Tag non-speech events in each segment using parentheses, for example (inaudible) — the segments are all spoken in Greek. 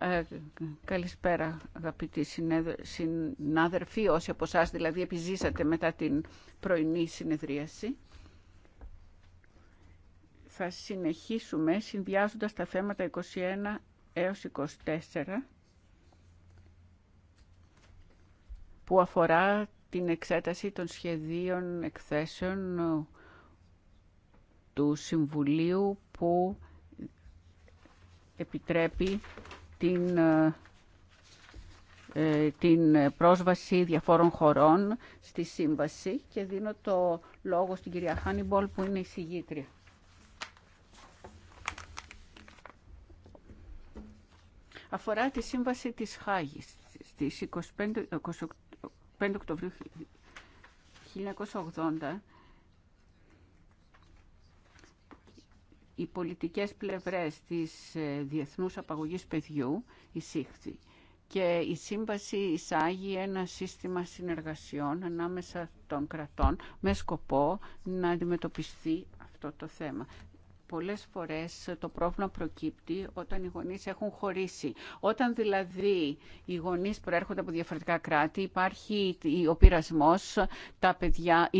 Ε, καλησπέρα αγαπητοί συνάδελφοι, όσοι από εσά δηλαδή επιζήσατε μετά την πρωινή συνεδρίαση. Θα συνεχίσουμε συνδυάζοντας τα θέματα 21 έως 24 που αφορά την εξέταση των σχεδίων εκθέσεων ε, του Συμβουλίου που επιτρέπει την, ε, ε, την πρόσβαση διαφόρων χωρών στη σύμβαση και δίνω το λόγο στην κυρία Χάνιμπολ που είναι η συγγήτρια. Αφορά τη σύμβαση της Χάγης στις 25, 25 Οκτωβρίου 1980 οι πολιτικές πλευρές της ε, Διεθνούς Απαγωγής Παιδιού εισήχθη και η σύμβαση εισάγει ένα σύστημα συνεργασιών ανάμεσα των κρατών με σκοπό να αντιμετωπιστεί αυτό το θέμα. Πολλές φορές το πρόβλημα προκύπτει όταν οι γονείς έχουν χωρίσει. Όταν δηλαδή οι γονείς προέρχονται από διαφορετικά κράτη, υπάρχει ο πειρασμός, τα παιδιά,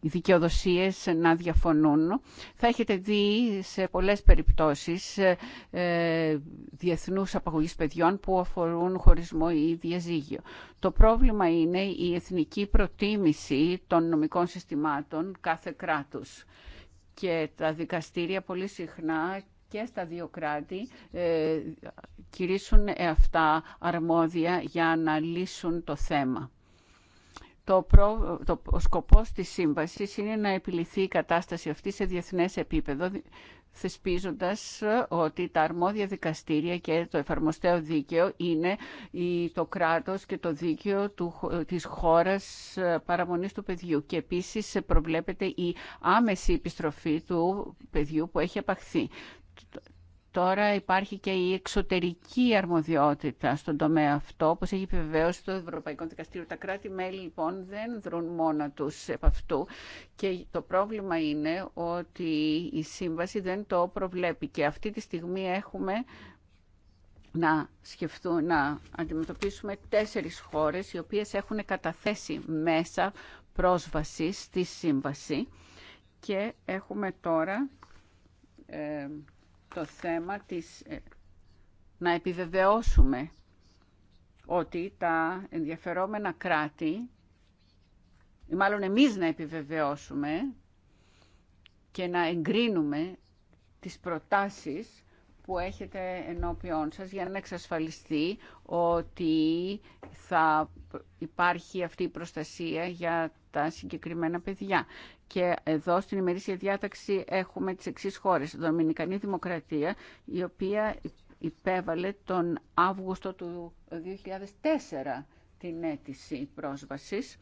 οι δικαιοδοσίες να διαφωνούν. Θα έχετε δει σε πολλές περιπτώσεις ε, ε, διεθνούς απαγωγής παιδιών που αφορούν χωρισμό ή διαζύγιο. Το πρόβλημα είναι η εθνική προτίμηση των νομικών συστημάτων κάθε κράτους. Και τα δικαστήρια πολύ συχνά και στα δύο κράτη ε, κηρύσουν αυτά αρμόδια για να λύσουν το θέμα. Το, προ... το... Ο σκοπός της σύμβασης είναι να επιληθεί η κατάσταση αυτή σε διεθνές επίπεδο, θεσπίζοντας ε, ότι τα αρμόδια δικαστήρια και το εφαρμοστέο δίκαιο είναι το κράτος και το δίκαιο του, της χώρας ε, παραμονής του παιδιού. Και επίσης ε, προβλέπεται η άμεση επιστροφή του παιδιού που έχει απαχθεί τώρα υπάρχει και η εξωτερική αρμοδιότητα στον τομέα αυτό, όπω έχει επιβεβαίωσει το Ευρωπαϊκό Δικαστήριο. Τα κράτη-μέλη λοιπόν δεν δρουν μόνα τους επ' αυτού και το πρόβλημα είναι ότι η σύμβαση δεν το προβλέπει και αυτή τη στιγμή έχουμε να, σκεφτούν, να αντιμετωπίσουμε τέσσερις χώρες οι οποίες έχουν καταθέσει μέσα πρόσβαση στη σύμβαση και έχουμε τώρα... Ε, το θέμα της ε, να επιβεβαιώσουμε ότι τα ενδιαφερόμενα κράτη, ή μάλλον εμείς να επιβεβαιώσουμε και να εγκρίνουμε τις προτάσεις που έχετε ενώπιόν σας για να εξασφαλιστεί ότι θα υπάρχει αυτή η προστασία για τα συγκεκριμένα παιδιά. Και εδώ στην ημερήσια διάταξη έχουμε τις εξής χώρες. Δομινικανή Δημοκρατία, η οποία υπέβαλε τον Αύγουστο του 2004 την αίτηση πρόσβασης.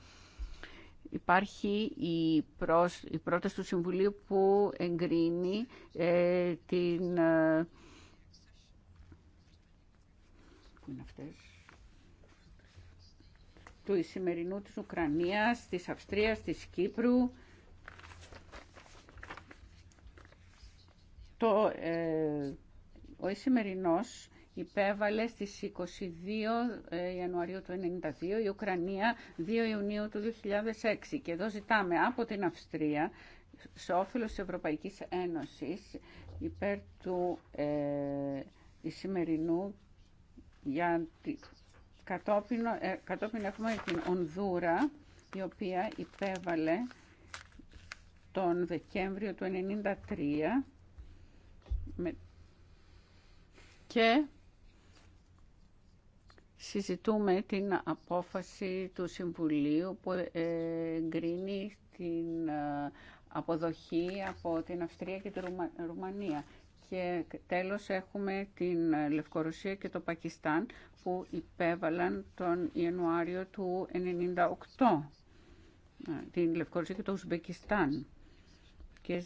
Υπάρχει η, προς, η πρόταση του Συμβουλίου που εγκρίνει ε, την... Ε, του Ισημερινού της Ουκρανίας, της Αυστρίας, της Κύπρου, Το, ε, ο Ισημερινός υπέβαλε στις 22 ε, Ιανουαρίου του 1992 η Ουκρανία 2 Ιουνίου του 2006 και εδώ ζητάμε από την Αυστρία σε όφελος της Ευρωπαϊκής Ένωσης υπέρ του ε, Ισημερινού για κατόπιν, ε, κατόπιν έχουμε την Ονδούρα η οποία υπέβαλε τον Δεκέμβριο του 1993 και συζητούμε την απόφαση του Συμβουλίου που εγκρίνει την ε, αποδοχή από την Αυστρία και την Ρουμανία. Και τέλος έχουμε την Λευκορωσία και το Πακιστάν που υπέβαλαν τον Ιανουάριο του 1998. Ε, την Λευκορωσία και το Ουσμπεκιστάν. Και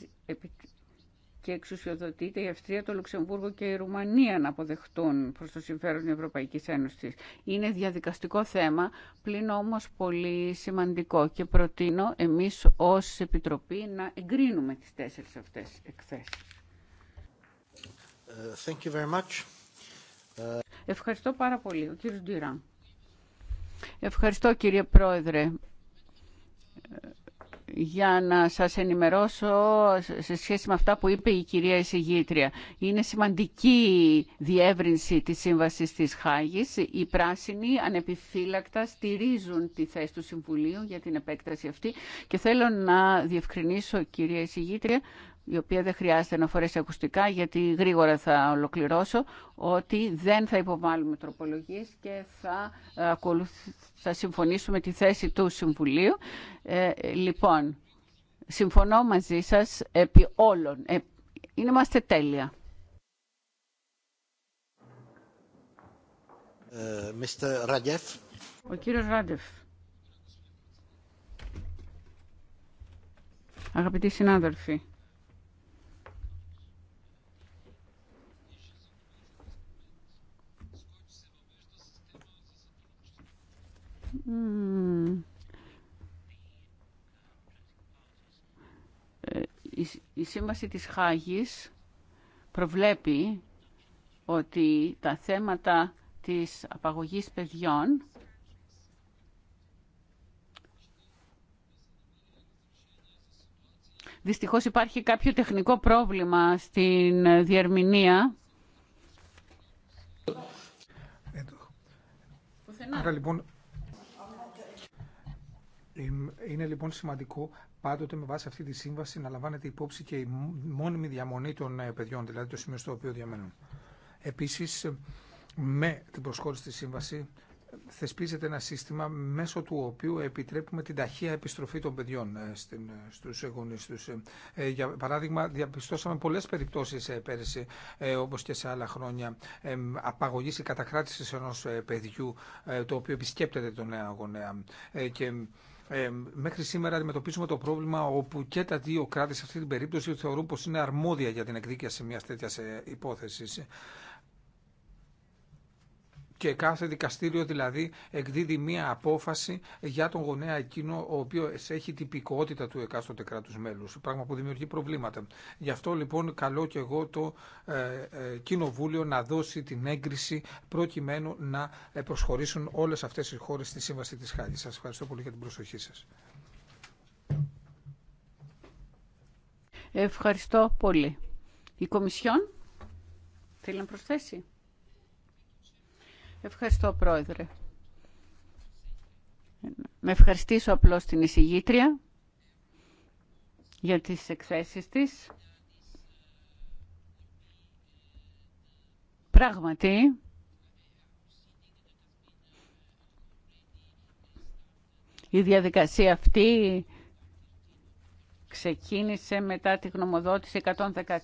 και εξουσιοδοτείται η Αυστρία, το Λουξεμβούργο και η Ρουμανία να αποδεχτούν προ το συμφέρον τη Ευρωπαϊκή Ένωση. Είναι διαδικαστικό θέμα, πλην όμω πολύ σημαντικό και προτείνω εμεί ω Επιτροπή να εγκρίνουμε τι τέσσερι αυτέ εκθέσει. Ε, ε, Ευχαριστώ πάρα πολύ. Ο κύριος Ντυράν. Ευχαριστώ κύριε Πρόεδρε. Ε, για να σας ενημερώσω σε σχέση με αυτά που είπε η κυρία εισηγήτρια. Είναι σημαντική διεύρυνση της Σύμβασης της Χάγης. Οι πράσινοι ανεπιφύλακτα στηρίζουν τη θέση του Συμβουλίου για την επέκταση αυτή και θέλω να διευκρινίσω, κυρία εισηγήτρια, η οποία δεν χρειάζεται να φορέσει ακουστικά γιατί γρήγορα θα ολοκληρώσω ότι δεν θα υποβάλουμε τροπολογίες και θα, ε, θα συμφωνήσουμε τη θέση του Συμβουλίου. Ε, λοιπόν, συμφωνώ μαζί σας επί όλων. Ε, είμαστε τέλεια. Ε, Ο κύριος Ράντεφ. Αγαπητοί συνάδελφοι, Ε, η σύμβαση της Χάγης προβλέπει ότι τα θέματα της απαγωγής παιδιών Δυστυχώς υπάρχει κάποιο τεχνικό πρόβλημα στην διερμηνία. Άρα λοιπόν είναι λοιπόν σημαντικό πάντοτε με βάση αυτή τη σύμβαση να λαμβάνεται υπόψη και η μόνιμη διαμονή των ε, παιδιών, δηλαδή το σημείο στο οποίο διαμένουν. Επίση, ε, με την προσχώρηση τη σύμβαση ε, θεσπίζεται ένα σύστημα μέσω του οποίου επιτρέπουμε την ταχεία επιστροφή των παιδιών στου γονείς τους. Για παράδειγμα, διαπιστώσαμε πολλέ περιπτώσει πέρυσι, όπω και σε άλλα χρόνια, απαγωγή ή κατακράτηση ενό παιδιού, το οποίο επισκέπτεται τον νέο γονέα μέχρι σήμερα αντιμετωπίζουμε το πρόβλημα όπου και τα δύο κράτη σε αυτή την περίπτωση θεωρούν πως είναι αρμόδια για την εκδίκαση μιας τέτοια ε, υπόθεσης και κάθε δικαστήριο δηλαδή εκδίδει μία απόφαση για τον γονέα εκείνο ο οποίο έχει τυπικότητα του εκάστοτε κράτου μέλου. Πράγμα που δημιουργεί προβλήματα. Γι' αυτό λοιπόν καλώ και εγώ το ε, ε, Κοινοβούλιο να δώσει την έγκριση προκειμένου να ε, προσχωρήσουν όλε αυτέ οι χώρε στη Σύμβαση τη Χάγη. Σα ευχαριστώ πολύ για την προσοχή σα. Ευχαριστώ πολύ. Η Κομισιόν θέλει να προσθέσει. Ευχαριστώ, Πρόεδρε. Με ευχαριστήσω απλώς την εισηγήτρια για τις εκθέσεις της. Πράγματι, η διαδικασία αυτή ξεκίνησε μετά τη γνωμοδότηση 113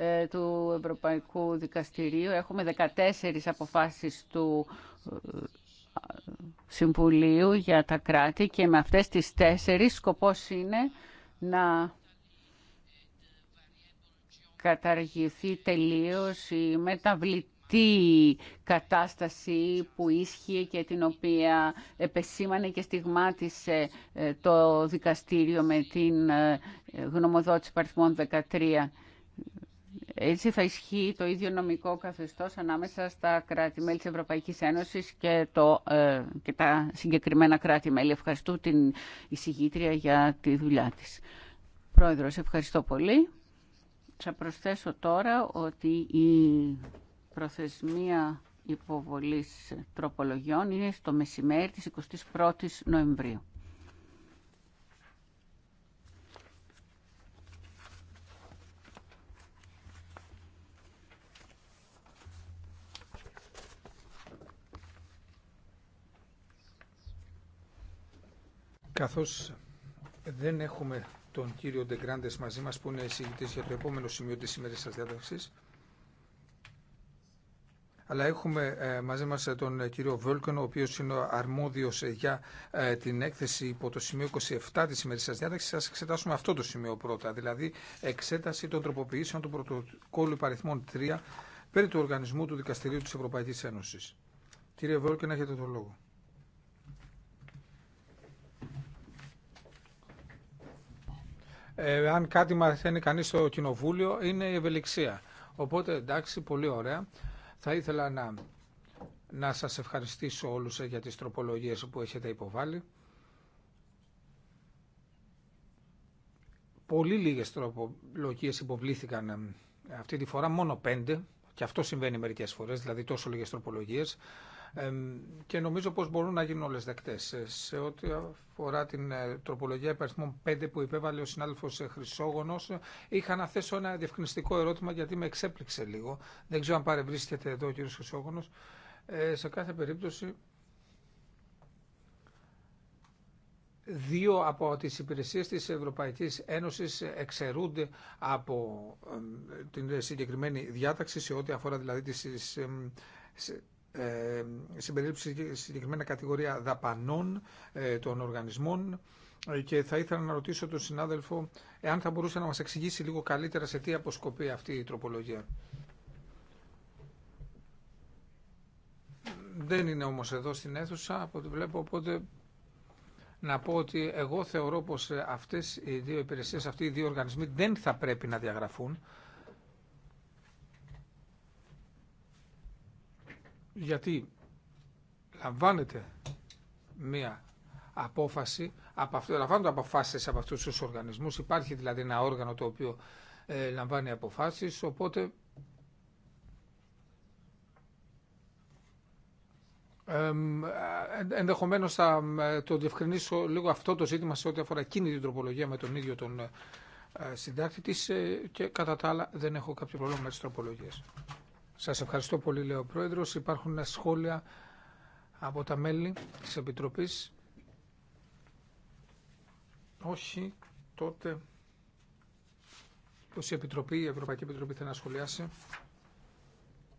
ε, του Ευρωπαϊκού Δικαστηρίου. Έχουμε 14 αποφάσεις του ε, Συμβουλίου για τα κράτη και με αυτές τις τέσσερις σκοπός είναι να καταργηθεί τελείως η μεταβλητή κατάσταση που ίσχυε και την οποία επεσήμανε και στιγμάτισε ε, το δικαστήριο με την γνωμοδότηση παριθμών 13. Έτσι θα ισχύει το ίδιο νομικό καθεστώς ανάμεσα στα κράτη-μέλη της Ευρωπαϊκής Ένωσης και, το, ε, και τα συγκεκριμένα κράτη-μέλη. Ευχαριστώ την εισηγήτρια για τη δουλειά της. Πρόεδρος, ευχαριστώ πολύ. Θα προσθέσω τώρα ότι η προθεσμία υποβολής τροπολογιών είναι στο μεσημέρι της 21ης Νοεμβρίου. Καθώς δεν έχουμε τον κύριο Ντεγκράντες μαζί μας που είναι εισηγητής για το επόμενο σημείο της σημερινής σας διάταξης, αλλά έχουμε ε, μαζί μας ε, τον ε, κύριο Βόλκον, ο οποίος είναι αρμόδιος για την έκθεση υπό το σημείο 27 της σημερινής διάταξης. Ας εξετάσουμε αυτό το σημείο πρώτα, δηλαδή εξέταση των τροποποιήσεων του πρωτοκόλου υπαριθμών 3 περί του οργανισμού του Δικαστηρίου της Ευρωπαϊκής Ένωσης. Κύριε Βόλκον, έχετε τον λόγο. ε, αν κάτι μαθαίνει κανείς στο κοινοβούλιο είναι η ευελιξία. Οπότε εντάξει, πολύ ωραία. Θα ήθελα να, να σας ευχαριστήσω όλους ε, για τις τροπολογίες που έχετε υποβάλει. Πολύ λίγες τροπολογίες υποβλήθηκαν ε, αυτή τη φορά, μόνο πέντε. Και αυτό συμβαίνει μερικές φορές, δηλαδή τόσο λίγες τροπολογίες και νομίζω πως μπορούν να γίνουν όλες δεκτές. Ε, σε ό,τι αφορά την ε, τροπολογία υπερθμών 5 που υπέβαλε ο συνάδελφος ε, Χρυσόγονος, είχα να θέσω ένα διευκρινιστικό ερώτημα γιατί με εξέπληξε λίγο. Δεν ξέρω αν παρευρίσκεται εδώ ο κύριος Χρυσόγονος. Ε, σε κάθε περίπτωση, δύο από τις υπηρεσίες της Ευρωπαϊκής Ένωσης εξαιρούνται από την συγκεκριμένη διάταξη σε ό,τι αφορά δηλαδή τις ε, συμπερίληψη συγκεκριμένα κατηγορία δαπανών ε, των οργανισμών ε, και θα ήθελα να ρωτήσω τον συνάδελφο εάν θα μπορούσε να μας εξηγήσει λίγο καλύτερα σε τι αποσκοπεί αυτή η τροπολογία. Δεν είναι όμως εδώ στην αίθουσα από ό,τι βλέπω, οπότε να πω ότι εγώ θεωρώ πως αυτές οι δύο υπηρεσίες, αυτοί οι δύο οργανισμοί δεν θα πρέπει να διαγραφούν γιατί λαμβάνεται μία απόφαση, από αυτό, λαμβάνονται αποφάσεις από αυτούς τους οργανισμούς, υπάρχει δηλαδή ένα όργανο το οποίο ε, λαμβάνει αποφάσεις, οπότε Ε, ενδεχομένως θα ε, το διευκρινίσω λίγο αυτό το ζήτημα σε ό,τι αφορά εκείνη την τροπολογία με τον ίδιο τον ε, συντάκτη της και κατά τα άλλα δεν έχω κάποιο πρόβλημα με τις τροπολογίες. Σας ευχαριστώ πολύ, λέει ο Πρόεδρος. Υπάρχουν σχόλια από τα μέλη της Επιτροπής. Όχι, τότε πω η Επιτροπή, η Ευρωπαϊκή Επιτροπή θέλει να σχολιάσει.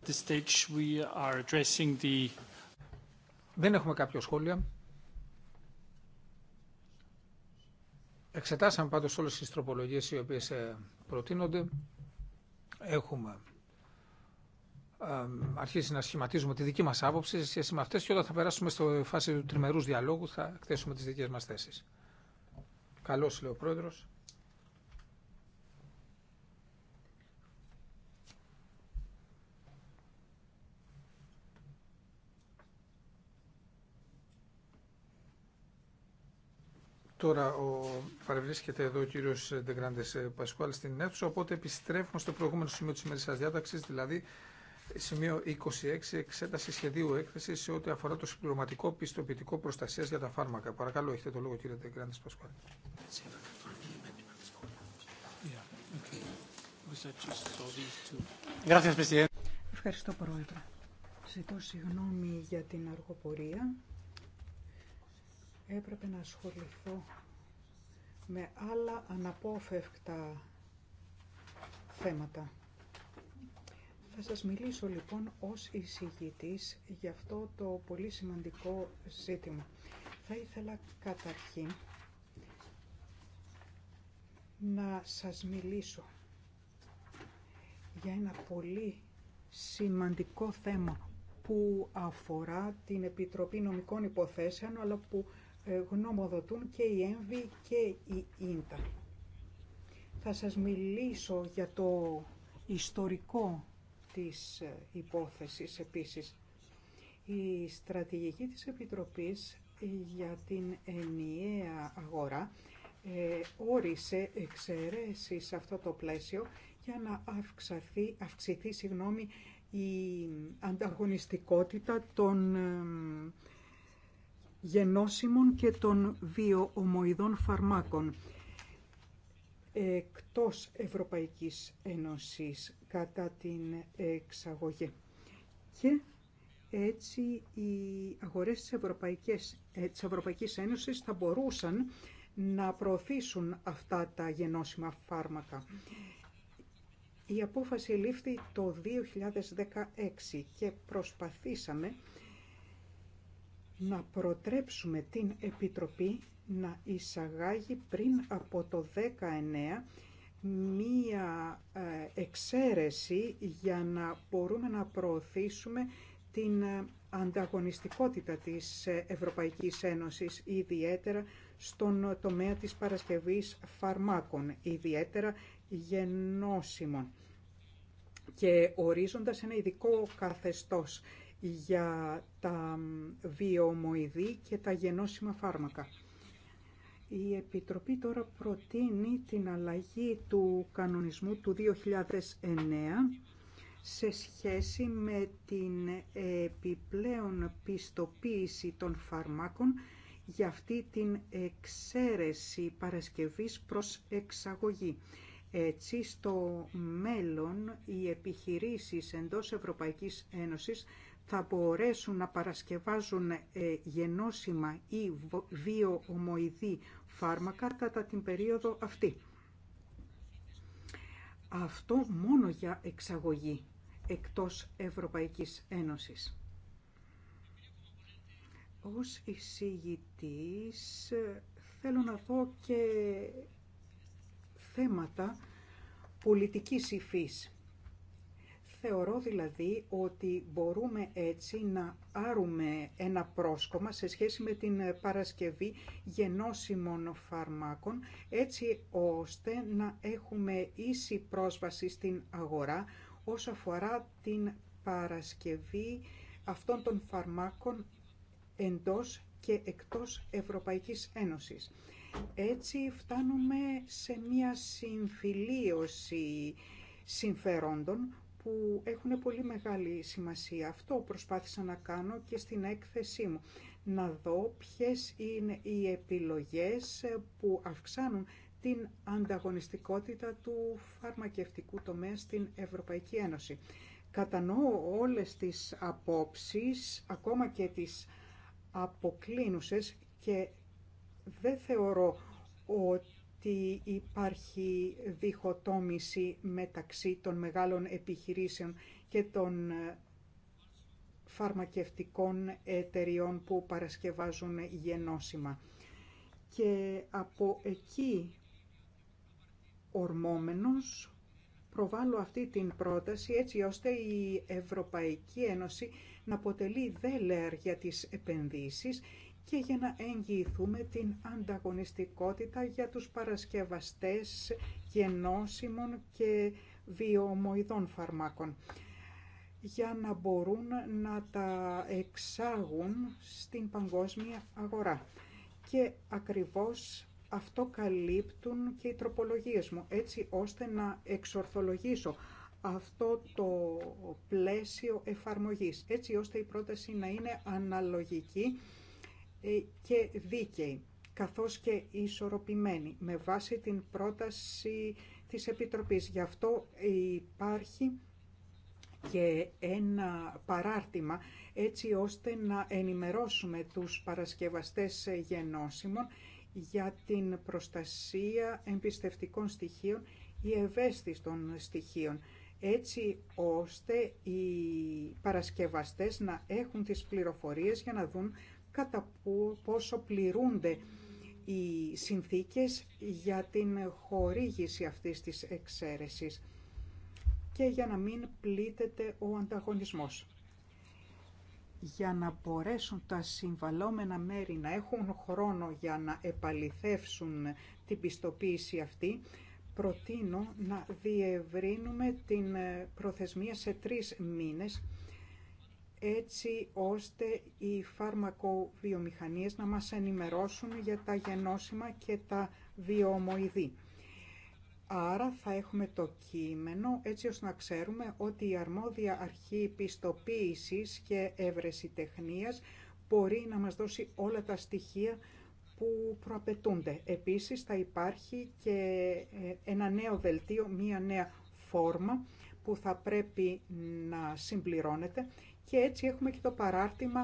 The stage we are addressing the... Δεν έχουμε κάποιο σχόλια. Εξετάσαμε πάντως όλες τις τροπολογίες οι οποίες ε, προτείνονται. Έχουμε αρχίσει να σχηματίζουμε τη δική μας άποψη σε σχέση με αυτέ και όταν θα περάσουμε στο φάση του τριμερούς διαλόγου θα εκθέσουμε τις δικές μας θέσεις. Καλώς λέει ο πρόεδρο. Τώρα ο, παρευρίσκεται εδώ ο κύριο Ντεγκράντε ε, Πασκουάλ στην αίθουσα, οπότε επιστρέφουμε στο προηγούμενο σημείο τη ημέρα διάταξη, δηλαδή Σημείο 26. Εξέταση σχεδίου έκθεση σε ό,τι αφορά το συμπληρωματικό πιστοποιητικό προστασία για τα φάρμακα. Παρακαλώ, έχετε το λόγο, κύριε Τεγκράντη Πασκουάλη. Ευχαριστώ, Πρόεδρε. Ζητώ συγγνώμη για την αργοπορία. Έπρεπε να ασχοληθώ με άλλα αναπόφευκτα θέματα. Θα σας μιλήσω λοιπόν ως εισηγητής για αυτό το πολύ σημαντικό ζήτημα. Θα ήθελα καταρχήν να σας μιλήσω για ένα πολύ σημαντικό θέμα που αφορά την Επιτροπή Νομικών Υποθέσεων, αλλά που ε, γνωμοδοτούν και η ΕΜΒΗ και η ΙΝΤΑ. Θα σας μιλήσω για το ιστορικό της ε, υπόθεσης επίσης. Η στρατηγική της Επιτροπής για την ενιαία αγορά ε, όρισε εξαιρέσεις σε αυτό το πλαίσιο για να αυξαθεί, αυξηθεί συγγνώμη, η ανταγωνιστικότητα των ε, γενώσιμων και των βιοομοιδών φαρμάκων εκτός Ευρωπαϊκής Ένωσης κατά την εξαγωγή. Και έτσι οι αγορές της Ευρωπαϊκής, ε, της Ευρωπαϊκής Ένωσης θα μπορούσαν να προωθήσουν αυτά τα γενώσιμα φάρμακα. Η απόφαση λήφθη το 2016 και προσπαθήσαμε να προτρέψουμε την Επιτροπή να εισαγάγει πριν από το 19 μία ε, εξαίρεση για να μπορούμε να προωθήσουμε την ε, ανταγωνιστικότητα της ε, Ευρωπαϊκής Ένωσης, ιδιαίτερα στον τομέα της παρασκευής φαρμάκων, ιδιαίτερα γενώσιμων και ορίζοντας ένα ειδικό καθεστώς για τα βιομοειδή και τα γενώσιμα φάρμακα. Η Επιτροπή τώρα προτείνει την αλλαγή του κανονισμού του 2009 σε σχέση με την επιπλέον πιστοποίηση των φαρμάκων για αυτή την εξαίρεση παρασκευής προς εξαγωγή. Έτσι, στο μέλλον, οι επιχειρήσεις εντός Ευρωπαϊκής Ένωσης θα μπορέσουν να παρασκευάζουν ε, γενώσιμα ή βιοομοειδή φάρμακα κατά την περίοδο αυτή. Αυτό μόνο για εξαγωγή εκτός Ευρωπαϊκής Ένωσης. Ως εισηγητής ε, θέλω να δω και θέματα πολιτικής υφής Θεωρώ δηλαδή ότι μπορούμε έτσι να άρουμε ένα πρόσκομα σε σχέση με την παρασκευή γενώσιμων φαρμάκων, έτσι ώστε να έχουμε ίση πρόσβαση στην αγορά όσο αφορά την παρασκευή αυτών των φαρμάκων εντός και εκτός Ευρωπαϊκής Ένωσης. Έτσι φτάνουμε σε μια συμφιλίωση συμφερόντων που έχουν πολύ μεγάλη σημασία. Αυτό προσπάθησα να κάνω και στην έκθεσή μου. Να δω ποιες είναι οι επιλογές που αυξάνουν την ανταγωνιστικότητα του φαρμακευτικού τομέα στην Ευρωπαϊκή Ένωση. Κατανοώ όλες τις απόψεις, ακόμα και τις αποκλίνουσες και δεν θεωρώ ότι ότι υπάρχει διχοτόμηση μεταξύ των μεγάλων επιχειρήσεων και των ε, φαρμακευτικών εταιριών που παρασκευάζουν γενώσιμα. Και από εκεί ορμόμενος προβάλλω αυτή την πρόταση έτσι ώστε η Ευρωπαϊκή Ένωση να αποτελεί δέλεαρ για τις επενδύσεις και για να εγγυηθούμε την ανταγωνιστικότητα για τους παρασκευαστές γενώσιμων και βιομοιδών φαρμάκων για να μπορούν να τα εξάγουν στην παγκόσμια αγορά. Και ακριβώς αυτό καλύπτουν και οι τροπολογίες μου, έτσι ώστε να εξορθολογήσω αυτό το πλαίσιο εφαρμογής, έτσι ώστε η πρόταση να είναι αναλογική ε, και δίκαιοι καθώς και ισορροπημένη, με βάση την πρόταση της Επιτροπής. Γι' αυτό υπάρχει και ένα παράρτημα έτσι ώστε να ενημερώσουμε τους παρασκευαστές γενώσιμων για την προστασία εμπιστευτικών στοιχείων ή ευαίσθητων στοιχείων έτσι ώστε οι παρασκευαστές να έχουν τις πληροφορίες για να δουν κατά πόσο πληρούνται οι συνθήκες για την χορήγηση αυτής της εξαίρεσης και για να μην πλήτεται ο ανταγωνισμός. Για να μπορέσουν τα συμβαλόμενα μέρη να έχουν χρόνο για να επαληθεύσουν την πιστοποίηση αυτή, προτείνω να διευρύνουμε την ε, προθεσμία σε τρεις μήνες έτσι ώστε οι φαρμακοβιομηχανίες να μας ενημερώσουν για τα γενώσιμα και τα βιομοειδή. Άρα θα έχουμε το κείμενο έτσι ώστε να ξέρουμε ότι η αρμόδια αρχή πιστοποίησης και έβρεση τεχνίας μπορεί να μας δώσει όλα τα στοιχεία που προαπαιτούνται. Επίσης θα υπάρχει και ε, ένα νέο δελτίο, μία νέα φόρμα που θα πρέπει να συμπληρώνεται και έτσι έχουμε και το παράρτημα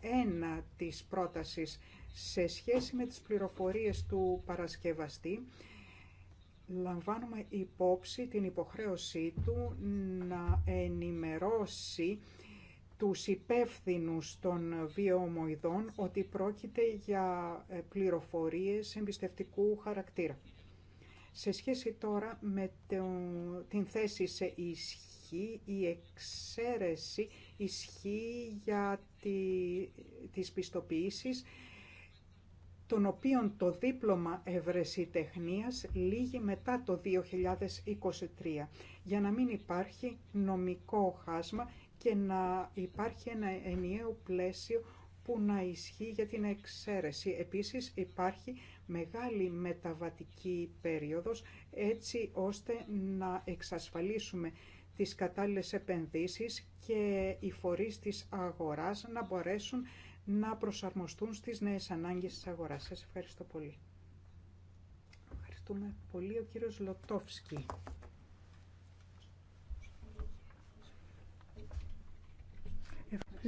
ένα της πρότασης σε σχέση με τις πληροφορίες του παρασκευαστή. Λαμβάνουμε υπόψη την υποχρέωσή του να ενημερώσει τους υπεύθυνους των βιομοιδών ότι πρόκειται για ε, πληροφορίες εμπιστευτικού χαρακτήρα. Σε σχέση τώρα με την θέση σε ισχύ, η εξαίρεση ισχύει για τη, τις πιστοποιήσεις των οποίων το δίπλωμα ευρεσιτεχνίας λύγει μετά το 2023 για να μην υπάρχει νομικό χάσμα και να υπάρχει ένα ενιαίο πλαίσιο που να ισχύει για την εξαίρεση. Επίσης υπάρχει μεγάλη μεταβατική περίοδος έτσι ώστε να εξασφαλίσουμε τις κατάλληλες επενδύσεις και οι φορείς της αγοράς να μπορέσουν να προσαρμοστούν στις νέες ανάγκες της αγοράς. Σας ευχαριστώ πολύ. Ευχαριστούμε πολύ ο κύριος Λοτόφσκι.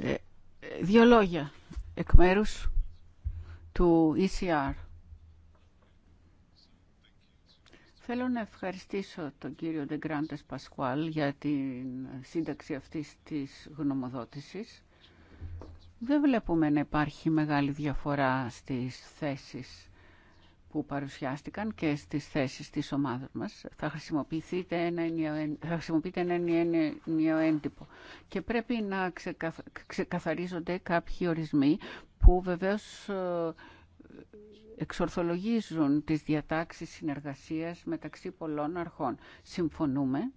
Ε, ε, δύο λόγια εκ μέρους του ECR. Θέλω να ευχαριστήσω τον κύριο Ντεγκράντες Πασχουάλ για την σύνταξη αυτής της γνωμοδότησης. Δεν βλέπουμε να υπάρχει μεγάλη διαφορά στις θέσεις που παρουσιάστηκαν και στις θέσεις της ομάδας μας. Θα χρησιμοποιείτε ένα ενιαίο έντυπο. Και πρέπει να ξεκαθαρίζονται κάποιοι ορισμοί που βεβαίως ε, εξορθολογίζουν τις διατάξεις συνεργασίας μεταξύ πολλών αρχών. Συμφωνούμε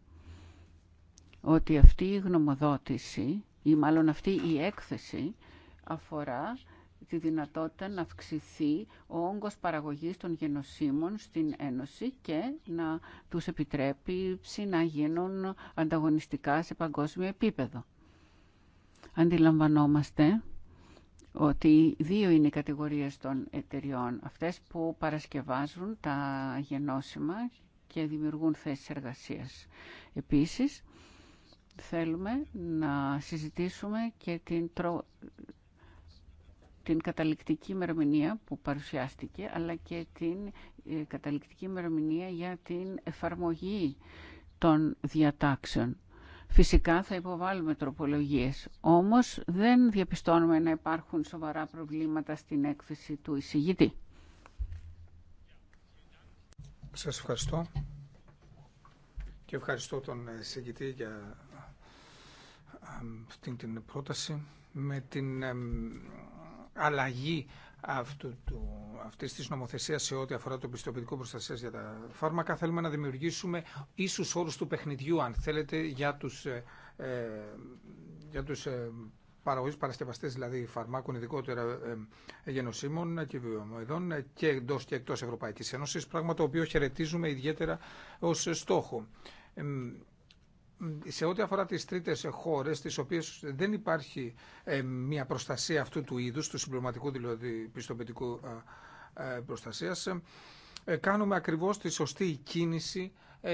ότι αυτή η γνωμοδότηση ή μάλλον αυτή η έκθεση αφορά τη δυνατότητα να αυξηθεί ο όγκος παραγωγής των γενοσύμων στην Ένωση και να τους επιτρέπει να γίνουν ανταγωνιστικά σε παγκόσμιο επίπεδο. Αντιλαμβανόμαστε ότι δύο είναι οι κατηγορίες των εταιριών. Αυτές που παρασκευάζουν τα γενώσιμα και δημιουργούν θέσεις εργασίας. Επίσης, θέλουμε να συζητήσουμε και την, την καταληκτική ημερομηνία που παρουσιάστηκε, αλλά και την ε, καταληκτική ημερομηνία για την εφαρμογή των διατάξεων. Φυσικά θα υποβάλουμε τροπολογίες, όμως δεν διαπιστώνουμε να υπάρχουν σοβαρά προβλήματα στην έκθεση του εισηγητή. Σας ευχαριστώ και ευχαριστώ τον εισηγητή για αυτή την πρόταση με την αλλαγή αυτού, του, αυτής της νομοθεσίας σε ό,τι αφορά το πιστοποιητικό προστασίας για τα φάρμακα. Θέλουμε να δημιουργήσουμε ίσους όρους του παιχνιδιού, αν θέλετε, για τους, ε, ε για τους ε, παρασκευαστές, δηλαδή φαρμάκων, ειδικότερα ε, γενοσύμων και βιομοειδών ε, και εντό και εκτός Ευρωπαϊκής Ένωσης, πράγμα το οποίο χαιρετίζουμε ιδιαίτερα ως στόχο σε ό,τι αφορά τις τρίτες χώρες, τις οποίες δεν υπάρχει ε, μια προστασία αυτού του είδους, του συμπληρωματικού δηλαδή πιστοποιητικού ε, ε, προστασίας, κάνουμε ακριβώς τη σωστή κίνηση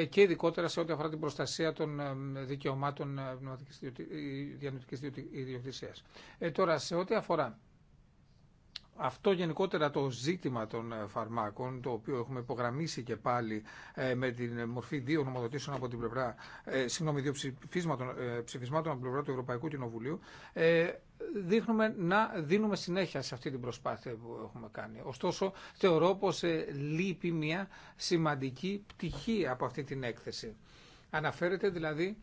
και ειδικότερα σε ό,τι αφορά την προστασία των δικαιωμάτων διανοητικής ιδιοκτησίας. Ε, τώρα, σε ό,τι αφορά αυτό γενικότερα το ζήτημα των ε, φαρμάκων, το οποίο έχουμε υπογραμμίσει και πάλι ε, με την μορφή δύο νομοθετήσεων από την πλευρά, ε, συγγνώμη, δύο ψηφισμάτων, ψηφισμάτων από την πλευρά του Ευρωπαϊκού Κοινοβουλίου, δείχνουμε να δίνουμε συνέχεια σε αυτή την προσπάθεια που έχουμε κάνει. Ωστόσο, θεωρώ πως λείπει μια σημαντική πτυχή από αυτή την έκθεση. Αναφέρεται δηλαδή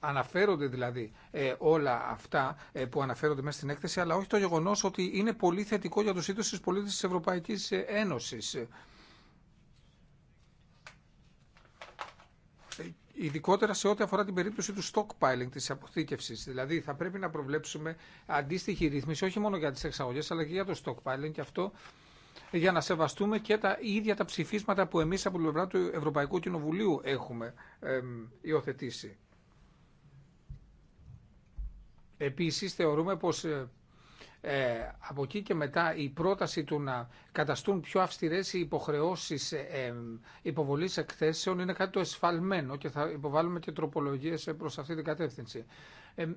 Αναφέρονται δηλαδή ε, όλα αυτά ε, που αναφέρονται μέσα στην έκθεση, αλλά όχι το γεγονό ότι είναι πολύ θετικό για του ίδιου τη πολίτε τη Ευρωπαϊκή ε, Ένωση. Ειδικότερα σε ό,τι αφορά την περίπτωση του stockpiling, τη αποθήκευση. Δηλαδή, θα πρέπει να προβλέψουμε αντίστοιχη ρύθμιση όχι μόνο για τι εξαγωγέ, αλλά και για το stockpiling. Και αυτό για να σεβαστούμε και τα ίδια τα ψηφίσματα που εμείς από την πλευρά του Ευρωπαϊκού Κοινοβουλίου έχουμε εμ, υιοθετήσει. Επίσης θεωρούμε πως ε, ε, από εκεί και μετά η πρόταση του να καταστούν πιο αυστηρές οι υποχρεώσεις ε, ε υποβολής εκθέσεων είναι κάτι το εσφαλμένο και θα υποβάλουμε και τροπολογίες ε, προς αυτή την κατεύθυνση. Ε,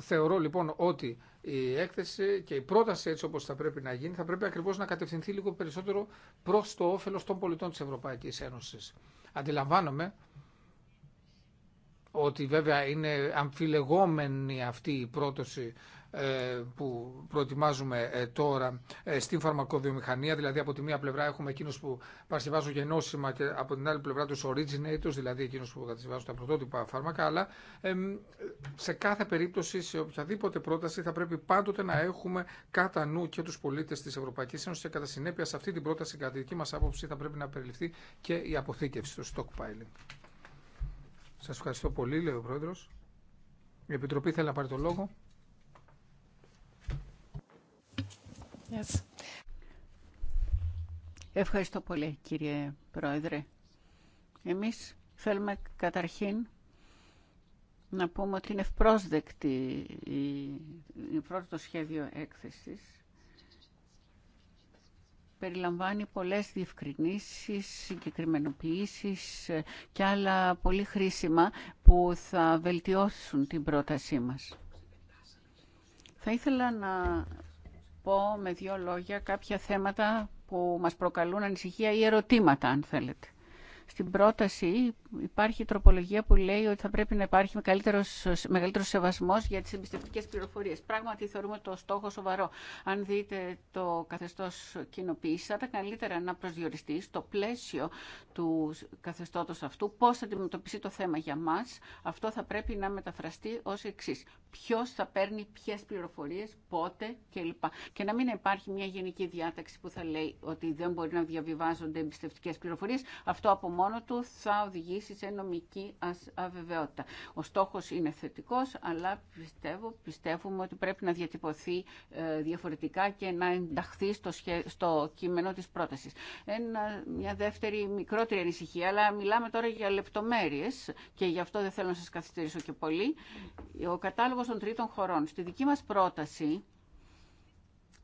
θεωρώ λοιπόν ότι η έκθεση και η πρόταση έτσι όπως θα πρέπει να γίνει θα πρέπει ακριβώς να κατευθυνθεί λίγο περισσότερο προς το όφελος των πολιτών της Ευρωπαϊκής Ένωσης. Αντιλαμβάνομαι ότι βέβαια είναι αμφιλεγόμενη αυτή η πρόταση ε, που προετοιμάζουμε ε, τώρα ε, στην φαρμακοβιομηχανία. Δηλαδή, από τη μία πλευρά έχουμε εκείνου που παρασκευάζουν γενώσιμα και από την άλλη πλευρά του originators, δηλαδή εκείνου που κατασκευάζουν τα πρωτότυπα φάρμακα. Αλλά σε κάθε περίπτωση, σε οποιαδήποτε πρόταση, θα πρέπει πάντοτε να έχουμε κατά νου και του πολίτε τη Ευρωπαϊκή Ένωση και κατά συνέπεια σε αυτή την πρόταση, κατά τη δική μα άποψη, θα πρέπει να περιληφθεί και η αποθήκευση, το stockpiling. Σα ευχαριστώ πολύ, λέει ο πρόεδρο. Η Επιτροπή θέλει να πάρει το λόγο. Ευχαριστώ πολύ, κύριε Πρόεδρε. Εμείς θέλουμε καταρχήν να πούμε ότι είναι ευπρόσδεκτη η, το σχέδιο έκθεσης περιλαμβάνει πολλές διευκρινήσεις, συγκεκριμενοποιήσεις ε, και άλλα πολύ χρήσιμα που θα βελτιώσουν την πρότασή μας. Θα ήθελα να πω με δύο λόγια κάποια θέματα που μας προκαλούν ανησυχία ή ερωτήματα, αν θέλετε. Στην πρόταση υπάρχει τροπολογία που λέει ότι θα πρέπει να υπάρχει μεγαλύτερο σεβασμό για τι εμπιστευτικέ πληροφορίε. Πράγματι θεωρούμε το στόχο σοβαρό. Αν δείτε το καθεστώ κοινοποίηση, θα ήταν καλύτερα να προσδιοριστεί στο πλαίσιο του καθεστώτο αυτού Πώ θα αντιμετωπιστεί το θέμα για μα, Αυτό θα πρέπει να μεταφραστεί ω εξή. Ποιο θα παίρνει ποιε πληροφορίε, πότε κλπ. Και να μην υπάρχει μια γενική διάταξη που θα λέει ότι δεν μπορεί να διαβιβάζονται εμπιστευτικέ πληροφορίε. Αυτό από μόνο του θα οδηγήσει σε νομική αβεβαιότητα. Ο στόχος είναι θετικός, αλλά πιστεύω, πιστεύουμε ότι πρέπει να διατυπωθεί ε, διαφορετικά και να ενταχθεί στο, στο κείμενο της πρότασης. μια δεύτερη μικρότερη ανησυχία, αλλά μιλάμε τώρα για λεπτομέρειες και γι' αυτό δεν θέλω να σας καθυστερήσω και πολύ. Ο κατάλογος των τρίτων χωρών. Στη δική μας πρόταση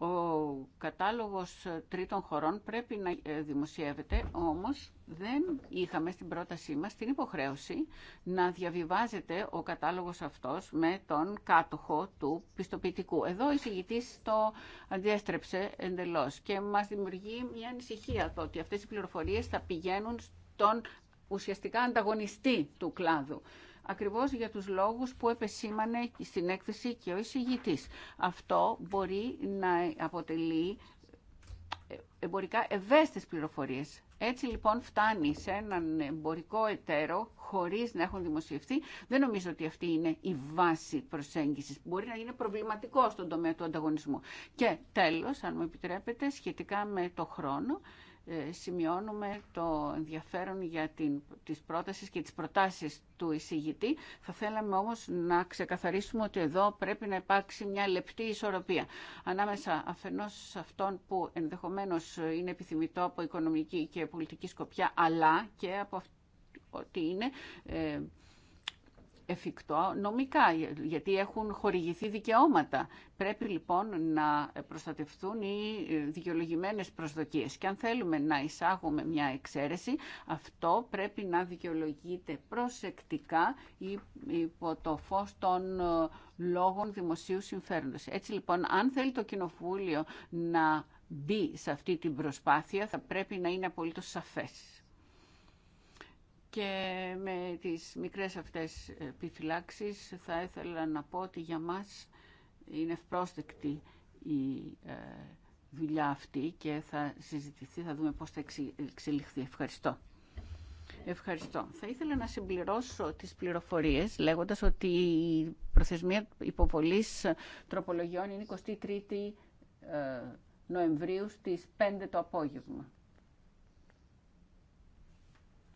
ο κατάλογος τρίτων χωρών πρέπει να ε, δημοσιεύεται, όμως δεν είχαμε στην πρότασή μας την υποχρέωση να διαβιβάζεται ο κατάλογος αυτός με τον κάτοχο του πιστοποιητικού. Εδώ η συγητής το αντιέστρεψε εντελώς και μας δημιουργεί μια ανησυχία το ότι αυτές οι πληροφορίες θα πηγαίνουν στον ουσιαστικά ανταγωνιστή του κλάδου ακριβώς για τους λόγους που επεσήμανε στην έκθεση και ο εισηγητής. Αυτό μπορεί να αποτελεί ε, εμπορικά ευαίσθητες πληροφορίες. Έτσι λοιπόν φτάνει σε έναν εμπορικό εταίρο χωρίς να έχουν δημοσιευτεί. Δεν νομίζω ότι αυτή είναι η βάση προσέγγισης. Μπορεί να είναι προβληματικό στον τομέα του ανταγωνισμού. Και τέλος, αν μου επιτρέπετε, σχετικά με το χρόνο, ε, σημειώνουμε το ενδιαφέρον για την, τις πρότασεις και τις προτάσεις του εισηγητή. Θα θέλαμε όμως να ξεκαθαρίσουμε ότι εδώ πρέπει να υπάρξει μια λεπτή ισορροπία. Ανάμεσα αφενός σε αυτόν που ενδεχομένως είναι επιθυμητό από οικονομική και πολιτική σκοπιά, αλλά και από ότι είναι ε, εφικτό νομικά, γιατί έχουν χορηγηθεί δικαιώματα. Πρέπει λοιπόν να προστατευτούν οι δικαιολογημένες προσδοκίες. Και αν θέλουμε να εισάγουμε μια εξαίρεση, αυτό πρέπει να δικαιολογείται προσεκτικά υπό το φως των ε, λόγων δημοσίου συμφέροντος. Έτσι λοιπόν, αν θέλει το Κοινοβούλιο να μπει σε αυτή την προσπάθεια, θα πρέπει να είναι απολύτως σαφές. Και με τις μικρές αυτές επιφυλάξεις θα ήθελα να πω ότι για μας είναι ευπρόσδεκτη η ε, δουλειά αυτή και θα συζητηθεί, θα δούμε πώς θα εξελιχθεί. Ευχαριστώ. Ευχαριστώ. Θα ήθελα να συμπληρώσω τις πληροφορίες λέγοντας ότι η προθεσμία υποβολής τροπολογιών είναι 23η ε, Νοεμβρίου στις 5 το απόγευμα.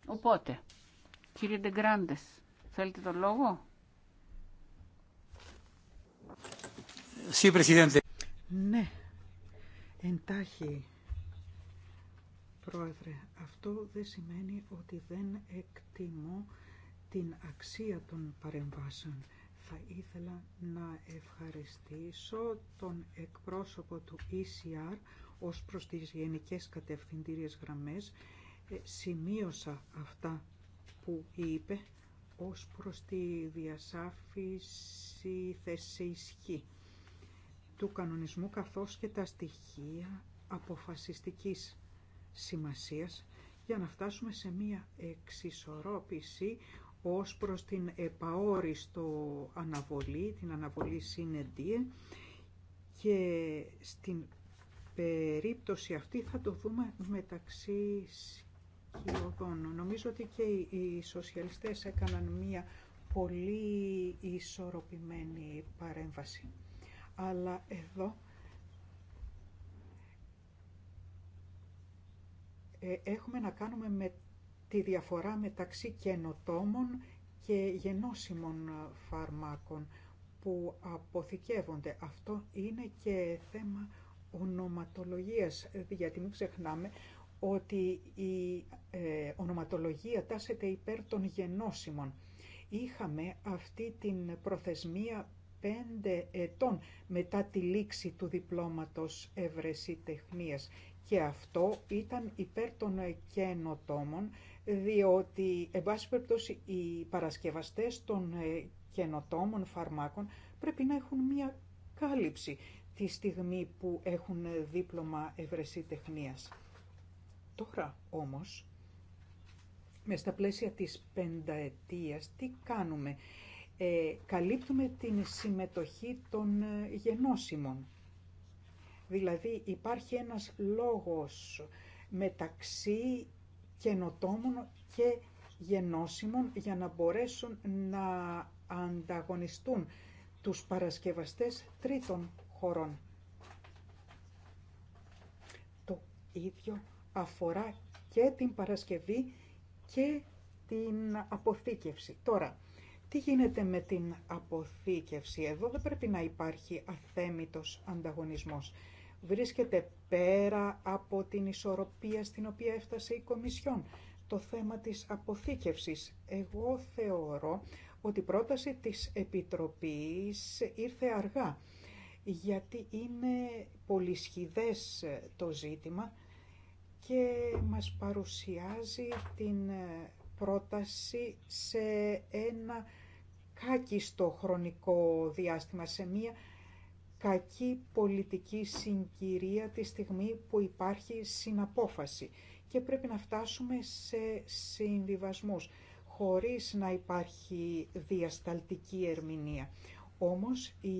Οπότε, κύριε Ντεγκράντες, θέλετε τον λόγο? Ναι, εντάχει, πρόεδρε. Αυτό δεν σημαίνει ότι δεν εκτιμώ την αξία των παρεμβάσεων. Θα ήθελα να ευχαριστήσω τον εκπρόσωπο του ECR ως προς τις γενικές κατευθυντήριες γραμμές ε, σημείωσα αυτά που είπε ως προς τη διασάφηση ισχύ του κανονισμού καθώς και τα στοιχεία αποφασιστικής σημασίας για να φτάσουμε σε μία εξισορρόπηση ως προς την επαόριστο αναβολή, την αναβολή συνεντίε και στην περίπτωση αυτή θα το δούμε μεταξύ Νομίζω ότι και οι σοσιαλιστές έκαναν μία πολύ ισορροπημένη παρέμβαση. Αλλά εδώ ε, έχουμε να κάνουμε με τη διαφορά μεταξύ καινοτόμων και γενώσιμων ε, φαρμάκων που αποθηκεύονται. Αυτό είναι και θέμα ονοματολογίας, γιατί μην ξεχνάμε ότι η ε, ονοματολογία τάσεται υπέρ των γενώσιμων. Είχαμε αυτή την προθεσμία πέντε ετών μετά τη λήξη του διπλώματος Τεχνίας και αυτό ήταν υπέρ των καινοτόμων διότι εν οι παρασκευαστές των ε, καινοτόμων φαρμάκων πρέπει να έχουν μία κάλυψη τη στιγμή που έχουν δίπλωμα Τεχνίας. Τώρα όμως, με στα πλαίσια της πενταετίας, τι κάνουμε. Ε, καλύπτουμε την συμμετοχή των ε, γενώσιμων. Δηλαδή υπάρχει ένας λόγος μεταξύ καινοτόμων και γενώσιμων για να μπορέσουν να ανταγωνιστούν τους παρασκευαστές τρίτων χωρών. Το ίδιο αφορά και την Παρασκευή και την αποθήκευση. Τώρα, τι γίνεται με την αποθήκευση. Εδώ δεν πρέπει να υπάρχει αθέμητος ανταγωνισμός. Βρίσκεται πέρα από την ισορροπία στην οποία έφτασε η Κομισιόν. Το θέμα της αποθήκευσης. Εγώ θεωρώ ότι η πρόταση της Επιτροπής ήρθε αργά, γιατί είναι πολυσχηδές το ζήτημα και μας παρουσιάζει την ε, πρόταση σε ένα κάκιστο χρονικό διάστημα, σε μία κακή πολιτική συγκυρία τη στιγμή που υπάρχει συναπόφαση και πρέπει να φτάσουμε σε συνδυασμού. χωρίς να υπάρχει διασταλτική ερμηνεία. Όμως οι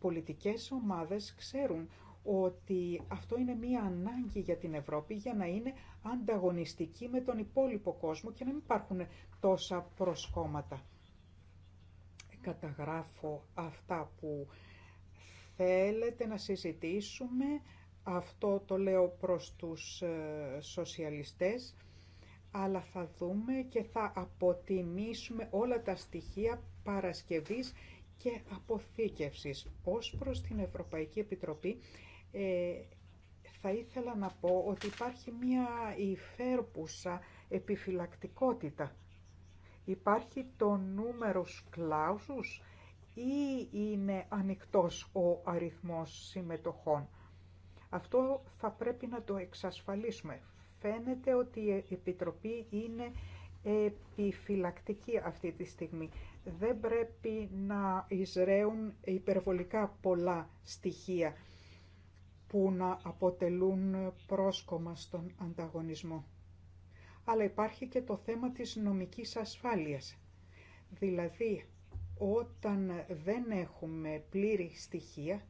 πολιτικές ομάδες ξέρουν ότι αυτό είναι μία ανάγκη για την Ευρώπη για να είναι ανταγωνιστική με τον υπόλοιπο κόσμο και να μην υπάρχουν τόσα προσκόμματα. Καταγράφω αυτά που θέλετε να συζητήσουμε. Αυτό το λέω προς τους ε, σοσιαλιστές αλλά θα δούμε και θα αποτιμήσουμε όλα τα στοιχεία παρασκευής και αποθήκευσης. Ως προς την Ευρωπαϊκή Επιτροπή ε, θα ήθελα να πω ότι υπάρχει μία υφέρπουσα επιφυλακτικότητα. Υπάρχει το νούμερο κλάουσους ή είναι ανοιχτός ο αριθμός συμμετοχών. Αυτό θα πρέπει να το εξασφαλίσουμε. Φαίνεται ότι η Επιτροπή είναι επιφυλακτική αυτή τη στιγμή. Δεν πρέπει να εισραίουν υπερβολικά πολλά στοιχεία που να αποτελούν πρόσκομα στον ανταγωνισμό. Αλλά υπάρχει και το θέμα της νομικής ασφάλειας. Δηλαδή, όταν δεν έχουμε πλήρη στοιχεία,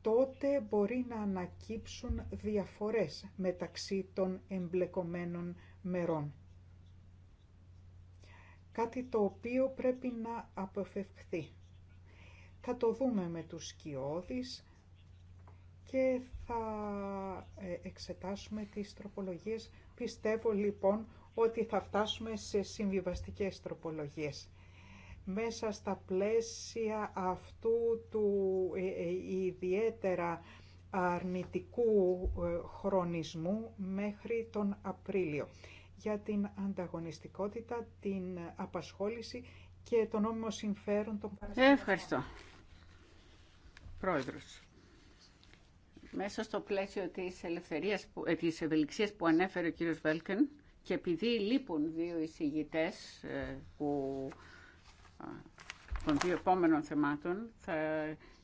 τότε μπορεί να ανακύψουν διαφορές μεταξύ των εμπλεκομένων μερών. Κάτι το οποίο πρέπει να αποφευχθεί. Θα το δούμε με τους σκιώδεις, και θα ε, εξετάσουμε τις τροπολογίες. Πιστεύω λοιπόν ότι θα φτάσουμε σε συμβιβαστικές τροπολογίες. Μέσα στα πλαίσια αυτού του ε, ε, ιδιαίτερα αρνητικού χρονισμού μέχρι τον Απρίλιο για την ανταγωνιστικότητα, την απασχόληση και τον νόμιμο συμφέρον των παρασκευών. Ευχαριστώ. Πρόεδρος. Μέσα στο πλαίσιο της, ελευθερίας, ε, της ευελιξίας που ανέφερε ο κύριος Βέλκεν και επειδή λείπουν δύο εισηγητές ε, που, των δύο επόμενων θεμάτων, θα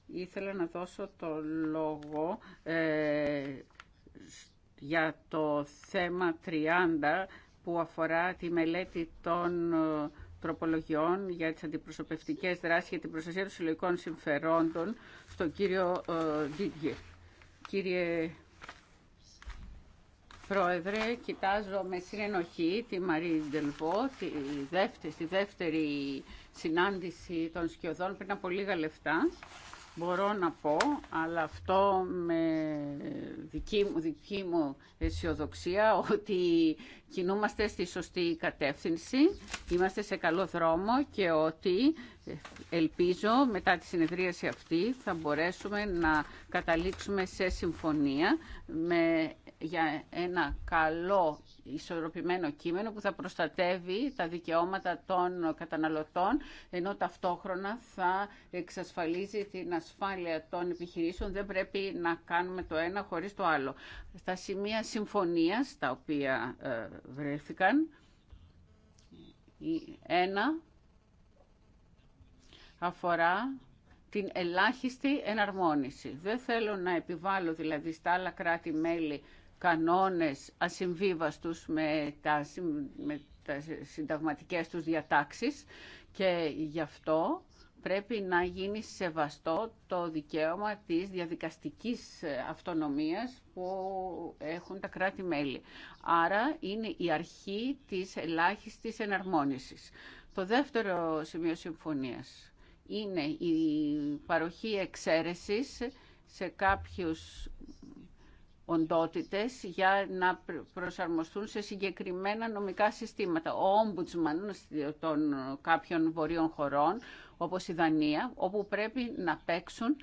ήθελα να δώσω το λόγο ε, για το θέμα 30 που αφορά τη μελέτη των ε, τροπολογιών για τις αντιπροσωπευτικές δράσεις για την προστασία των συλλογικών συμφερόντων στον κύριο Δίγκη. Κύριε Πρόεδρε, κοιτάζω με συνενοχή τη Μαρή Ντελβό, τη δεύτερη, στη δεύτερη συνάντηση των σκιωδών πριν από λίγα λεφτά μπορώ να πω, αλλά αυτό με δική μου, δική μου αισιοδοξία, ότι κινούμαστε στη σωστή κατεύθυνση, είμαστε σε καλό δρόμο και ότι ελπίζω μετά τη συνεδρίαση αυτή θα μπορέσουμε να καταλήξουμε σε συμφωνία με για ένα καλό ισορροπημένο κείμενο που θα προστατεύει τα δικαιώματα των καταναλωτών ενώ ταυτόχρονα θα εξασφαλίζει την ασφάλεια των επιχειρήσεων. Δεν πρέπει να κάνουμε το ένα χωρίς το άλλο. Στα σημεία συμφωνίας τα οποία ε, βρέθηκαν, ένα αφορά την ελάχιστη εναρμόνιση. Δεν θέλω να επιβάλλω δηλαδή στα άλλα κράτη-μέλη κανόνες ασυμβίβαστους με τα, με τα συνταγματικές τους διατάξεις και γι' αυτό πρέπει να γίνει σεβαστό το δικαίωμα της διαδικαστικής αυτονομίας που έχουν τα κράτη-μέλη. Άρα είναι η αρχή της ελάχιστης εναρμόνισης. Το δεύτερο σημείο συμφωνίας είναι η παροχή εξαίρεσης σε κάποιους οντότητες για να προσαρμοστούν σε συγκεκριμένα νομικά συστήματα. Ο Ombudsman των κάποιων βορείων χωρών, όπως η Δανία, όπου πρέπει να παίξουν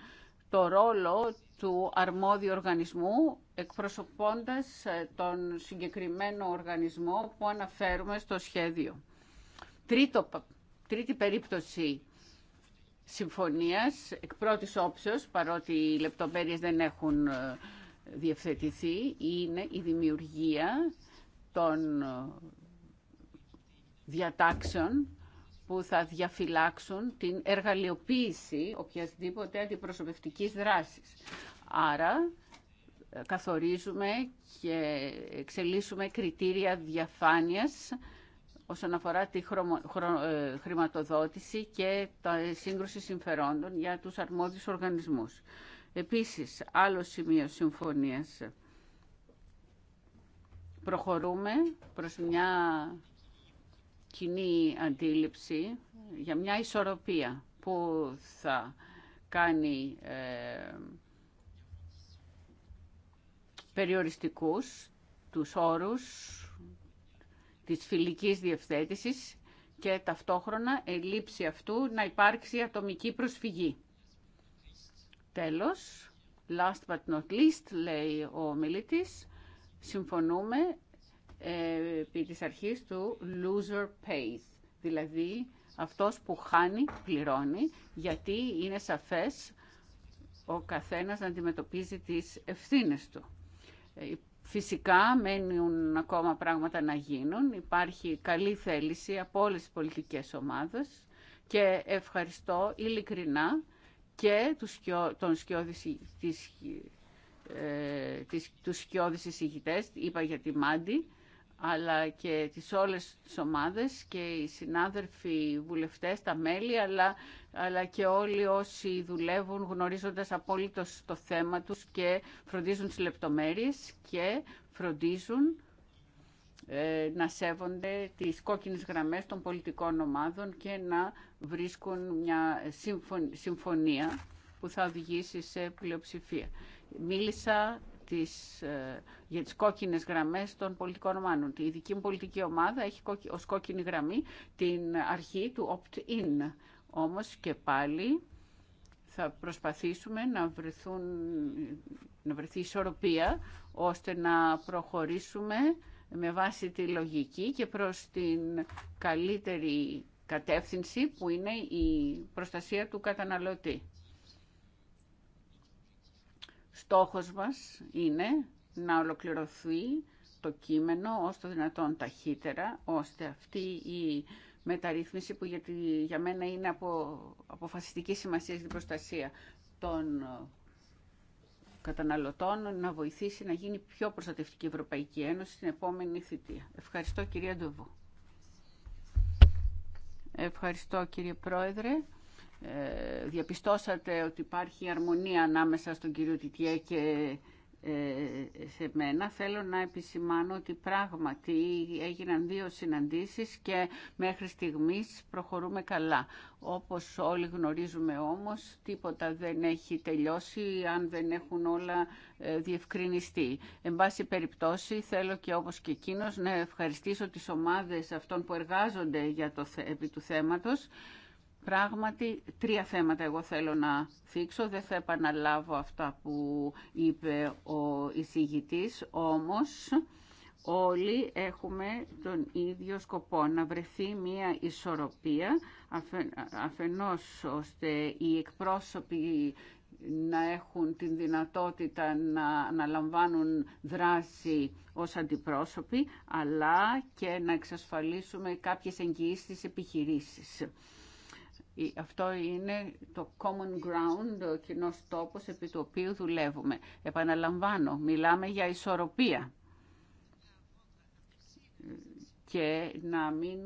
το ρόλο του αρμόδιου οργανισμού εκπροσωπώντας ε, τον συγκεκριμένο οργανισμό που αναφέρουμε στο σχέδιο. Τρίτο, τρίτη περίπτωση συμφωνίας εκ πρώτης όψεως, παρότι οι λεπτομέρειες δεν έχουν ε, διευθετηθεί είναι η δημιουργία των διατάξεων που θα διαφυλάξουν την εργαλειοποίηση οποιασδήποτε αντιπροσωπευτικής δράσης. Άρα ε, καθορίζουμε και εξελίσσουμε κριτήρια διαφάνειας όσον αφορά τη ε, χρηματοδότηση και τα σύγκρουση συμφερόντων για τους αρμόδιους οργανισμούς. Επίσης, άλλο σημείο συμφωνίας. Προχωρούμε προς μια κοινή αντίληψη για μια ισορροπία που θα κάνει ε, περιοριστικούς τους όρους της φιλικής διευθέτησης και ταυτόχρονα ελήψη αυτού να υπάρξει ατομική προσφυγή. Τέλος, last but not least, λέει ο μιλήτης, συμφωνούμε ε, επί της αρχής του loser pays, δηλαδή αυτός που χάνει πληρώνει, γιατί είναι σαφές ο καθένας να αντιμετωπίζει τις ευθύνες του. Ε, φυσικά μένουν ακόμα πράγματα να γίνουν. Υπάρχει καλή θέληση από όλες τις πολιτικές ομάδες και ευχαριστώ ειλικρινά και του ε, της, τους σκιώδης εισηγητές, είπα για τη Μάντι, αλλά και τις όλες τις ομάδες και οι συνάδελφοι βουλευτές, τα μέλη, αλλά, αλλά και όλοι όσοι δουλεύουν γνωρίζοντας απόλυτος το θέμα τους και φροντίζουν τις λεπτομέρειες και φροντίζουν ε, να σέβονται τις κόκκινες γραμμές των πολιτικών ομάδων και να βρίσκουν μια συμφωνία που θα οδηγήσει σε πλειοψηφία. Μίλησα τις, ε, για τις κόκκινες γραμμές των πολιτικών ομάδων. Η δική μου πολιτική ομάδα έχει ως κόκκινη γραμμή την αρχή του opt-in. Όμως και πάλι θα προσπαθήσουμε να, βρεθούν, να βρεθεί ισορροπία ώστε να προχωρήσουμε με βάση τη λογική και προς την καλύτερη κατεύθυνση που είναι η προστασία του καταναλωτή. Στόχος μας είναι να ολοκληρωθεί το κείμενο ως το δυνατόν ταχύτερα, ώστε αυτή η μεταρρύθμιση που για, για μένα είναι από αποφασιστική σημασία στην προστασία των καταναλωτών να βοηθήσει να γίνει πιο προστατευτική η Ευρωπαϊκή Ένωση στην επόμενη θητεία. Ευχαριστώ κυρία Ντοβού. Ευχαριστώ κύριε Πρόεδρε. Ε, διαπιστώσατε ότι υπάρχει αρμονία ανάμεσα στον κύριο Τιτιέ και ε, σε μένα. Θέλω να επισημάνω ότι πράγματι έγιναν δύο συναντήσεις και μέχρι στιγμής προχωρούμε καλά. Όπως όλοι γνωρίζουμε όμως, τίποτα δεν έχει τελειώσει αν δεν έχουν όλα ε, διευκρινιστεί. Εν πάση περιπτώσει, θέλω και όπως και εκείνος να ευχαριστήσω τις ομάδες αυτών που εργάζονται για το, επί του θέματος Πράγματι, τρία θέματα εγώ θέλω να θίξω. Δεν θα επαναλάβω αυτά που είπε ο εισηγητής, όμως όλοι έχουμε τον ίδιο σκοπό, να βρεθεί μια ισορροπία, αφενός ώστε οι εκπρόσωποι να έχουν την δυνατότητα να αναλαμβάνουν δράση ως αντιπρόσωποι, αλλά και να εξασφαλίσουμε κάποιες εγγυήσεις της επιχειρήσεις. Αυτό είναι το common ground, ο κοινό τόπο επί του οποίου δουλεύουμε. Επαναλαμβάνω, μιλάμε για ισορροπία και να μην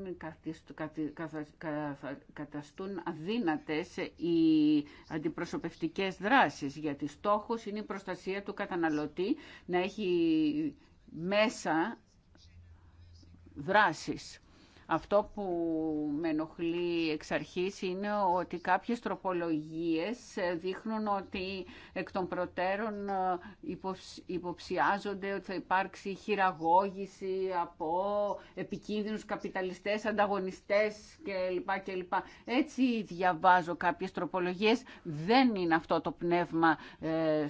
καταστούν αδύνατες οι αντιπροσωπευτικές δράσεις, γιατί στόχος είναι η προστασία του καταναλωτή να έχει μέσα δράσεις αυτό που με ενοχλεί εξ αρχής είναι ότι κάποιες τροπολογίες δείχνουν ότι εκ των προτέρων ε, υποψιάζονται ότι θα υπάρξει χειραγώγηση από επικίνδυνους καπιταλιστές, ανταγωνιστές κλπ. Έτσι διαβάζω κάποιες τροπολογίες. Δεν είναι αυτό το πνεύμα ε,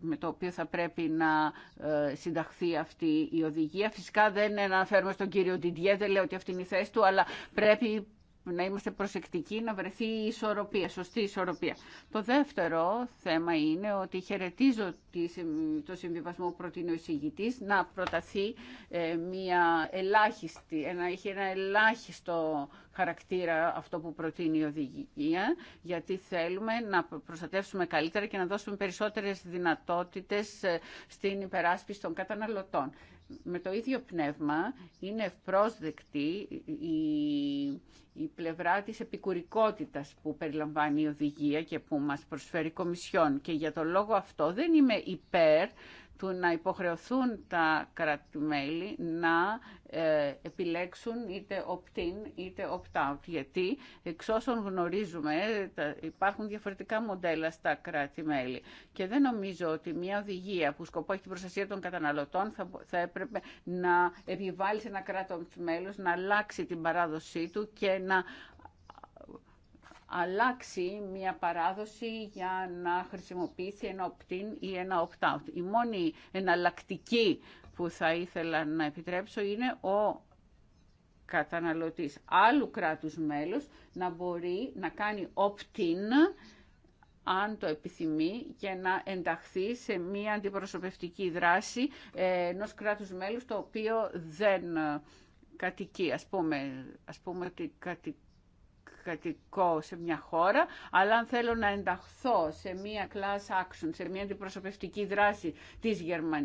με το οποίο θα πρέπει να ε, συνταχθεί αυτή η οδηγία. Φυσικά δεν αναφέρουμε στον κύριο Ντιντιέ, δεν λέω ότι αυτή είναι τη του, αλλά πρέπει να είμαστε προσεκτικοί, να βρεθεί η ισορροπία, σωστή ισορροπία. Το δεύτερο θέμα είναι ότι χαιρετίζω το συμβιβασμό που προτείνει ο εισηγητής να προταθεί ε, μια ελάχιστη, να έχει ένα ελάχιστο χαρακτήρα αυτό που προτείνει η οδηγία, γιατί θέλουμε να προστατεύσουμε καλύτερα και να δώσουμε περισσότερες δυνατότητες ε, στην υπεράσπιση των καταναλωτών με το ίδιο πνεύμα είναι ευπρόσδεκτη η, η πλευρά της επικουρικότητας που περιλαμβάνει η οδηγία και που μας προσφέρει η Κομισιόν. Και για τον λόγο αυτό δεν είμαι υπέρ του να υποχρεωθούν τα κρατη να ε, επιλέξουν είτε opt-in είτε opt-out. Γιατί εξ όσων γνωρίζουμε υπάρχουν διαφορετικά μοντέλα στα κρατη Και δεν νομίζω ότι μια οδηγία που σκοπό έχει την προστασία των καταναλωτών θα, θα έπρεπε να επιβάλλει σε ένα κράτο μέλος να αλλάξει την παράδοσή του και να αλλάξει μια παράδοση για να χρησιμοποιήσει ένα opt-in ή ένα opt-out. Η μόνη εναλλακτική που θα ήθελα να επιτρέψω είναι ο καταναλωτής άλλου κράτους μέλους να μπορεί να κάνει opt-in αν το επιθυμεί και να ενταχθεί σε μία αντιπροσωπευτική δράση ε, ενός κράτους μέλους το οποίο δεν ε, κατοικεί. Ας πούμε, ας πούμε ότι κατοικεί σε μια χώρα, αλλά αν θέλω να ενταχθώ σε μια class action, σε μια αντιπροσωπευτική δράση της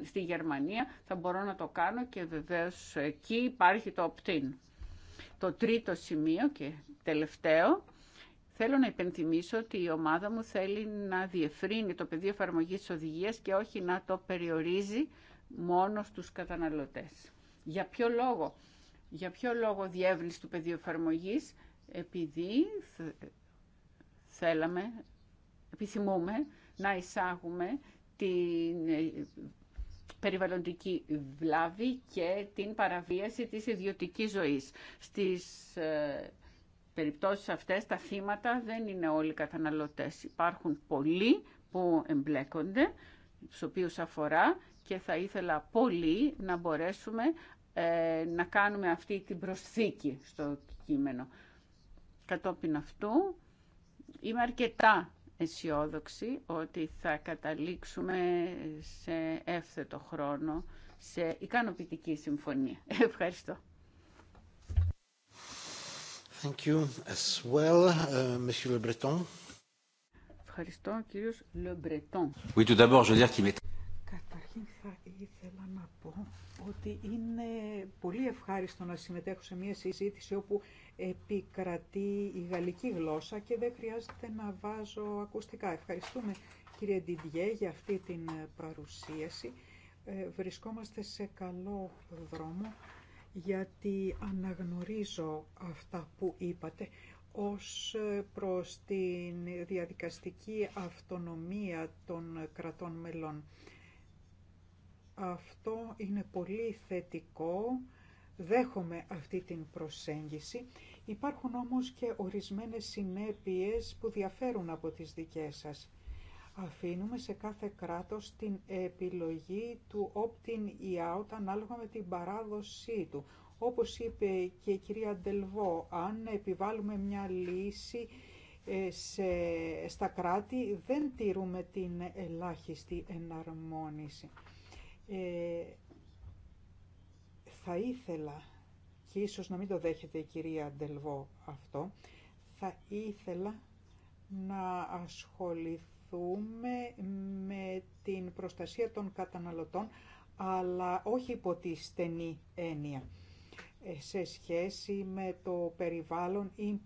στη Γερμανία, θα μπορώ να το κάνω και βεβαίως εκεί υπάρχει το opt-in. Το τρίτο σημείο και τελευταίο, Θέλω να υπενθυμίσω ότι η ομάδα μου θέλει να διευρύνει το πεδίο εφαρμογή τη οδηγία και όχι να το περιορίζει μόνο στους καταναλωτές. Για ποιο λόγο, για ποιο λόγο διεύρυνση του πεδίου εφαρμογή, επειδή θέλαμε, επιθυμούμε να εισάγουμε την ε, περιβαλλοντική βλάβη και την παραβίαση της ιδιωτικής ζωής. Στις ε, περιπτώσεις αυτές τα θύματα δεν είναι όλοι καταναλωτές. Υπάρχουν πολλοί που εμπλέκονται, στους οποίους αφορά και θα ήθελα πολύ να μπορέσουμε ε, να κάνουμε αυτή την προσθήκη στο κείμενο. Κατόπιν αυτού είμαι αρκετά αισιόδοξη ότι θα καταλήξουμε σε εύθετο χρόνο σε ικανοποιητική συμφωνία. (laughs) Ευχαριστώ. Thank you as well, uh, Monsieur Le Breton. Ευχαριστώ, κύριος Le Breton. Oui, tout d'abord, je veux dire qu'il m'est θα ήθελα να πω ότι είναι πολύ ευχάριστο να συμμετέχω σε μια συζήτηση όπου επικρατεί η γαλλική γλώσσα και δεν χρειάζεται να βάζω ακουστικά. Ευχαριστούμε κύριε Ντιντιέ για αυτή την παρουσίαση. Ε, βρισκόμαστε σε καλό δρόμο γιατί αναγνωρίζω αυτά που είπατε ως ε, προς την διαδικαστική αυτονομία των κρατών μελών. Αυτό είναι πολύ θετικό, δέχομαι αυτή την προσέγγιση. Υπάρχουν όμως και ορισμένες συνέπειες που διαφέρουν από τις δικές σας. Αφήνουμε σε κάθε κράτος την επιλογή του opt-in ή out ανάλογα με την παράδοσή του. Όπως είπε και η κυρία Ντελβό, αν επιβάλλουμε μια λύση ε, σε, στα κράτη, δεν τηρούμε την ελάχιστη εναρμόνιση. Ε, θα ήθελα, και ίσως να μην το δέχεται η κυρία Ντελβό αυτό, θα ήθελα να ασχοληθούμε με την προστασία των καταναλωτών, αλλά όχι υπό τη στενή έννοια ε, σε σχέση με το περιβάλλον ή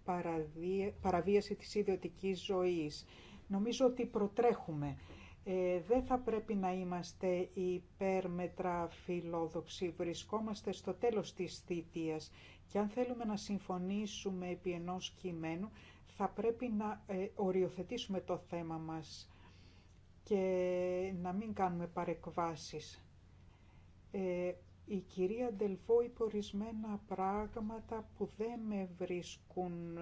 παραβίαση της ιδιωτικής ζωής. Νομίζω ότι προτρέχουμε ε, δεν θα πρέπει να είμαστε υπέρμετρα φιλόδοξοι. Βρισκόμαστε στο τέλος της θητείας και αν θέλουμε να συμφωνήσουμε επί ενός κειμένου θα πρέπει να ε, οριοθετήσουμε το θέμα μας και να μην κάνουμε παρεκβάσεις. Ε, η κυρία Ντελβό υπορισμένα πράγματα που δεν με βρίσκουν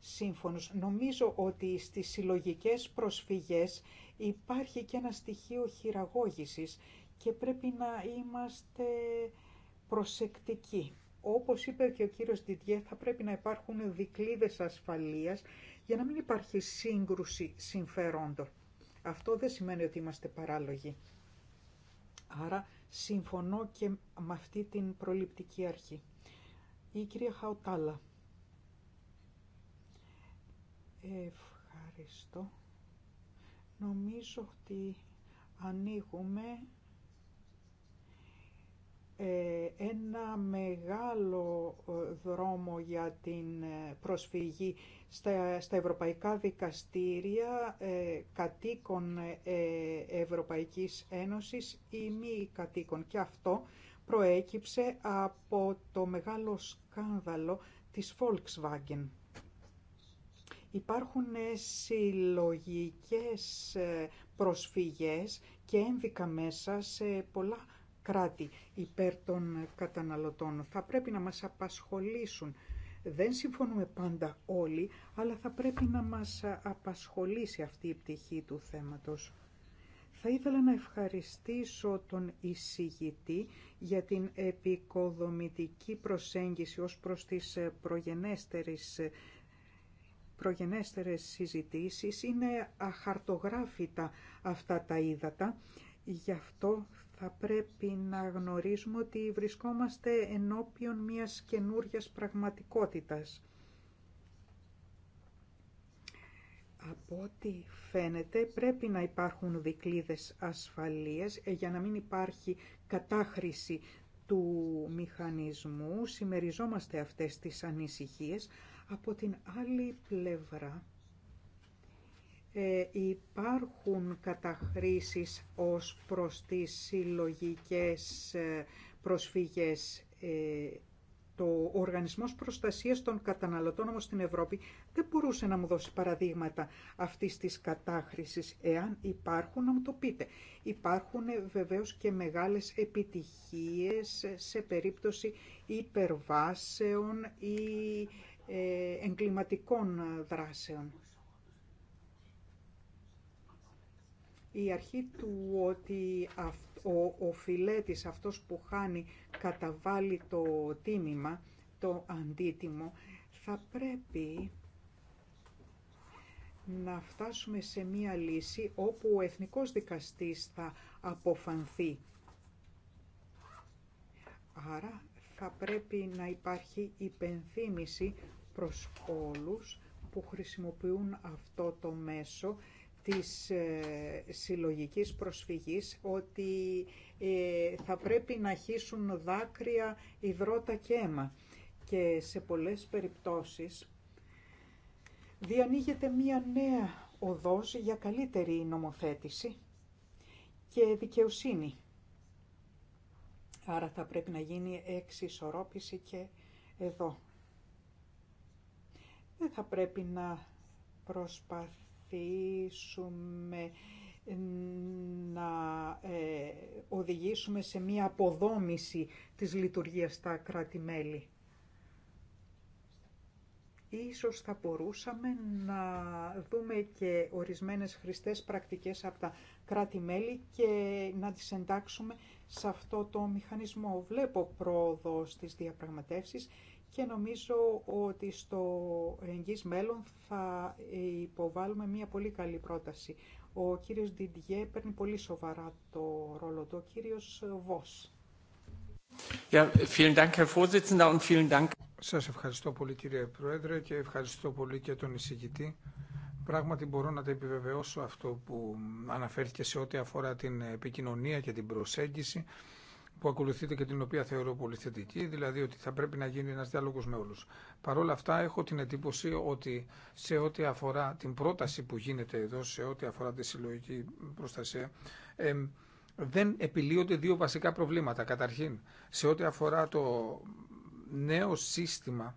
σύμφωνος. Νομίζω ότι στις συλλογικές προσφυγές υπάρχει και ένα στοιχείο χειραγώγησης και πρέπει να είμαστε προσεκτικοί. Όπως είπε και ο κύριος Διδιέ θα πρέπει να υπάρχουν δικλείδες ασφαλείας για να μην υπάρχει σύγκρουση συμφερόντων. Αυτό δεν σημαίνει ότι είμαστε παράλογοι. Άρα Συμφωνώ και με αυτή την προληπτική αρχή. Η κυρία Χαουτάλα. Ευχαριστώ. Νομίζω ότι ανοίγουμε ε, ένα μεγάλο ε, δρόμο για την ε, προσφυγή στα, στα ευρωπαϊκά δικαστήρια ε, κατοίκων Ευρωπαϊκής Ένωσης ή μη κατοίκων. Και αυτό προέκυψε από το μεγάλο σκάνδαλο της Volkswagen. Υπάρχουν συλλογικές προσφυγές και ένδικα μέσα σε πολλά κράτη υπέρ των καταναλωτών. Θα πρέπει να μας απασχολήσουν. Δεν συμφωνούμε πάντα όλοι, αλλά θα πρέπει να μας απασχολήσει αυτή η πτυχή του θέματος. Θα ήθελα να ευχαριστήσω τον εισηγητή για την επικοδομητική προσέγγιση ως προς τις προγενέστερες, προγενέστερες συζητήσεις. Είναι αχαρτογράφητα αυτά τα ύδατα, γι' αυτό θα πρέπει να γνωρίζουμε ότι βρισκόμαστε ενώπιον μιας καινούργιας πραγματικότητας. Από ό,τι φαίνεται πρέπει να υπάρχουν δικλίδες ασφαλείας ε, για να μην υπάρχει κατάχρηση του μηχανισμού. Σημεριζόμαστε αυτές τις ανησυχίες. Από την άλλη πλευρά ε, υπάρχουν καταχρήσεις ως προς τις συλλογικές ε, προσφυγές. Ε, το Οργανισμός Προστασίας των Καταναλωτών όμως στην Ευρώπη δεν μπορούσε να μου δώσει παραδείγματα αυτής της κατάχρησης. Εάν υπάρχουν να μου το πείτε. Υπάρχουν ε, βεβαίως και μεγάλες επιτυχίες σε περίπτωση υπερβάσεων ή ε, εγκληματικών δράσεων. η αρχή του ότι ο, ο φιλέτης, αυτός που χάνει, καταβάλει το τίμημα, το αντίτιμο, θα πρέπει να φτάσουμε σε μία λύση όπου ο εθνικός δικαστής θα αποφανθεί. Άρα θα πρέπει να υπάρχει υπενθύμηση προς όλους που χρησιμοποιούν αυτό το μέσο της ε, συλλογικής προσφυγής ότι ε, θα πρέπει να χύσουν δάκρυα, υδρότα και αίμα. Και σε πολλές περιπτώσεις διανοίγεται μία νέα οδός για καλύτερη νομοθέτηση και δικαιοσύνη. Άρα θα πρέπει να γίνει εξισορρόπηση και εδώ. Δεν θα πρέπει να προσπαθεί προσπαθήσουμε να ε, οδηγήσουμε σε μία αποδόμηση της λειτουργίας στα κράτη-μέλη. Ίσως θα μπορούσαμε να δούμε και ορισμένες χριστές πρακτικές από τα κράτη-μέλη και να τις εντάξουμε σε αυτό το μηχανισμό. Βλέπω πρόοδο στις διαπραγματεύσεις και νομίζω ότι στο εγγύς μέλλον θα υποβάλουμε μια πολύ καλή πρόταση. Ο κύριος Διντιέ παίρνει πολύ σοβαρά το ρόλο του, ο κύριος Βος. Σας ευχαριστώ πολύ κύριε Πρόεδρε και ευχαριστώ πολύ και τον εισηγητή. Πράγματι μπορώ να τα επιβεβαιώσω αυτό που αναφέρθηκε σε ό,τι αφορά την επικοινωνία και την προσέγγιση που ακολουθείτε και την οποία θεωρώ πολύ θετική, δηλαδή ότι θα πρέπει να γίνει ένας διάλογος με όλους. Παρ' όλα αυτά έχω την εντύπωση ότι σε ό,τι αφορά την πρόταση που γίνεται εδώ, σε ό,τι αφορά τη συλλογική προστασία, δεν επιλύονται δύο βασικά προβλήματα. Καταρχήν, σε ό,τι αφορά το νέο σύστημα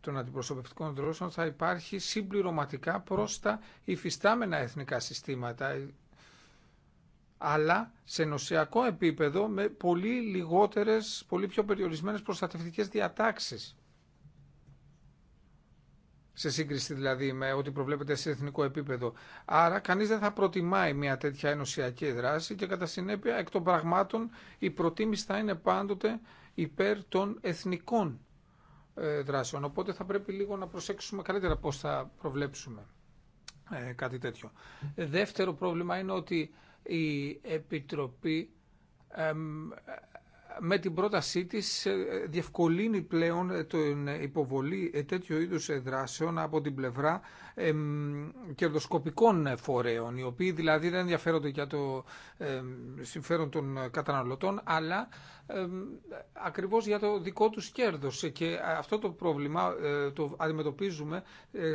των αντιπροσωπευτικών δρόσεων θα υπάρχει συμπληρωματικά προς τα υφιστάμενα εθνικά συστήματα αλλά σε νοσιακό επίπεδο με πολύ λιγότερες, πολύ πιο περιορισμένες προστατευτικές διατάξεις. Σε σύγκριση δηλαδή με ό,τι προβλέπεται σε εθνικό επίπεδο. Άρα κανείς δεν θα προτιμάει μια τέτοια ενωσιακή δράση και κατά συνέπεια εκ των πραγμάτων η προτίμηση θα είναι πάντοτε υπέρ των εθνικών ε, δράσεων. Οπότε θα πρέπει λίγο να προσέξουμε καλύτερα πώς θα προβλέψουμε ε, κάτι τέτοιο. Ε, δεύτερο πρόβλημα είναι ότι η Επιτροπή με την πρότασή της ε, διευκολύνει πλέον ε, την υποβολή ε, τέτοιου είδους δράσεων από την πλευρά κερδοσκοπικών φορέων, οι οποίοι δηλαδή δεν ενδιαφέρονται για το συμφέρον των καταναλωτών, αλλά ακριβώς για το δικό τους κέρδος. Και αυτό το πρόβλημα το αντιμετωπίζουμε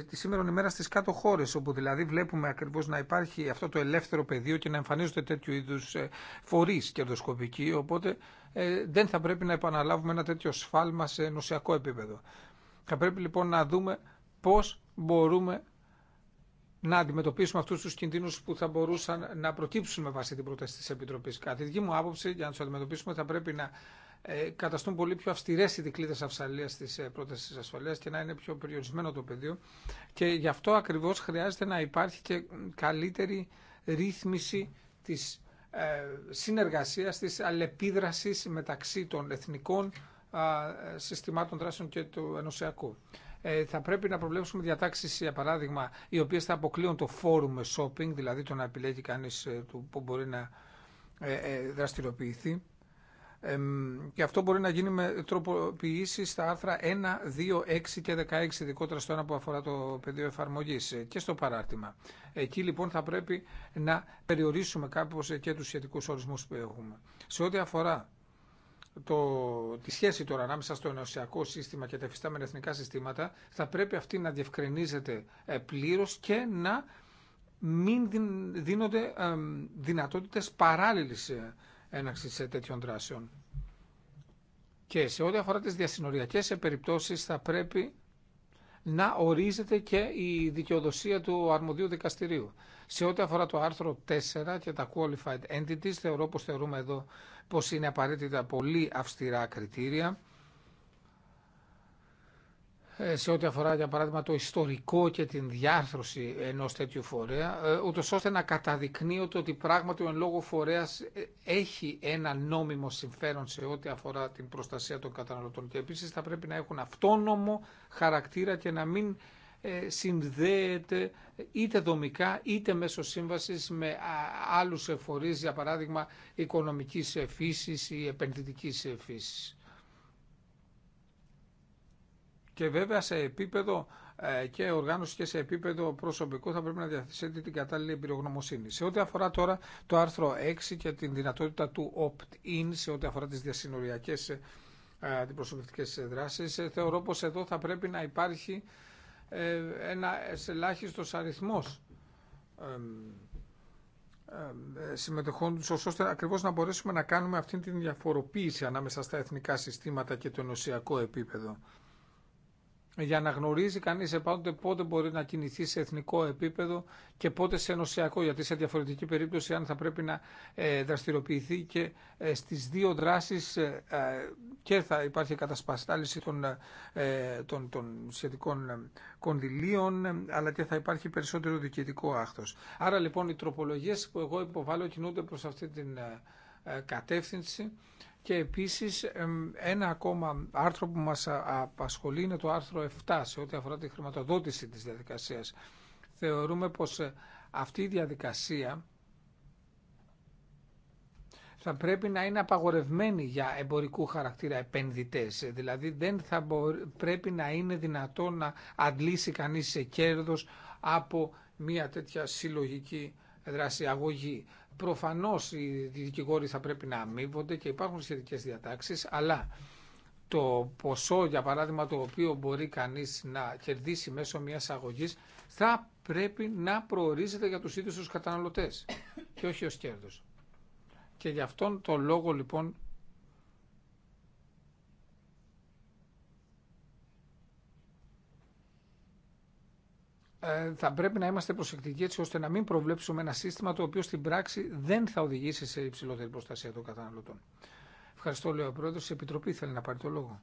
τη σήμερα ημέρα στις κάτω χώρες, όπου δηλαδή βλέπουμε ακριβώς να υπάρχει αυτό το ελεύθερο πεδίο και να εμφανίζονται τέτοιου είδους φορείς κερδοσκοπικοί, οπότε ε, δεν θα πρέπει να επαναλάβουμε ένα τέτοιο σφάλμα σε νοσιακό επίπεδο. Θα πρέπει λοιπόν να δούμε πώς μπορούμε να αντιμετωπίσουμε αυτού τους κινδύνου που θα μπορούσαν να προκύψουν με βάση την πρόταση τη Επιτροπή. Κατά τη δική μου άποψη, για να του αντιμετωπίσουμε, θα πρέπει να ε, καταστούν πολύ πιο αυστηρές οι δικλείδες αυσαλία τη ε, πρόταση τη και να είναι πιο περιορισμένο το πεδίο. Και γι' αυτό ακριβώς χρειάζεται να υπάρχει και καλύτερη ρύθμιση τη ε, Συνεργασία της αλληλεπίδρασης μεταξύ των εθνικών συστημάτων δράσεων και του ενωσιακού. Ε, θα πρέπει να προβλέψουμε διατάξεις, για παράδειγμα, οι οποίες θα αποκλείουν το forum shopping, δηλαδή το να επιλέγει κανείς ε, που μπορεί να δραστηριοποιηθεί και αυτό μπορεί να γίνει με τροποποιήσει στα άρθρα 1, 2, 6 και 16, ειδικότερα στο ένα που αφορά το πεδίο εφαρμογή και στο παράρτημα. Εκεί λοιπόν θα πρέπει να περιορίσουμε κάπω και του σχετικού ορισμού που έχουμε. Σε ό,τι αφορά το, τη σχέση τώρα ανάμεσα στο ενωσιακό σύστημα και τα εφιστάμενα εθνικά συστήματα, θα πρέπει αυτή να διευκρινίζεται ε, πλήρω και να μην δίνονται δυνατότητε παράλληλη. Ε, σε τέτοιων δράσεων. Και σε ό,τι αφορά τις διασυνοριακές περιπτώσεις θα πρέπει να ορίζεται και η δικαιοδοσία του αρμοδίου δικαστηρίου. Σε ό,τι αφορά το άρθρο 4 και τα qualified entities, θεωρώ πως θεωρούμε εδώ πως είναι απαραίτητα πολύ αυστηρά κριτήρια ε, σε ό,τι αφορά για παράδειγμα το ιστορικό και την διάρθρωση ενός τέτοιου φορέα, ε, ούτω ώστε να καταδεικνύει ότι πράγματι ο εν λόγω φορέας ε, έχει ένα νόμιμο συμφέρον σε ό,τι αφορά την προστασία των καταναλωτών και επίση θα πρέπει να έχουν αυτόνομο χαρακτήρα και να μην συνδέεται είτε δομικά είτε μέσω σύμβασης με άλλους φορείς, για παράδειγμα οικονομικής φύσης ή επενδυτικής φύσης και βέβαια σε επίπεδο ε, και οργάνωση και σε επίπεδο προσωπικό θα πρέπει να διαθέσετε την κατάλληλη εμπειρογνωμοσύνη. Σε ό,τι αφορά τώρα το άρθρο 6 και την δυνατότητα του opt-in σε ό,τι αφορά τις διασυνοριακές ε, αντιπροσωπευτικές δράσεις, ε, θεωρώ πως εδώ θα πρέπει να υπάρχει ένα ελάχιστο αριθμός συμμετεχόντους ώστε ακριβώς να μπορέσουμε να κάνουμε αυτή την διαφοροποίηση ανάμεσα στα εθνικά συστήματα και το ενωσιακό επίπεδο για να γνωρίζει κανείς επάντοτε πότε μπορεί να κινηθεί σε εθνικό επίπεδο και πότε σε ενωσιακό, γιατί σε διαφορετική περίπτωση αν θα πρέπει να ε, δραστηριοποιηθεί και ε, στις δύο δράσεις ε, και θα υπάρχει κατασπαστάληση των, των, των σχετικών κονδυλίων, αλλά και θα υπάρχει περισσότερο διοικητικό άχθος. Άρα λοιπόν οι τροπολογίες που εγώ υποβάλλω κινούνται προς αυτή την κατεύθυνση και επίσης ένα ακόμα άρθρο που μας απασχολεί είναι το άρθρο 7 σε ό,τι αφορά τη χρηματοδότηση της διαδικασίας. Θεωρούμε πως ε, αυτή η διαδικασία θα πρέπει να είναι απαγορευμένη για εμπορικού χαρακτήρα επενδυτές. Δηλαδή δεν θα πρέπει να είναι δυνατό να αντλήσει κανείς σε κέρδος από μια τέτοια συλλογική δρασιαγωγή. Προφανώ οι δικηγόροι θα πρέπει να αμείβονται και υπάρχουν σχετικέ διατάξει, αλλά το ποσό, για παράδειγμα, το οποίο μπορεί κανεί να κερδίσει μέσω μια αγωγή, θα πρέπει να προορίζεται για του ίδιους τους καταναλωτέ και όχι ω κέρδο. Και γι' αυτόν τον λόγο, λοιπόν, Ε, θα πρέπει να είμαστε προσεκτικοί έτσι ώστε να μην προβλέψουμε ένα σύστημα το οποίο στην πράξη δεν θα οδηγήσει σε υψηλότερη προστασία των καταναλωτών. Ευχαριστώ, λέει ο Πρόεδρο. Η Επιτροπή θέλει να πάρει το λόγο.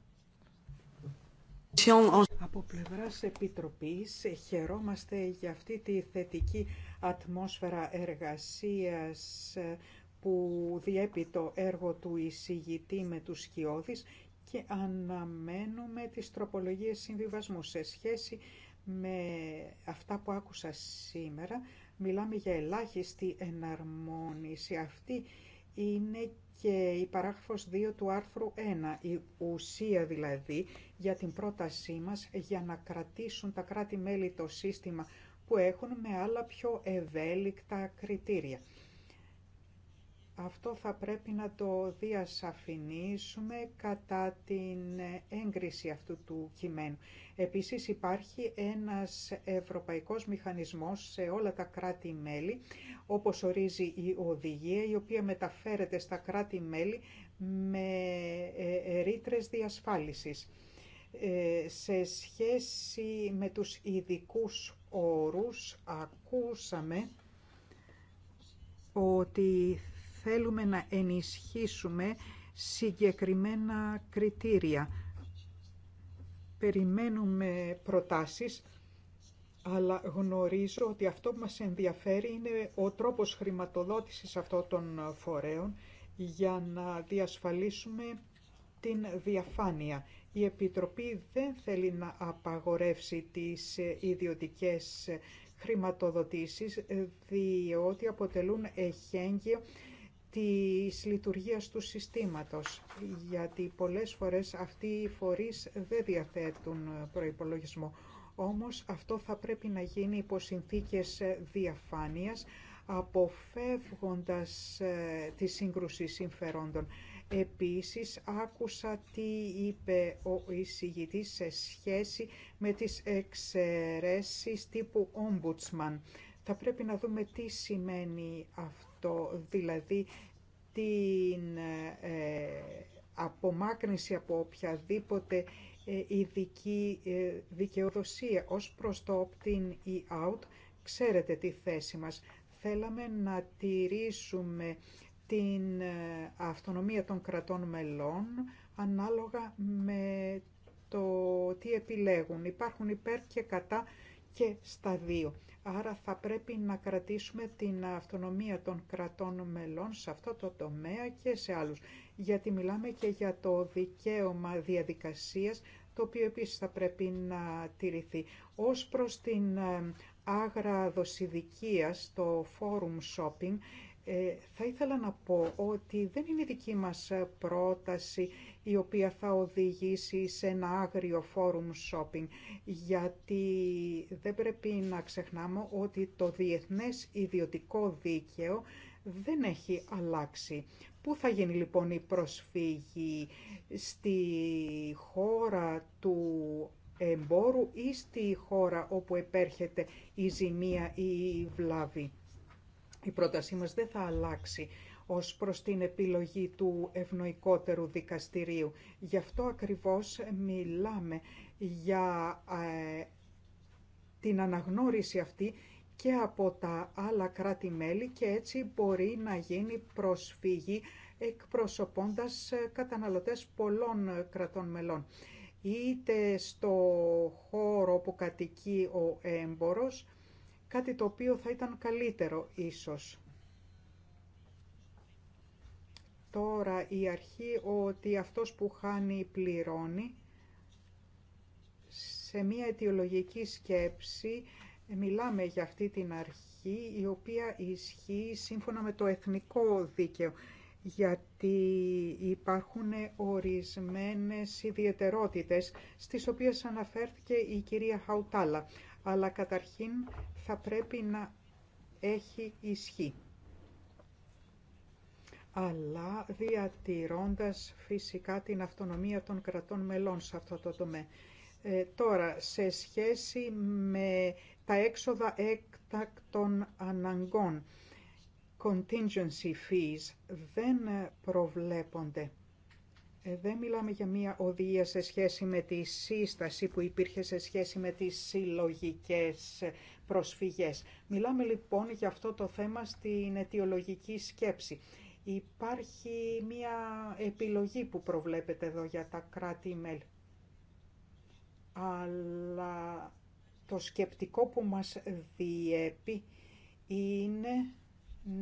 Από πλευράς Επιτροπής χαιρόμαστε για αυτή τη θετική ατμόσφαιρα εργασίας που διέπει το έργο του εισηγητή με τους σκιώδεις και αναμένουμε τις τροπολογίες συμβιβασμού σε σχέση με αυτά που άκουσα σήμερα, μιλάμε για ελάχιστη εναρμόνιση. Αυτή είναι και η παράγραφος 2 του άρθρου 1, η ουσία δηλαδή για την πρότασή μας για να κρατήσουν τα κράτη-μέλη το σύστημα που έχουν με άλλα πιο ευέλικτα κριτήρια. Αυτό θα πρέπει να το διασαφηνίσουμε κατά την έγκριση αυτού του κειμένου. Επίσης υπάρχει ένας ευρωπαϊκός μηχανισμός σε όλα τα κράτη-μέλη, όπως ορίζει η οδηγία, η οποία μεταφέρεται στα κράτη-μέλη με ε, ε, ρήτρες διασφάλισης. Ε, σε σχέση με τους ειδικού όρους, ακούσαμε ότι θέλουμε να ενισχύσουμε συγκεκριμένα κριτήρια. Περιμένουμε προτάσεις, αλλά γνωρίζω ότι αυτό που μας ενδιαφέρει είναι ο τρόπος χρηματοδότησης αυτών των φορέων για να διασφαλίσουμε την διαφάνεια. Η Επιτροπή δεν θέλει να απαγορεύσει τις ιδιωτικές χρηματοδοτήσεις, διότι αποτελούν εχέγγυο της λειτουργίας του συστήματος, γιατί πολλές φορές αυτοί οι φορείς δεν διαθέτουν προϋπολογισμό. Όμως αυτό θα πρέπει να γίνει υπό συνθήκες διαφάνειας, αποφεύγοντας ε, τη σύγκρουση συμφερόντων. Επίσης, άκουσα τι είπε ο εισηγητής σε σχέση με τις εξαιρέσεις τύπου Ombudsman. Θα πρέπει να δούμε τι σημαίνει αυτό δηλαδή την ε, απομάκρυνση από οποιαδήποτε ε, ειδική ε, δικαιοδοσία. Ως προς το opt-in ή out, ξέρετε τη θέση μας. Θέλαμε να τηρήσουμε την αυτονομία των κρατών μελών ανάλογα με το τι επιλέγουν. Υπάρχουν υπέρ και κατά και στα δύο. Άρα θα πρέπει να κρατήσουμε την αυτονομία των κρατών μελών σε αυτό το τομέα και σε άλλους. Γιατί μιλάμε και για το δικαίωμα διαδικασίας, το οποίο επίσης θα πρέπει να τηρηθεί. Ως προς την ε, άγρα δοσιδικία στο forum shopping, ε, θα ήθελα να πω ότι δεν είναι δική μας πρόταση η οποία θα οδηγήσει σε ένα άγριο φόρουμ shopping, γιατί δεν πρέπει να ξεχνάμε ότι το διεθνές ιδιωτικό δίκαιο δεν έχει αλλάξει. Πού θα γίνει λοιπόν η προσφύγη στη χώρα του εμπόρου ή στη χώρα όπου επέρχεται η ζημία ή η βλάβη. Η πρότασή μας δεν θα αλλάξει ως προς την επιλογή του ευνοϊκότερου δικαστηρίου. Γι' αυτό ακριβώς μιλάμε για ε, την αναγνώριση αυτή και από τα άλλα κράτη-μέλη και έτσι μπορεί να γίνει προσφύγη εκπροσωπώντας ε, καταναλωτές πολλών ε, κρατών μελών. Είτε στο χώρο που κατοικεί ο έμπορος, κάτι το οποίο θα ήταν καλύτερο ίσως. Τώρα η αρχή ότι αυτός που χάνει πληρώνει, σε μία αιτιολογική σκέψη μιλάμε για αυτή την αρχή η οποία ισχύει σύμφωνα με το εθνικό δίκαιο γιατί υπάρχουν ορισμένες ιδιαιτερότητες στις οποίες αναφέρθηκε η κυρία Χαουτάλα αλλά καταρχήν θα πρέπει να έχει ισχύ. Αλλά διατηρώντας φυσικά την αυτονομία των κρατών μελών σε αυτό το τομέα. Ε, τώρα, σε σχέση με τα έξοδα έκτακτων αναγκών, contingency fees δεν προβλέπονται ε, δεν μιλάμε για μία οδηγία σε σχέση με τη σύσταση που υπήρχε σε σχέση με τις συλλογικές προσφυγές. Μιλάμε λοιπόν για αυτό το θέμα στην αιτιολογική σκέψη. Υπάρχει μία επιλογή που προβλέπεται εδώ για τα κράτη-μέλη. Αλλά το σκεπτικό που μας διέπει είναι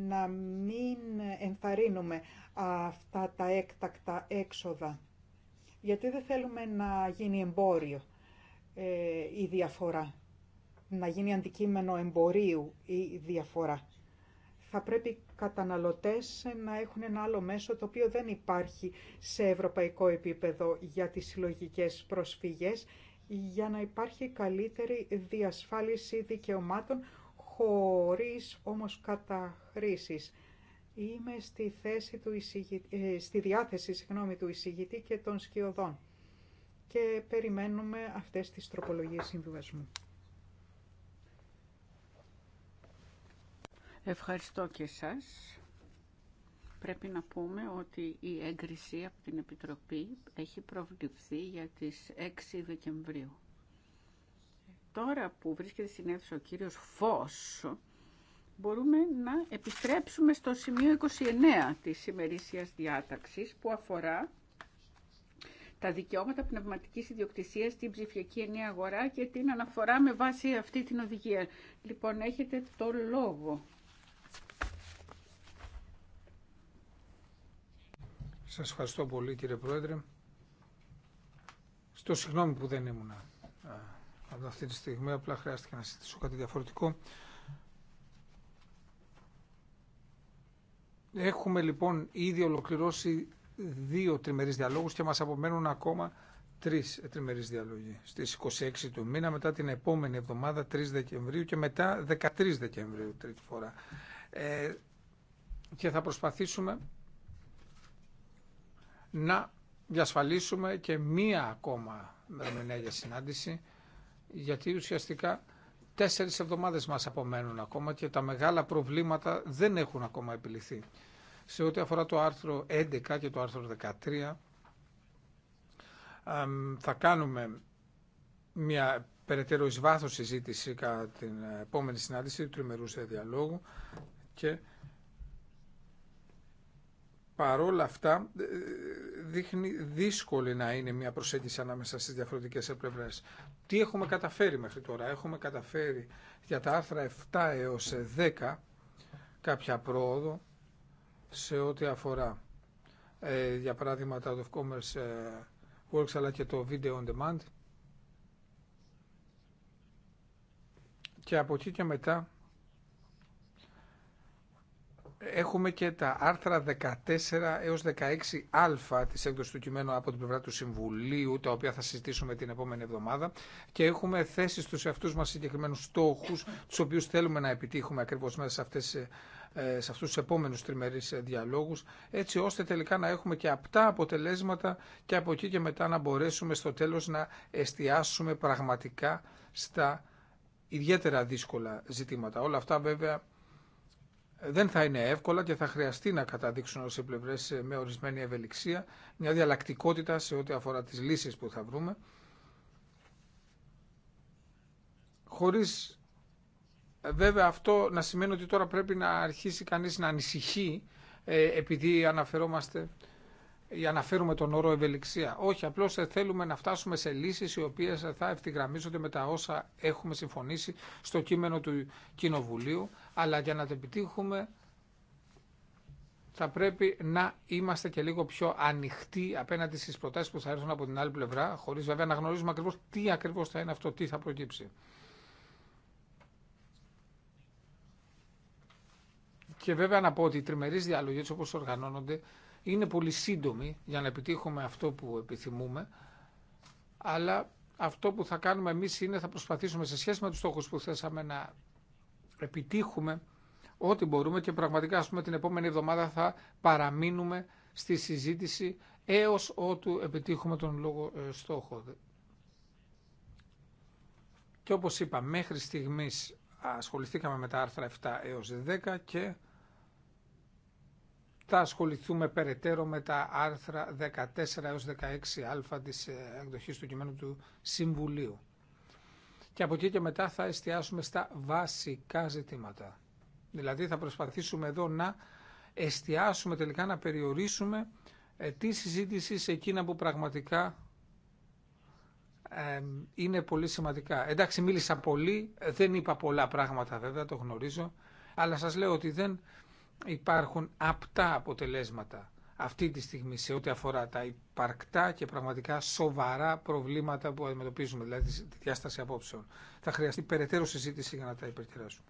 να μην ενθαρρύνουμε αυτά τα έκτακτα έξοδα, γιατί δεν θέλουμε να γίνει εμπόριο ε, η διαφορά, να γίνει αντικείμενο εμπορίου η διαφορά. Θα πρέπει καταναλωτές να έχουν ένα άλλο μέσο το οποίο δεν υπάρχει σε ευρωπαϊκό επίπεδο για τις συλλογικές προσφυγές για να υπάρχει καλύτερη διασφάλιση δικαιωμάτων χωρίς όμως καταχρήσεις. Είμαι στη, θέση του ε, στη διάθεση συγγνώμη, του εισηγητή και των σκιωδών και περιμένουμε αυτές τις τροπολογίες συμβιβασμού. Ευχαριστώ και σας. Πρέπει να πούμε ότι η έγκριση από την Επιτροπή έχει προβληθεί για τις 6 Δεκεμβρίου τώρα που βρίσκεται στην αίθουσα ο κύριος Φως, μπορούμε να επιστρέψουμε στο σημείο 29 της ημερήσιας διάταξης που αφορά τα δικαιώματα πνευματικής ιδιοκτησίας στην ψηφιακή ενιαία αγορά και την αναφορά με βάση αυτή την οδηγία. Λοιπόν, έχετε το λόγο. Σας ευχαριστώ πολύ κύριε Πρόεδρε. Στο συγγνώμη που δεν ήμουν από αυτή τη στιγμή. Απλά χρειάστηκε να συζητήσω κάτι διαφορετικό. Έχουμε λοιπόν ήδη ολοκληρώσει δύο τριμερείς διαλόγους και μας απομένουν ακόμα τρεις τριμερείς διαλόγοι. Στις 26 του μήνα, μετά την επόμενη εβδομάδα 3 Δεκεμβρίου και μετά 13 Δεκεμβρίου τρίτη φορά. Ε, και θα προσπαθήσουμε να διασφαλίσουμε και μία ακόμα μερομηνία για συνάντηση γιατί ουσιαστικά τέσσερις εβδομάδες μας απομένουν ακόμα και τα μεγάλα προβλήματα δεν έχουν ακόμα επιληθεί. Σε ό,τι αφορά το άρθρο 11 και το άρθρο 13 θα κάνουμε μια περαιτέρω εις βάθος συζήτηση κατά την επόμενη συνάντηση του τριμερούς διαλόγου και παρόλα αυτά ε, ε, δείχνει δύσκολη να είναι μια προσέγγιση ανάμεσα στις διαφορετικές πλευρές. Τι έχουμε καταφέρει μέχρι τώρα. Έχουμε καταφέρει για τα άρθρα 7 έως 10 κάποια πρόοδο σε ό,τι αφορά ε, για παράδειγμα τα out of commerce works αλλά και το video on demand και από εκεί και μετά έχουμε και τα άρθρα 14 έως 16α της έκδοσης του κειμένου από την πλευρά του Συμβουλίου, τα οποία θα συζητήσουμε την επόμενη εβδομάδα και έχουμε θέσει στους εαυτούς μας συγκεκριμένους στόχους, τους οποίους θέλουμε να επιτύχουμε ακριβώς μέσα σε αυτές ε, σε αυτούς τους επόμενους τριμερείς ε, διαλόγους, έτσι ώστε τελικά να έχουμε και απτά αποτελέσματα και από εκεί και μετά να μπορέσουμε στο τέλος να εστιάσουμε πραγματικά στα ιδιαίτερα δύσκολα ζητήματα. Όλα αυτά βέβαια δεν θα είναι εύκολα και θα χρειαστεί να καταδείξουν σε οι πλευρές ε, με ορισμένη ευελιξία μια διαλλακτικότητα σε ό,τι αφορά τις λύσεις που θα βρούμε χωρίς ε, βέβαια αυτό να σημαίνει ότι τώρα πρέπει να αρχίσει κανείς να ανησυχεί ε, επειδή αναφερόμαστε ή αναφέρουμε τον όρο ευελιξία. Όχι, απλώς θέλουμε να φτάσουμε σε λύσεις οι οποίες θα ευθυγραμμίζονται με τα όσα έχουμε συμφωνήσει στο κείμενο του Κοινοβουλίου αλλά για να το επιτύχουμε θα πρέπει να είμαστε και λίγο πιο ανοιχτοί απέναντι στις προτάσεις που θα έρθουν από την άλλη πλευρά, χωρίς βέβαια να γνωρίζουμε ακριβώς τι ακριβώς θα είναι αυτό, τι θα προκύψει. Και βέβαια να πω ότι οι τριμερείς διαλογές όπως οργανώνονται είναι πολύ σύντομοι για να επιτύχουμε αυτό που επιθυμούμε, αλλά αυτό που θα κάνουμε εμείς είναι θα προσπαθήσουμε σε σχέση με τους στόχους που θέσαμε να επιτύχουμε ό,τι μπορούμε και πραγματικά ας πούμε την επόμενη εβδομάδα θα παραμείνουμε στη συζήτηση έως ότου επιτύχουμε τον λόγο ε, στόχο. Και όπως είπα, μέχρι στιγμής ασχοληθήκαμε με τα άρθρα 7 έως 10 και θα ασχοληθούμε περαιτέρω με τα άρθρα 14 έως 16α της ε, εκδοχής του κειμένου του Συμβουλίου και από εκεί και μετά θα εστιάσουμε στα βασικά ζητήματα. Δηλαδή θα προσπαθήσουμε εδώ να εστιάσουμε τελικά να περιορίσουμε ε, τη συζήτηση σε εκείνα που πραγματικά είναι πολύ σημαντικά. Εντάξει, μίλησα πολύ, δεν είπα πολλά πράγματα βέβαια, το γνωρίζω, αλλά σας λέω ότι δεν υπάρχουν απτά αποτελέσματα αυτή τη στιγμή σε ό,τι αφορά τα υπαρκτά και πραγματικά σοβαρά προβλήματα που αντιμετωπίζουμε, δηλαδή τη διάσταση απόψεων. Θα χρειαστεί περαιτέρω συζήτηση για να τα υπερκεράσουμε.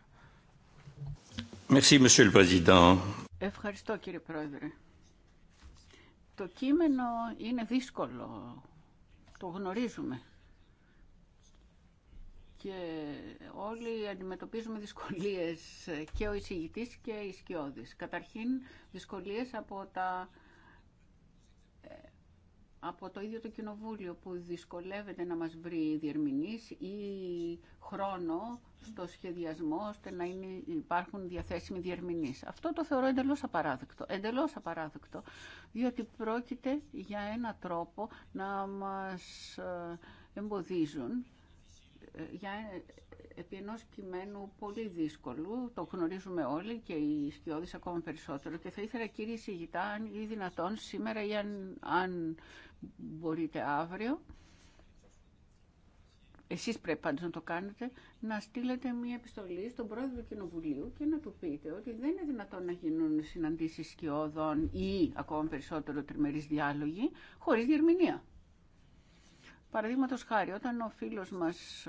Ευχαριστώ κύριε Πρόεδρε. Το κείμενο είναι δύσκολο, το γνωρίζουμε και όλοι αντιμετωπίζουμε δυσκολίες και ο εισηγητής και οι σκιώδεις. Καταρχήν δυσκολίες από, τα, ε, από το ίδιο το κοινοβούλιο που δυσκολεύεται να μας βρει διερμηνής ή χρόνο στο σχεδιασμό ώστε να υπάρχουν διαθέσιμοι διερμηνείς. Αυτό το θεωρώ εντελώς απαράδεκτο. Εντελώς απαράδεκτο, διότι πρόκειται για ένα τρόπο να μας ε, εμποδίζουν για, επί ενός κειμένου πολύ δύσκολου, το γνωρίζουμε όλοι και οι σκιώδεις ακόμα περισσότερο και θα ήθελα κύριε Σιγητά αν ή δυνατόν σήμερα ή αν, αν μπορείτε αύριο εσείς πρέπει πάντως να το κάνετε, να στείλετε μια επιστολή στον πρόεδρο του Κοινοβουλίου και να του πείτε ότι δεν είναι δυνατόν να γίνουν συναντήσεις σκιώδων ή ακόμα περισσότερο τριμερείς διάλογοι χωρίς διερμηνία. Παραδείγματο χάρη, όταν ο φίλο μας,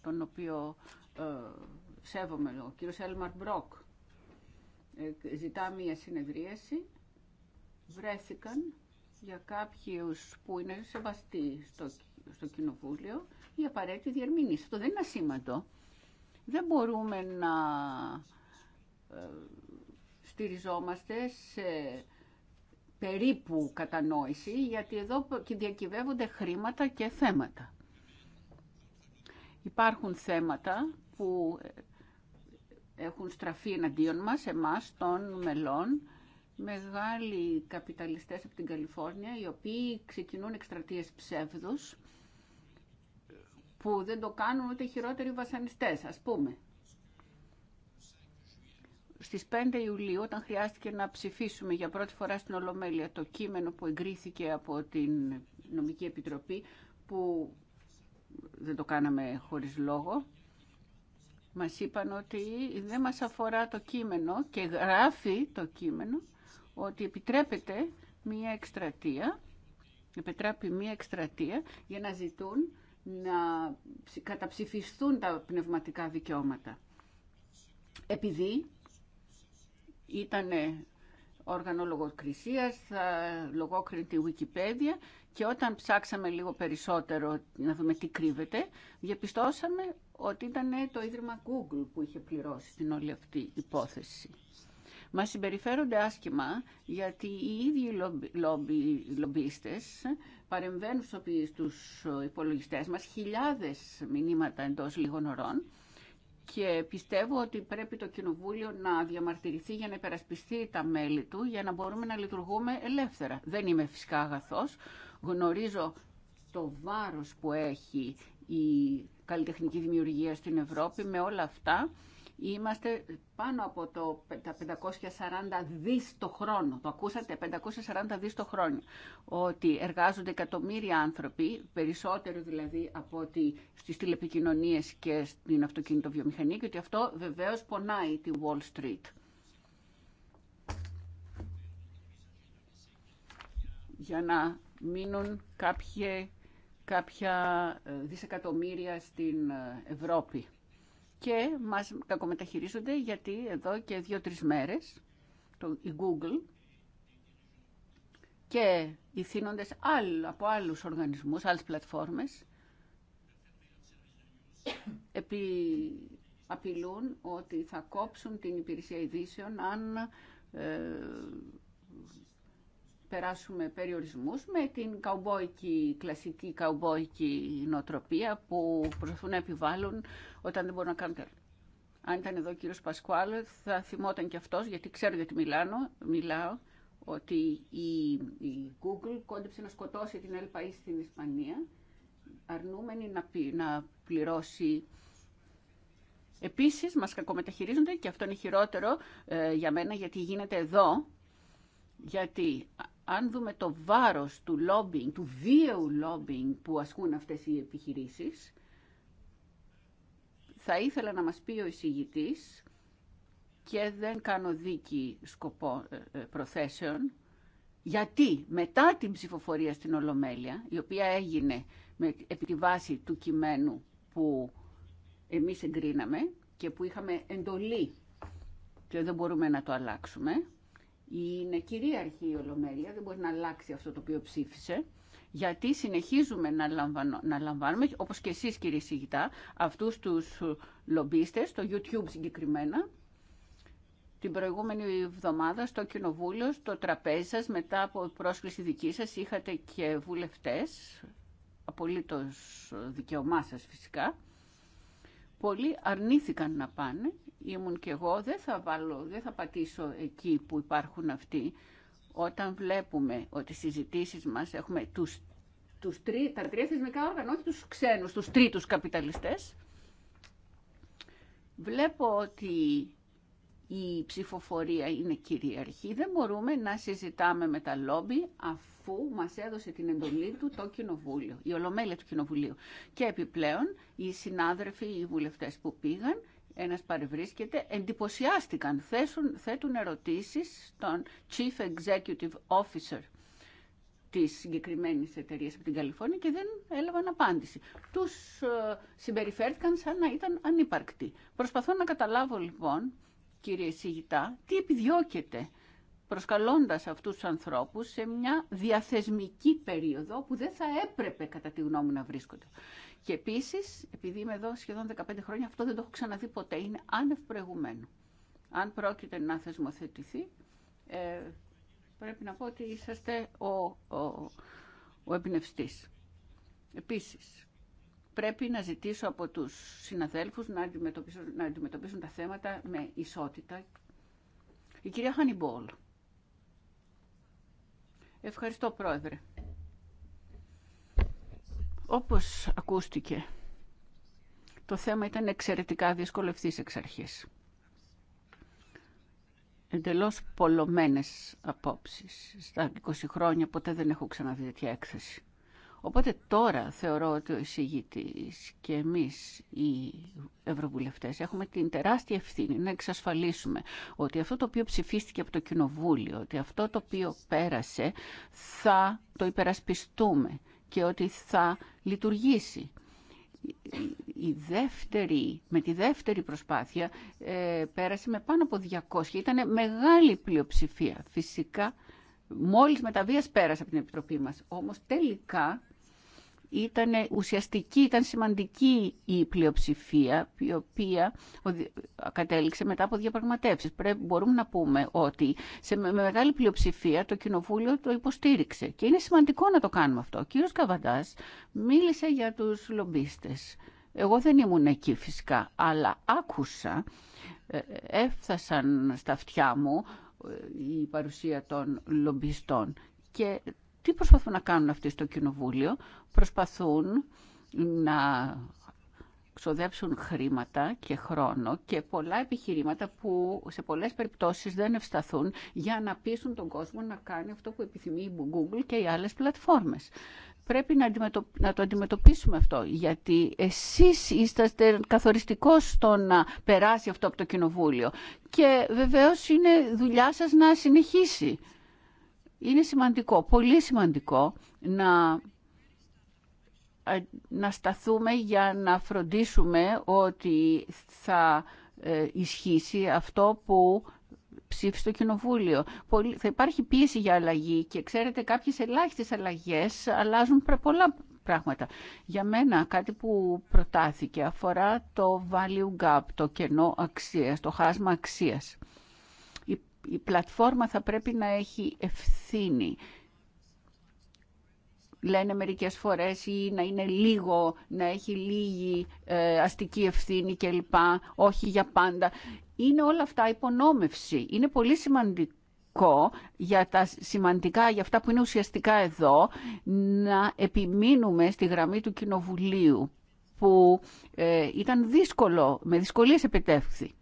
τον οποίο ε, σέβομαι, ο κύριο Έλμαρ Μπρόκ, ε, ζητά μία συνεδρίαση, βρέθηκαν για κάποιους που είναι σεβαστοί στο, στο κοινοβούλιο η απαραίτητη διερμήνηση. Αυτό δεν είναι ασήμαντο. Δεν μπορούμε να ε, στηριζόμαστε σε περίπου κατανόηση, γιατί εδώ διακυβεύονται χρήματα και θέματα. Υπάρχουν θέματα που ε, έχουν στραφεί εναντίον μας, εμάς, των μελών, μεγάλοι καπιταλιστές από την Καλιφόρνια, οι οποίοι ξεκινούν εκστρατείες ψεύδους, που δεν το κάνουν ούτε χειρότεροι βασανιστές, ας πούμε στις 5 Ιουλίου όταν χρειάστηκε να ψηφίσουμε για πρώτη φορά στην Ολομέλεια το κείμενο που εγκρίθηκε από την Νομική Επιτροπή που δεν το κάναμε χωρίς λόγο μας είπαν ότι δεν μας αφορά το κείμενο και γράφει το κείμενο ότι επιτρέπεται μία εκστρατεία επιτράπει μία εκστρατεία για να ζητούν να καταψηφιστούν τα πνευματικά δικαιώματα. Επειδή ήταν όργανο λογοκρισίας, θα τη Wikipedia και όταν ψάξαμε λίγο περισσότερο να δούμε τι κρύβεται, διαπιστώσαμε ότι ήταν το Ίδρυμα Google που είχε πληρώσει την όλη αυτή υπόθεση. Μας συμπεριφέρονται άσχημα γιατί οι ίδιοι λομπι, λομπίστες παρεμβαίνουν στους υπολογιστές μας χιλιάδες μηνύματα εντός λίγων ωρών και πιστεύω ότι πρέπει το Κοινοβούλιο να διαμαρτυρηθεί για να υπερασπιστεί τα μέλη του, για να μπορούμε να λειτουργούμε ελεύθερα. Δεν είμαι φυσικά αγαθός, γνωρίζω το βάρος που έχει η καλλιτεχνική δημιουργία στην Ευρώπη με όλα αυτά Είμαστε πάνω από το, τα 540 δις το χρόνο. Το ακούσατε, 540 δις το χρόνο. Ότι εργάζονται εκατομμύρια άνθρωποι, περισσότερο δηλαδή από ότι στις τηλεπικοινωνίες και στην αυτοκινητοβιομηχανία και ότι αυτό βεβαίως πονάει τη Wall Street. για να μείνουν κάποια ε, δισεκατομμύρια στην ε, Ευρώπη και μας κακομεταχειρίζονται γιατί εδώ και δύο-τρεις μέρες το, η Google και οι θύνοντες άλλ, από άλλους οργανισμούς, άλλες πλατφόρμες επί, απειλούν ότι θα κόψουν την υπηρεσία ειδήσεων αν ε, περάσουμε περιορισμούς με την καουμπόικη, κλασική καουμπόικη νοοτροπία που προσπαθούν να επιβάλλουν όταν δεν μπορούν να κάνουν Αν ήταν εδώ ο κύριος Πασκουάλ θα θυμόταν και αυτός, γιατί ξέρω γιατί μιλάνω, μιλάω, ότι η, η Google κόντεψε να σκοτώσει την ΕΛΠΑΗ στην Ισπανία, αρνούμενη να, πληρώσει Επίσης, μας κακομεταχειρίζονται και αυτό είναι χειρότερο ε, για μένα γιατί γίνεται εδώ, γιατί αν δούμε το βάρος του lobbying, του βίαιου lobbying που ασκούν αυτές οι επιχειρήσεις, θα ήθελα να μας πει ο εισηγητής, και δεν κάνω δίκη σκοπό ε, ε, προθέσεων, γιατί μετά την ψηφοφορία στην Ολομέλεια, η οποία έγινε με, επί τη βάση του κειμένου που εμείς εγκρίναμε και που είχαμε εντολή και δεν μπορούμε να το αλλάξουμε, είναι κυρίαρχη η Ολομέλεια, δεν μπορεί να αλλάξει αυτό το οποίο ψήφισε, γιατί συνεχίζουμε να, να λαμβάνουμε, όπως και εσείς κύριε Σιγητά, αυτούς τους λομπίστες, το YouTube συγκεκριμένα, την προηγούμενη εβδομάδα στο Κοινοβούλιο, στο τραπέζι σας, μετά από πρόσκληση δική σας, είχατε και βουλευτές, απολύτως δικαιωμά σας φυσικά, πολλοί αρνήθηκαν να πάνε ήμουν και εγώ, δεν θα, βάλω, δεν θα πατήσω εκεί που υπάρχουν αυτοί. Όταν βλέπουμε ότι στις συζητήσεις μας έχουμε τους, τους τρί, τα τρία θεσμικά όργανα, όχι τους ξένους, τους τρίτους καπιταλιστές, βλέπω ότι η ψηφοφορία είναι κυρίαρχη. Δεν μπορούμε να συζητάμε με τα λόμπι αφού μας έδωσε την εντολή του το Κοινοβούλιο, η Ολομέλεια του Κοινοβουλίου. Και επιπλέον οι συνάδελφοι, οι βουλευτές που πήγαν, ένας παρευρίσκεται, εντυπωσιάστηκαν, θέσουν, θέτουν ερωτήσεις στον Chief Executive Officer της συγκεκριμένη εταιρεία από την Καλιφόρνια και δεν έλαβαν απάντηση. Τους ε, συμπεριφέρθηκαν σαν να ήταν ανύπαρκτοι. Προσπαθώ να καταλάβω λοιπόν, κύριε Σιγητά, τι επιδιώκεται προσκαλώντας αυτούς τους ανθρώπους σε μια διαθεσμική περίοδο που δεν θα έπρεπε κατά τη γνώμη να βρίσκονται. Και επίση, επειδή είμαι εδώ σχεδόν 15 χρόνια, αυτό δεν το έχω ξαναδεί ποτέ, είναι άνευ προηγουμένου. Αν πρόκειται να θεσμοθετηθεί, ε, πρέπει να πω ότι είσαστε ο, ο, ο Επίσης, πρέπει να ζητήσω από τους συναδέλφου να να αντιμετωπίσουν τα θέματα με ισότητα. Η κυρία Χανιμπόλ. Ευχαριστώ, Πρόεδρε. Όπως ακούστηκε, το θέμα ήταν εξαιρετικά δύσκολο εξ αρχής. Εντελώς πολλωμένες απόψεις. Στα 20 χρόνια ποτέ δεν έχω ξαναδεί τέτοια έκθεση. Οπότε τώρα θεωρώ ότι ο εισηγητής και εμείς οι ευρωβουλευτές έχουμε την τεράστια ευθύνη να εξασφαλίσουμε ότι αυτό το οποίο ψηφίστηκε από το Κοινοβούλιο, ότι αυτό το οποίο πέρασε θα το υπερασπιστούμε και ότι θα λειτουργήσει. Η δεύτερη, με τη δεύτερη προσπάθεια ε, πέρασε με πάνω από 200. Ήταν μεγάλη πλειοψηφία. Φυσικά, μόλις μεταβίας πέρασε από την Επιτροπή μας. Όμως τελικά ήταν ουσιαστική, ήταν σημαντική η πλειοψηφία η οποία κατέληξε μετά από διαπραγματεύσεις. Πρέπει, μπορούμε να πούμε ότι σε, με μεγάλη πλειοψηφία το Κοινοβούλιο το υποστήριξε και είναι σημαντικό να το κάνουμε αυτό. Ο κύριος Καβαντάς μίλησε για τους λομπίστες. Εγώ δεν ήμουν εκεί φυσικά, αλλά άκουσα, ε, έφτασαν στα αυτιά μου ε, η παρουσία των λομπιστών και τι προσπαθούν να κάνουν αυτοί στο Κοινοβούλιο. Προσπαθούν να ξοδέψουν χρήματα και χρόνο και πολλά επιχειρήματα που σε πολλές περιπτώσεις δεν ευσταθούν για να πείσουν τον κόσμο να κάνει αυτό που επιθυμεί η Google και οι άλλες πλατφόρμες. Πρέπει να, το αντιμετωπίσουμε αυτό, γιατί εσείς είστε καθοριστικός στο να περάσει αυτό από το Κοινοβούλιο και βεβαίως είναι δουλειά σας να συνεχίσει. Είναι σημαντικό, πολύ σημαντικό να ε, να σταθούμε για να φροντίσουμε ότι θα ε, ισχύσει αυτό που ψήφισε το Κοινοβούλιο. Θα υπάρχει πίεση για αλλαγή και ξέρετε κάποιες ελάχιστες αλλαγές αλλάζουν πολλά πράγματα. Για μένα κάτι που προτάθηκε αφορά το value gap, το κενό αξίας, το χάσμα αξίας η πλατφόρμα θα πρέπει να έχει ευθύνη. Λένε μερικές φορές ή να είναι λίγο, να έχει λίγη ε, αστική ευθύνη κλπ. Όχι για πάντα. Είναι όλα αυτά υπονόμευση. Είναι πολύ σημαντικό για τα σημαντικά, για αυτά που είναι ουσιαστικά εδώ, να επιμείνουμε στη γραμμή του Κοινοβουλίου, που ε, ήταν δύσκολο, με δυσκολίες επιτεύχθη.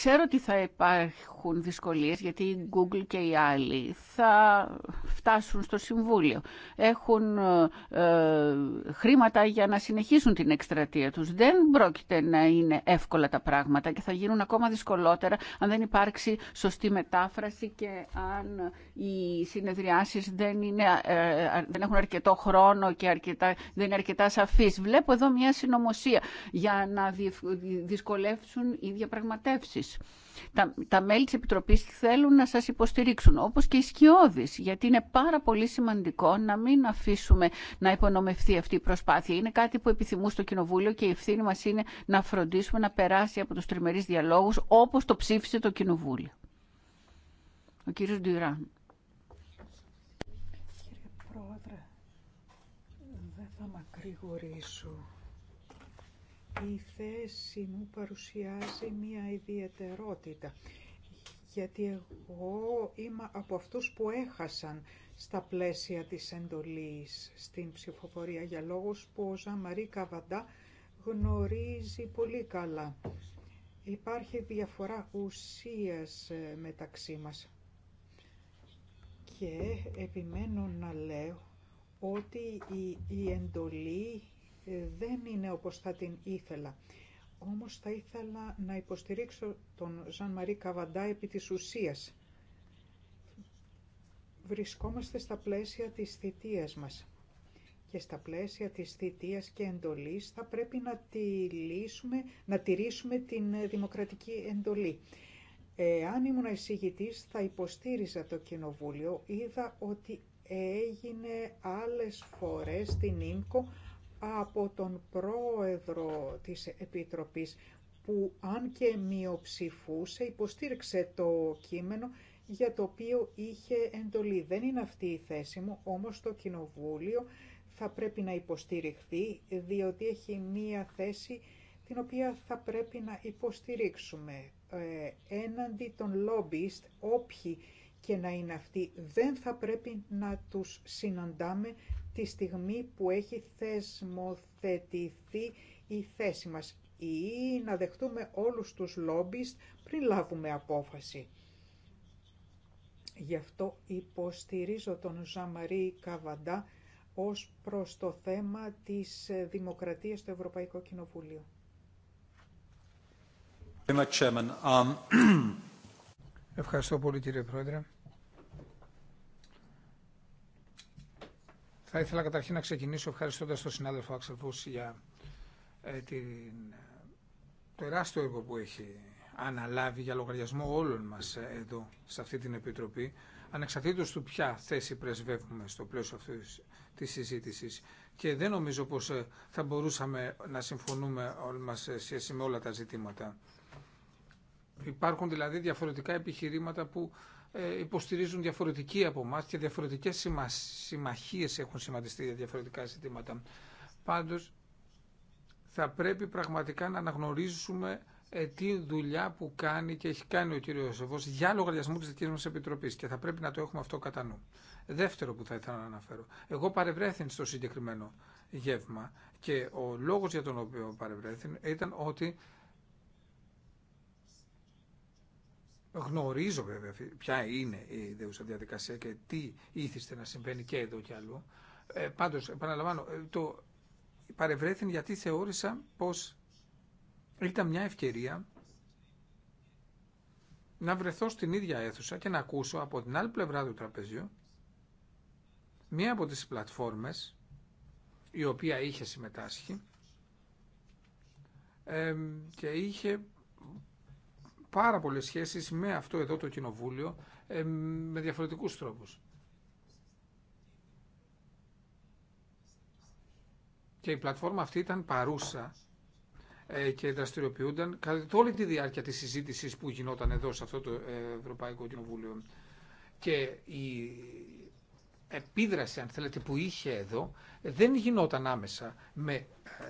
Ξέρω ότι θα υπάρχουν έχουν δυσκολίες γιατί η Google και οι άλλοι θα φτάσουν στο Συμβούλιο. Έχουν ε, ε, χρήματα για να συνεχίσουν την εκστρατεία τους. Δεν πρόκειται να είναι εύκολα τα πράγματα και θα γίνουν ακόμα δυσκολότερα αν δεν υπάρξει σωστή μετάφραση και αν οι συνεδριάσεις δεν, ε, έχουν αρκετό χρόνο και αρκετά, δεν είναι αρκετά σαφείς. Βλέπω εδώ μια συνωμοσία για να δυσκολεύσουν οι διαπραγματεύσεις τα, τα μέλη της Επιτροπής θέλουν να σας υποστηρίξουν, όπως και οι σκιώδεις, γιατί είναι πάρα πολύ σημαντικό να μην αφήσουμε να υπονομευθεί αυτή η προσπάθεια. Είναι κάτι που επιθυμούν στο Κοινοβούλιο και η ευθύνη μας είναι να φροντίσουμε να περάσει από τους τριμερείς διαλόγους, όπως το ψήφισε το Κοινοβούλιο. Ο κύριος Κύριε Πρόεδρε, δεν θα η θέση μου παρουσιάζει μία ιδιαιτερότητα. Γιατί εγώ είμαι από αυτούς που έχασαν στα πλαίσια της εντολής στην ψηφοφορία για λόγους που ο Ζαμαρί Καβαντά γνωρίζει πολύ καλά. Υπάρχει διαφορά ουσίας ε, μεταξύ μας. Και επιμένω να λέω ότι η, η εντολή ε, δεν είναι όπως θα την ήθελα. Όμως θα ήθελα να υποστηρίξω τον Ζαν Μαρί Καβαντά επί της ουσίας. Βρισκόμαστε στα πλαίσια της θητείας μας και στα πλαίσια της θητείας και εντολής θα πρέπει να, λύσουμε, να τηρήσουμε την δημοκρατική εντολή. Ε, αν ήμουν εισηγητής θα υποστήριζα το Κοινοβούλιο. Είδα ότι έγινε άλλες φορές στην ΙΜΚΟ από τον πρόεδρο της Επιτροπής που αν και μειοψηφούσε υποστήριξε το κείμενο για το οποίο είχε εντολή. Δεν είναι αυτή η θέση μου, όμως το Κοινοβούλιο θα πρέπει να υποστηριχθεί διότι έχει μία θέση την οποία θα πρέπει να υποστηρίξουμε. Ε, έναντι των λόμπιστ, όποιοι και να είναι αυτοί, δεν θα πρέπει να τους συναντάμε τη στιγμή που έχει θεσμοθετηθεί η θέση μας ή να δεχτούμε όλους τους λόμπις πριν λάβουμε απόφαση. Γι' αυτό υποστηρίζω τον Ζαμαρί Καβαντά ως προς το θέμα της δημοκρατίας στο Ευρωπαϊκό Κοινοβούλιο. Um, (clears throat) Ευχαριστώ πολύ κύριε Πρόεδρε. Θα ήθελα καταρχήν να ξεκινήσω ευχαριστώντα τον συνάδελφο Αξελπού για ε, την... το ε, τεράστιο έργο που έχει αναλάβει για λογαριασμό όλων μας ε, εδώ, σε αυτή την Επιτροπή, ανεξαρτήτως του ποια θέση πρεσβεύουμε στο πλαίσιο αυτή τη συζήτηση. Και δεν νομίζω πως θα μπορούσαμε να συμφωνούμε όλοι μας σε σχέση με όλα τα ζητήματα. Υπάρχουν δηλαδή διαφορετικά επιχειρήματα που ε, υποστηρίζουν διαφορετική από εμά και διαφορετικές συμμαχίες έχουν σημαντιστεί για διαφορετικά ζητήματα. Πάντως, θα πρέπει πραγματικά να αναγνωρίζουμε ε, τη δουλειά που κάνει και έχει κάνει ο κύριος Σεβός για λογαριασμό της δικής μας Επιτροπής και θα πρέπει να το έχουμε αυτό κατά νου. Δεύτερο που θα ήθελα να αναφέρω. Εγώ παρευρέθην στο συγκεκριμένο γεύμα και ο λόγος για τον οποίο παρευρέθην ήταν ότι Γνωρίζω βέβαια ποια είναι η ιδέουσα διαδικασία και τι ήθιστε να συμβαίνει και εδώ και αλλού. Ε, πάντως, επαναλαμβάνω, ε, το παρευρέθην γιατί θεώρησα πως ήταν μια ευκαιρία να βρεθώ στην ίδια αίθουσα και να ακούσω από την άλλη πλευρά του τραπεζιού μία από τις πλατφόρμες η οποία είχε συμμετάσχει και είχε πάρα πολλές σχέσεις με αυτό εδώ το κοινοβούλιο ε, με διαφορετικούς τρόπους. Και η πλατφόρμα αυτή ήταν παρούσα ε, και δραστηριοποιούνταν κατά όλη τη διάρκεια της συζήτησης που γινόταν εδώ σε αυτό το ε, Ευρωπαϊκό Κοινοβούλιο. Και η επίδραση, αν θέλετε, που είχε εδώ δεν γινόταν άμεσα με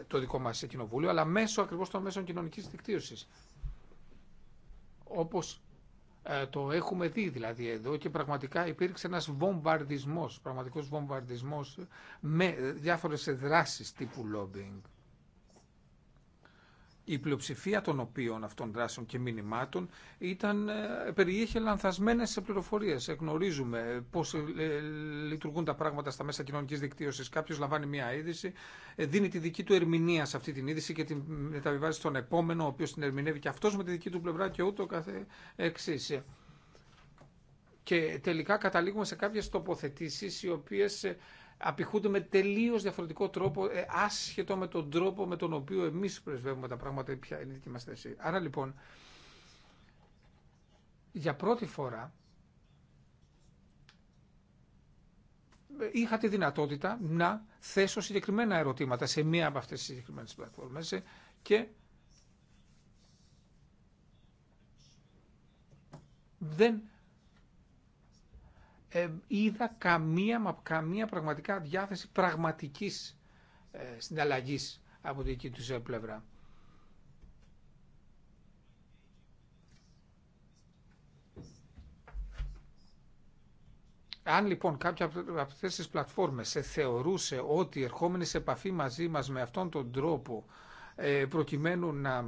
το δικό μας κοινοβούλιο, αλλά μέσω ακριβώς των μέσων κοινωνικής δικτύωσης όπως ε, το έχουμε δει δηλαδή εδώ και πραγματικά υπήρξε ένας βομβαρδισμός, πραγματικός βομβαρδισμός με διάφορες δράσεις τύπου lobbying η πλειοψηφία των οποίων αυτών δράσεων και μηνυμάτων ήταν, ε, περιείχε λανθασμένες πληροφορίες. Εγνωρίζουμε πώς ε, λειτουργούν τα πράγματα στα μέσα κοινωνικής δικτύωσης. Κάποιος λαμβάνει μία είδηση, ε, δίνει τη δική του ερμηνεία σε αυτή την είδηση και την μεταβιβάζει στον επόμενο, ο οποίος την ερμηνεύει και αυτός με τη δική του πλευρά και ούτω καθε Και τελικά καταλήγουμε σε κάποιες τοποθετήσεις οι οποίες απηχούνται με τελείω διαφορετικό τρόπο, ε, άσχετο με τον τρόπο με τον οποίο εμεί πρεσβεύουμε τα πράγματα, ποια είναι η δική μα θέση. Άρα λοιπόν, για πρώτη φορά ε, είχα τη δυνατότητα να θέσω συγκεκριμένα ερωτήματα σε μία από αυτές τις συγκεκριμένες πλατφόρμες ε, και δεν ε, είδα καμία, μα καμία πραγματικά διάθεση πραγματικής ε, συναλλαγής από την δική τους ε, πλευρά. Αν λοιπόν κάποια από αυτές τις πλατφόρμες θεωρούσε ότι ερχόμενοι σε επαφή μαζί μας με αυτόν τον τρόπο προκειμένου να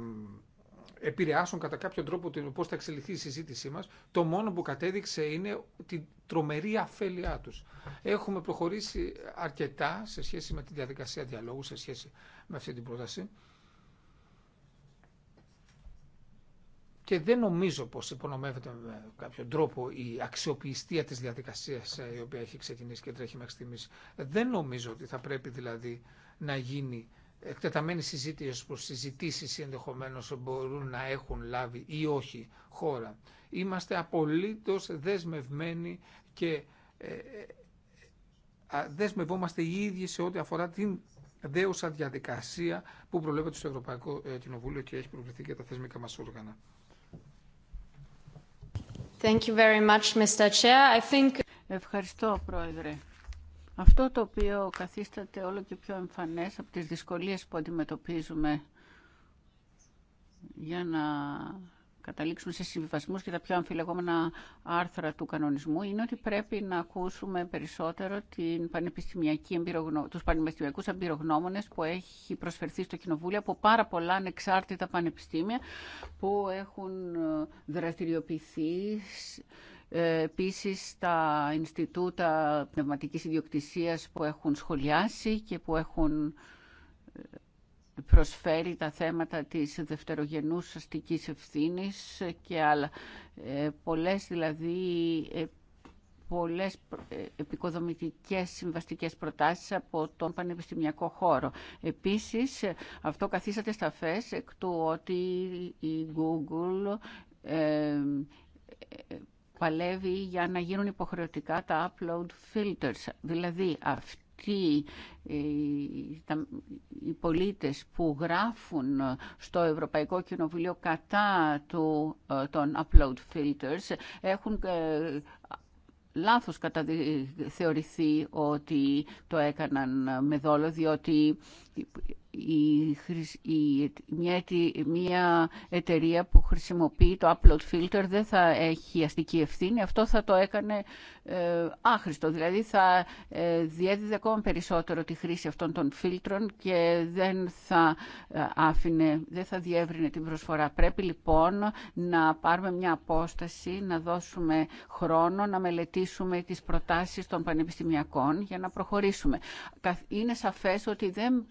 επηρεάσουν κατά κάποιο τρόπο την πώς θα εξελιχθεί η συζήτησή μας, το μόνο που κατέδειξε είναι την τρομερή αφέλειά τους. Έχουμε προχωρήσει αρκετά σε σχέση με τη διαδικασία διαλόγου, σε σχέση με αυτή την πρόταση. και δεν νομίζω πως υπονομεύεται με κάποιο τρόπο η αξιοπιστία της διαδικασίας ε, η οποία έχει ξεκινήσει και τρέχει μέχρι στιγμής. Δεν νομίζω ότι θα πρέπει δηλαδή να γίνει εκτεταμένη συζήτηση που συζητήσεις ενδεχομένως μπορούν να έχουν λάβει ή όχι χώρα. Είμαστε απολύτως δεσμευμένοι και ε, ε, δεσμευόμαστε οι ίδιοι σε ό,τι αφορά την δέουσα διαδικασία που προβλέπεται στο Ευρωπαϊκό ε, Κοινοβούλιο και έχει προβληθεί και τα θεσμικά μας όργανα. Thank you very much, Mr. Chair. I think... Ευχαριστώ, Πρόεδρε. Αυτό το οποίο καθίσταται όλο και πιο εμφανές από τις δυσκολίες που αντιμετωπίζουμε για να καταλήξουμε σε συμβιβασμούς και τα πιο αμφιλεγόμενα άρθρα του κανονισμού είναι ότι πρέπει να ακούσουμε περισσότερο την πανεπιστημιακή εμπειρογνω... τους πανεπιστημιακούς εμπειρογνώμονες που έχει προσφερθεί στο Κοινοβούλιο από πάρα πολλά ανεξάρτητα πανεπιστήμια που έχουν ε, δραστηριοποιηθεί Επίσης, τα Ινστιτούτα Πνευματικής Ιδιοκτησίας που έχουν σχολιάσει και που έχουν ε, προσφέρει τα θέματα της δευτερογενούς αστικής ευθύνης και άλλα. Ε, πολλές δηλαδή ε, πολλές επικοδομητικές συμβαστικές προτάσεις από τον πανεπιστημιακό χώρο. Επίσης, αυτό καθίσατε σταφές εκ του ότι η Google παλεύει για να γίνουν υποχρεωτικά τα upload filters. Δηλαδή αυτοί ε, οι πολίτες που γράφουν στο Ευρωπαϊκό Κοινοβουλίο κατά του, ε, των upload filters έχουν ε, λάθος τη θεωρηθεί ότι το έκαναν με δόλο, διότι μια εταιρεία που χρησιμοποιεί το upload filter δεν θα έχει αστική ευθύνη. Αυτό θα το έκανε ε, άχρηστο. Δηλαδή θα ε, διέδιδε ακόμα περισσότερο τη χρήση αυτών των φίλτρων και δεν θα ε, άφηνε, δεν θα διεύρυνε την προσφορά. Πρέπει λοιπόν να πάρουμε μια απόσταση, να δώσουμε χρόνο, να μελετήσουμε τις προτάσεις των πανεπιστημιακών για να προχωρήσουμε. Είναι σαφές ότι δεν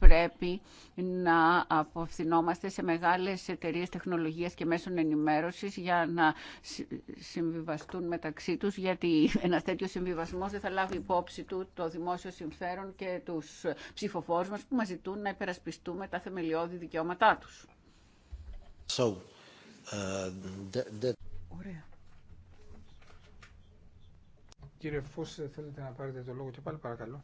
πρέπει να αποφθηνόμαστε σε μεγάλες εταιρείες τεχνολογίας και μέσων ενημέρωσης για να συμβιβαστούν μεταξύ τους, γιατί ένα τέτοιο συμβιβασμός δεν θα λάβει υπόψη του το δημόσιο συμφέρον και τους ψηφοφόρους μας που μας ζητούν να υπερασπιστούμε τα θεμελιώδη δικαιώματά τους. Uh, Ωραία. Κύριε Φως, θέλετε να πάρετε το λόγο και πάλι παρακαλώ.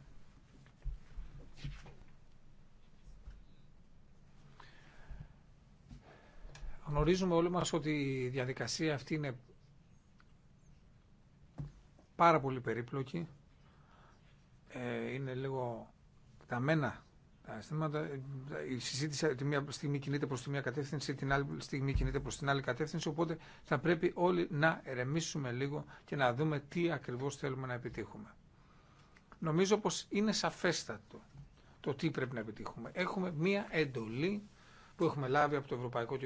Γνωρίζουμε όλοι μας ότι η διαδικασία αυτή είναι πάρα πολύ περίπλοκη. Ε, είναι λίγο ταμένα τα αισθήματα. Η συζήτηση τη μία στιγμή κινείται προς τη μία κατεύθυνση, την άλλη στιγμή κινείται προς την άλλη κατεύθυνση, οπότε θα πρέπει όλοι να ερεμήσουμε λίγο και να δούμε τι ακριβώς θέλουμε να επιτύχουμε. Νομίζω πως είναι σαφέστατο το τι πρέπει να επιτύχουμε. Έχουμε μία εντολή που έχουμε λάβει από το Ευρωπαϊκό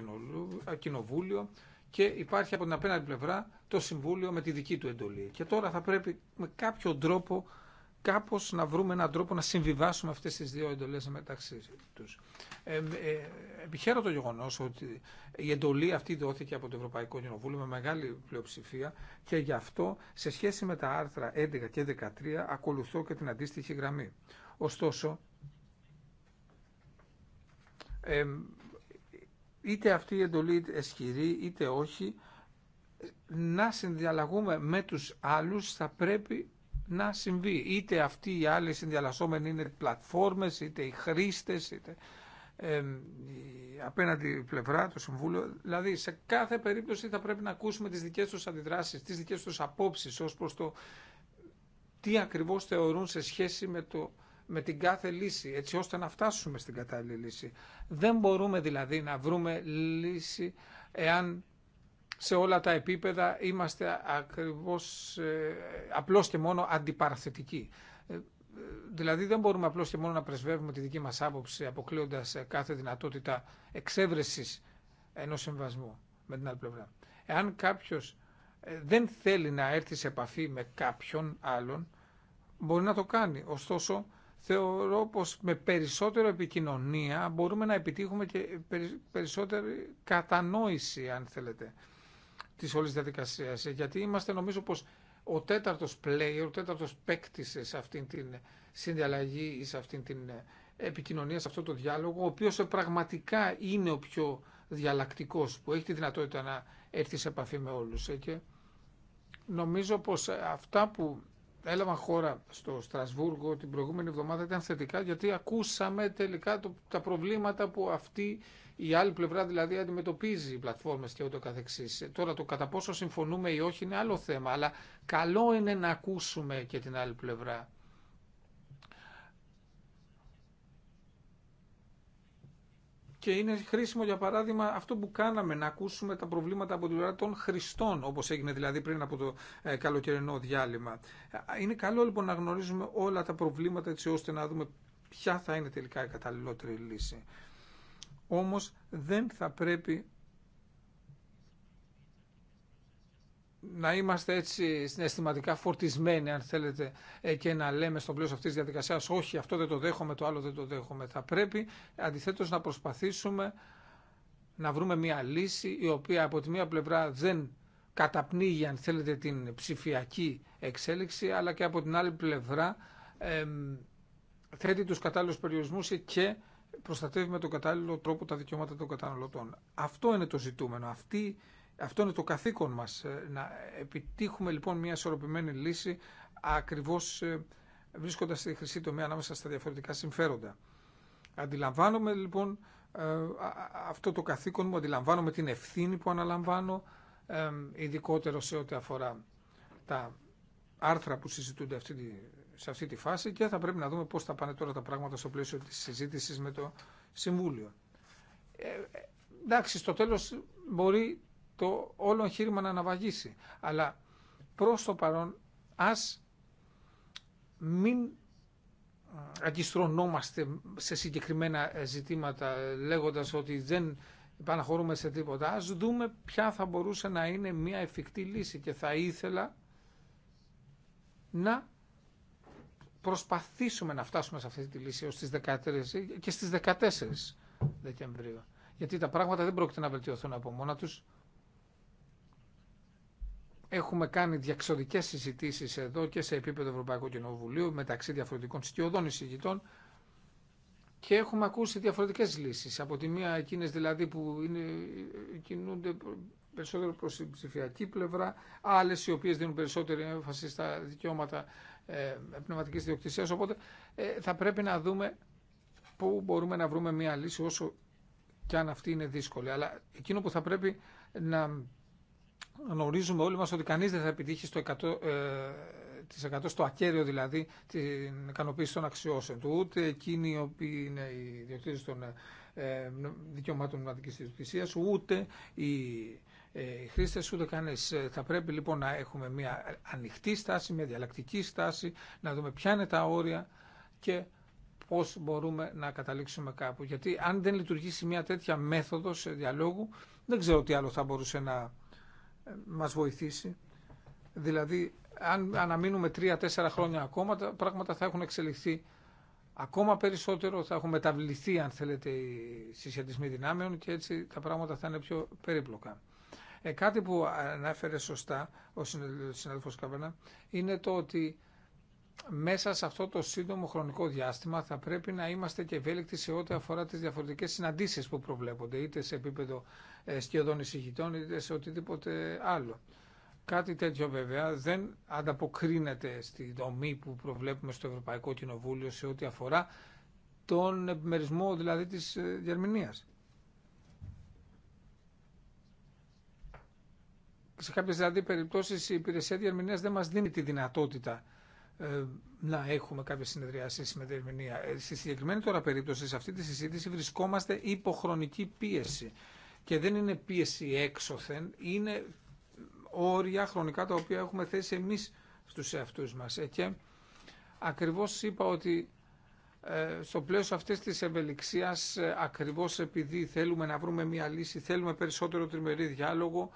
Κοινοβούλιο και υπάρχει από την απέναντι πλευρά το Συμβούλιο με τη δική του εντολή. Και τώρα θα πρέπει με κάποιο τρόπο κάπως να βρούμε έναν τρόπο να συμβιβάσουμε αυτές τις δύο εντολές μεταξύ τους. Ε, ε, επιχαίρω το γεγονός ότι η εντολή αυτή δόθηκε από το Ευρωπαϊκό Κοινοβούλιο με μεγάλη πλειοψηφία και γι' αυτό σε σχέση με τα άρθρα 11 και 13 ακολουθώ και την αντίστοιχη γραμμή. Ωστόσο, είτε αυτή η εντολή ισχυρή είτε όχι, να συνδιαλλαγούμε με τους άλλους θα πρέπει να συμβεί. Είτε αυτοί οι άλλοι συνδιαλασσόμενοι είναι οι πλατφόρμες, είτε οι χρήστες, είτε ε, απέναντι πλευρά, το Συμβούλιο. Δηλαδή, σε κάθε περίπτωση θα πρέπει να ακούσουμε τις δικές τους αντιδράσεις, τις δικές τους απόψεις ως προς το τι ακριβώς θεωρούν σε σχέση με το με την κάθε λύση, έτσι ώστε να φτάσουμε στην κατάλληλη λύση. Δεν μπορούμε δηλαδή να βρούμε λύση εάν σε όλα τα επίπεδα είμαστε ακριβώς, ε, απλώς και μόνο αντιπαραθετικοί. Ε, ε, δηλαδή δεν μπορούμε απλώς και μόνο να πρεσβεύουμε τη δική μας άποψη αποκλείοντας κάθε δυνατότητα εξέβρεσης ενός συμβασμού με την άλλη πλευρά. Εάν κάποιος δεν θέλει να έρθει σε επαφή με κάποιον άλλον, μπορεί να το κάνει. Ωστόσο, θεωρώ πως με περισσότερο επικοινωνία μπορούμε να επιτύχουμε και περισσότερη κατανόηση, αν θέλετε, της όλης διαδικασίας. Γιατί είμαστε, νομίζω, πως ο τέταρτος player, ο τέταρτος παίκτη σε αυτήν την συνδιαλλαγή ή σε αυτήν την επικοινωνία, σε αυτό το διάλογο, ο οποίος πραγματικά είναι ο πιο διαλλακτικός, που έχει τη δυνατότητα να έρθει σε επαφή με όλους. Ε, και νομίζω πως αυτά που έλαβαν χώρα στο Στρασβούργο την προηγούμενη εβδομάδα ήταν θετικά γιατί ακούσαμε τελικά τα προβλήματα που αυτή η άλλη πλευρά δηλαδή αντιμετωπίζει οι πλατφόρμες και ούτω καθεξής. Ε, τώρα το κατά πόσο συμφωνούμε ή όχι είναι άλλο θέμα αλλά καλό είναι να ακούσουμε και την άλλη πλευρά. και είναι χρήσιμο για παράδειγμα αυτό που κάναμε να ακούσουμε τα προβλήματα από την πλευρά των χρηστών όπως έγινε δηλαδή πριν από το ε, καλοκαιρινό διάλειμμα. Είναι καλό λοιπόν να γνωρίζουμε όλα τα προβλήματα έτσι ώστε να δούμε ποια θα είναι τελικά η καταλληλότερη λύση. Όμω, δεν θα πρέπει να είμαστε έτσι συναισθηματικά φορτισμένοι, αν θέλετε, ε, και να λέμε στο πλαίσιο αυτή τη διαδικασία, Όχι, αυτό δεν το δέχομαι, το άλλο δεν το δέχομαι. Θα πρέπει αντιθέτω να προσπαθήσουμε να βρούμε μια λύση η οποία από τη μία πλευρά δεν καταπνίγει, αν θέλετε, την ψηφιακή εξέλιξη, αλλά και από την άλλη πλευρά εμ, θέτει τους κατάλληλους περιορισμούς και προστατεύει με τον κατάλληλο τρόπο τα δικαιώματα των καταναλωτών. Αυτό είναι το ζητούμενο. Αυτή αυτό είναι το καθήκον μας, ε, να επιτύχουμε λοιπόν μια ισορροπημένη λύση ακριβώς ε, βρίσκοντας τη χρυσή τομή ανάμεσα στα διαφορετικά συμφέροντα. Αντιλαμβάνομαι λοιπόν ε, αυτό το καθήκον μου, αντιλαμβάνομαι την ευθύνη που αναλαμβάνω, ειδικότερο σε ό,τι αφορά τα άρθρα που συζητούνται αυτή τη, σε αυτή τη φάση και θα πρέπει να δούμε πώς θα πάνε τώρα τα πράγματα στο πλαίσιο της συζήτησης με το Συμβούλιο. εντάξει, στο τέλος μπορεί το όλο εγχείρημα να αναβαγίσει. Αλλά προς το παρόν ας μην ε, αγκιστρωνόμαστε σε συγκεκριμένα ε, ζητήματα ε, λέγοντας ότι δεν επαναχωρούμε σε τίποτα. Ας δούμε ποια θα μπορούσε να είναι μια εφικτή λύση και θα ήθελα να προσπαθήσουμε να φτάσουμε σε αυτή τη λύση ως τις 13 και στις 14 Δεκεμβρίου. Γιατί τα πράγματα δεν πρόκειται να βελτιωθούν από μόνα τους. Έχουμε κάνει διαξωδικέ συζητήσει εδώ και σε επίπεδο Ευρωπαϊκού Κοινοβουλίου μεταξύ διαφορετικών στοιχειωδών εισηγητών και έχουμε ακούσει διαφορετικέ λύσει. Από τη μία εκείνες δηλαδή που είναι, κινούνται περισσότερο προ την ψηφιακή πλευρά, άλλε οι οποίε δίνουν περισσότερη έμφαση στα δικαιώματα ε, πνευματικής Οπότε ε, θα πρέπει να δούμε πού μπορούμε να βρούμε μια λύση όσο και αν αυτή είναι δύσκολη. Αλλά εκείνο που θα πρέπει να γνωρίζουμε όλοι μα ότι κανεί δεν θα επιτύχει στο 100%, ε, 100 στο ακέραιο δηλαδή την ικανοποίηση των αξιώσεων του, ούτε εκείνοι οι οποίοι είναι οι διοκτήτες των ε, δικαιωμάτων πνευματική ιδιοκτησία, ούτε οι χρήστε χρήστες ούτε κανείς. Ε, θα πρέπει λοιπόν να έχουμε μια ανοιχτή στάση, μια διαλλακτική στάση, να δούμε ποια είναι τα όρια και πώ μπορούμε να καταλήξουμε κάπου. Γιατί αν δεν λειτουργήσει μια τέτοια μέθοδο διαλόγου, δεν ξέρω τι άλλο θα μπορούσε να μας βοηθήσει. Δηλαδή, αν αναμείνουμε τρία-τέσσερα χρόνια ακόμα, τα πράγματα θα έχουν εξελιχθεί ακόμα περισσότερο, θα έχουν μεταβληθεί, αν θέλετε, οι συσχετισμοί δυνάμεων και έτσι τα πράγματα θα είναι πιο περίπλοκα. Ε, κάτι που ανέφερε σωστά ο συνάδελφος Καβένα είναι το ότι μέσα σε αυτό το σύντομο χρονικό διάστημα θα πρέπει να είμαστε και ευέλικτοι σε ό,τι αφορά τις διαφορετικές συναντήσεις που προβλέπονται, είτε σε επίπεδο ε, σχεδόν εισηγητών, είτε σε οτιδήποτε άλλο. Κάτι τέτοιο βέβαια δεν ανταποκρίνεται στη δομή που προβλέπουμε στο Ευρωπαϊκό Κοινοβούλιο σε ό,τι αφορά τον επιμερισμό δηλαδή της ε, διαρμηνίας. Σε κάποιες δηλαδή περιπτώσεις η υπηρεσία διαρμηνίας δεν μας δίνει τη δυνατότητα ε, να έχουμε κάποια συνεδριάσει με ερμηνεία. Στη συγκεκριμένη τώρα περίπτωση, σε αυτή τη συζήτηση, βρισκόμαστε υποχρονική πίεση. Και δεν είναι πίεση έξωθεν, είναι όρια χρονικά τα οποία έχουμε θέσει εμεί στου εαυτού μα ε, Και ακριβώ είπα ότι ε, στο πλαίσιο αυτής της ευελιξίας, ακριβώς επειδή θέλουμε να βρούμε μια λύση, θέλουμε περισσότερο τριμερή διάλογο,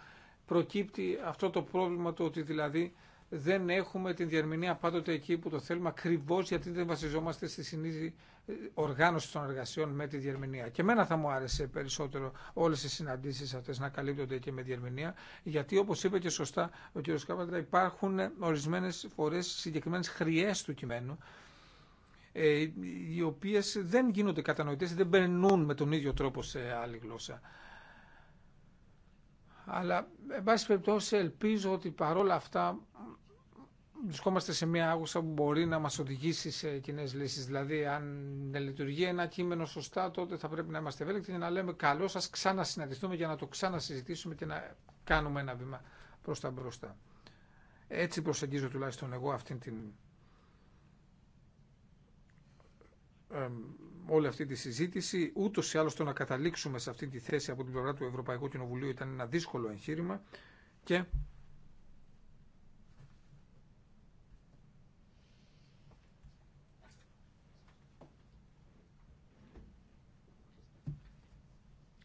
προκύπτει αυτό το πρόβλημα το ότι δηλαδή δεν έχουμε την διαρμηνία πάντοτε εκεί που το θέλουμε, ακριβώ γιατί δεν βασιζόμαστε στη συνείδη ε, οργάνωση των εργασιών με τη διερμηνία. Και εμένα θα μου άρεσε περισσότερο όλε οι συναντήσει αυτέ να καλύπτονται και με διερμηνία, γιατί όπω είπε και σωστά ο κ. Κάπατρα, υπάρχουν ορισμένε φορέ συγκεκριμένε χρειέ του κειμένου, ε, οι οποίε δεν γίνονται κατανοητέ, δεν περνούν με τον ίδιο τρόπο σε άλλη γλώσσα. Αλλά, εν πάση περιπτώσει, ελπίζω ότι παρόλα αυτά βρισκόμαστε σε μια άγουσα που μπορεί να μας οδηγήσει σε κοινέ λύσει. Δηλαδή, αν λειτουργεί ένα κείμενο σωστά, τότε θα πρέπει να είμαστε ευέλικτοι και να λέμε καλό σας ξανασυναντηθούμε για να το ξανασυζητήσουμε και να κάνουμε ένα βήμα προς τα μπροστά. Έτσι προσεγγίζω τουλάχιστον εγώ αυτήν την όλη αυτή τη συζήτηση. Ούτω ή άλλω το να καταλήξουμε σε αυτή τη θέση από την πλευρά του Ευρωπαϊκού Κοινοβουλίου ήταν ένα δύσκολο εγχείρημα και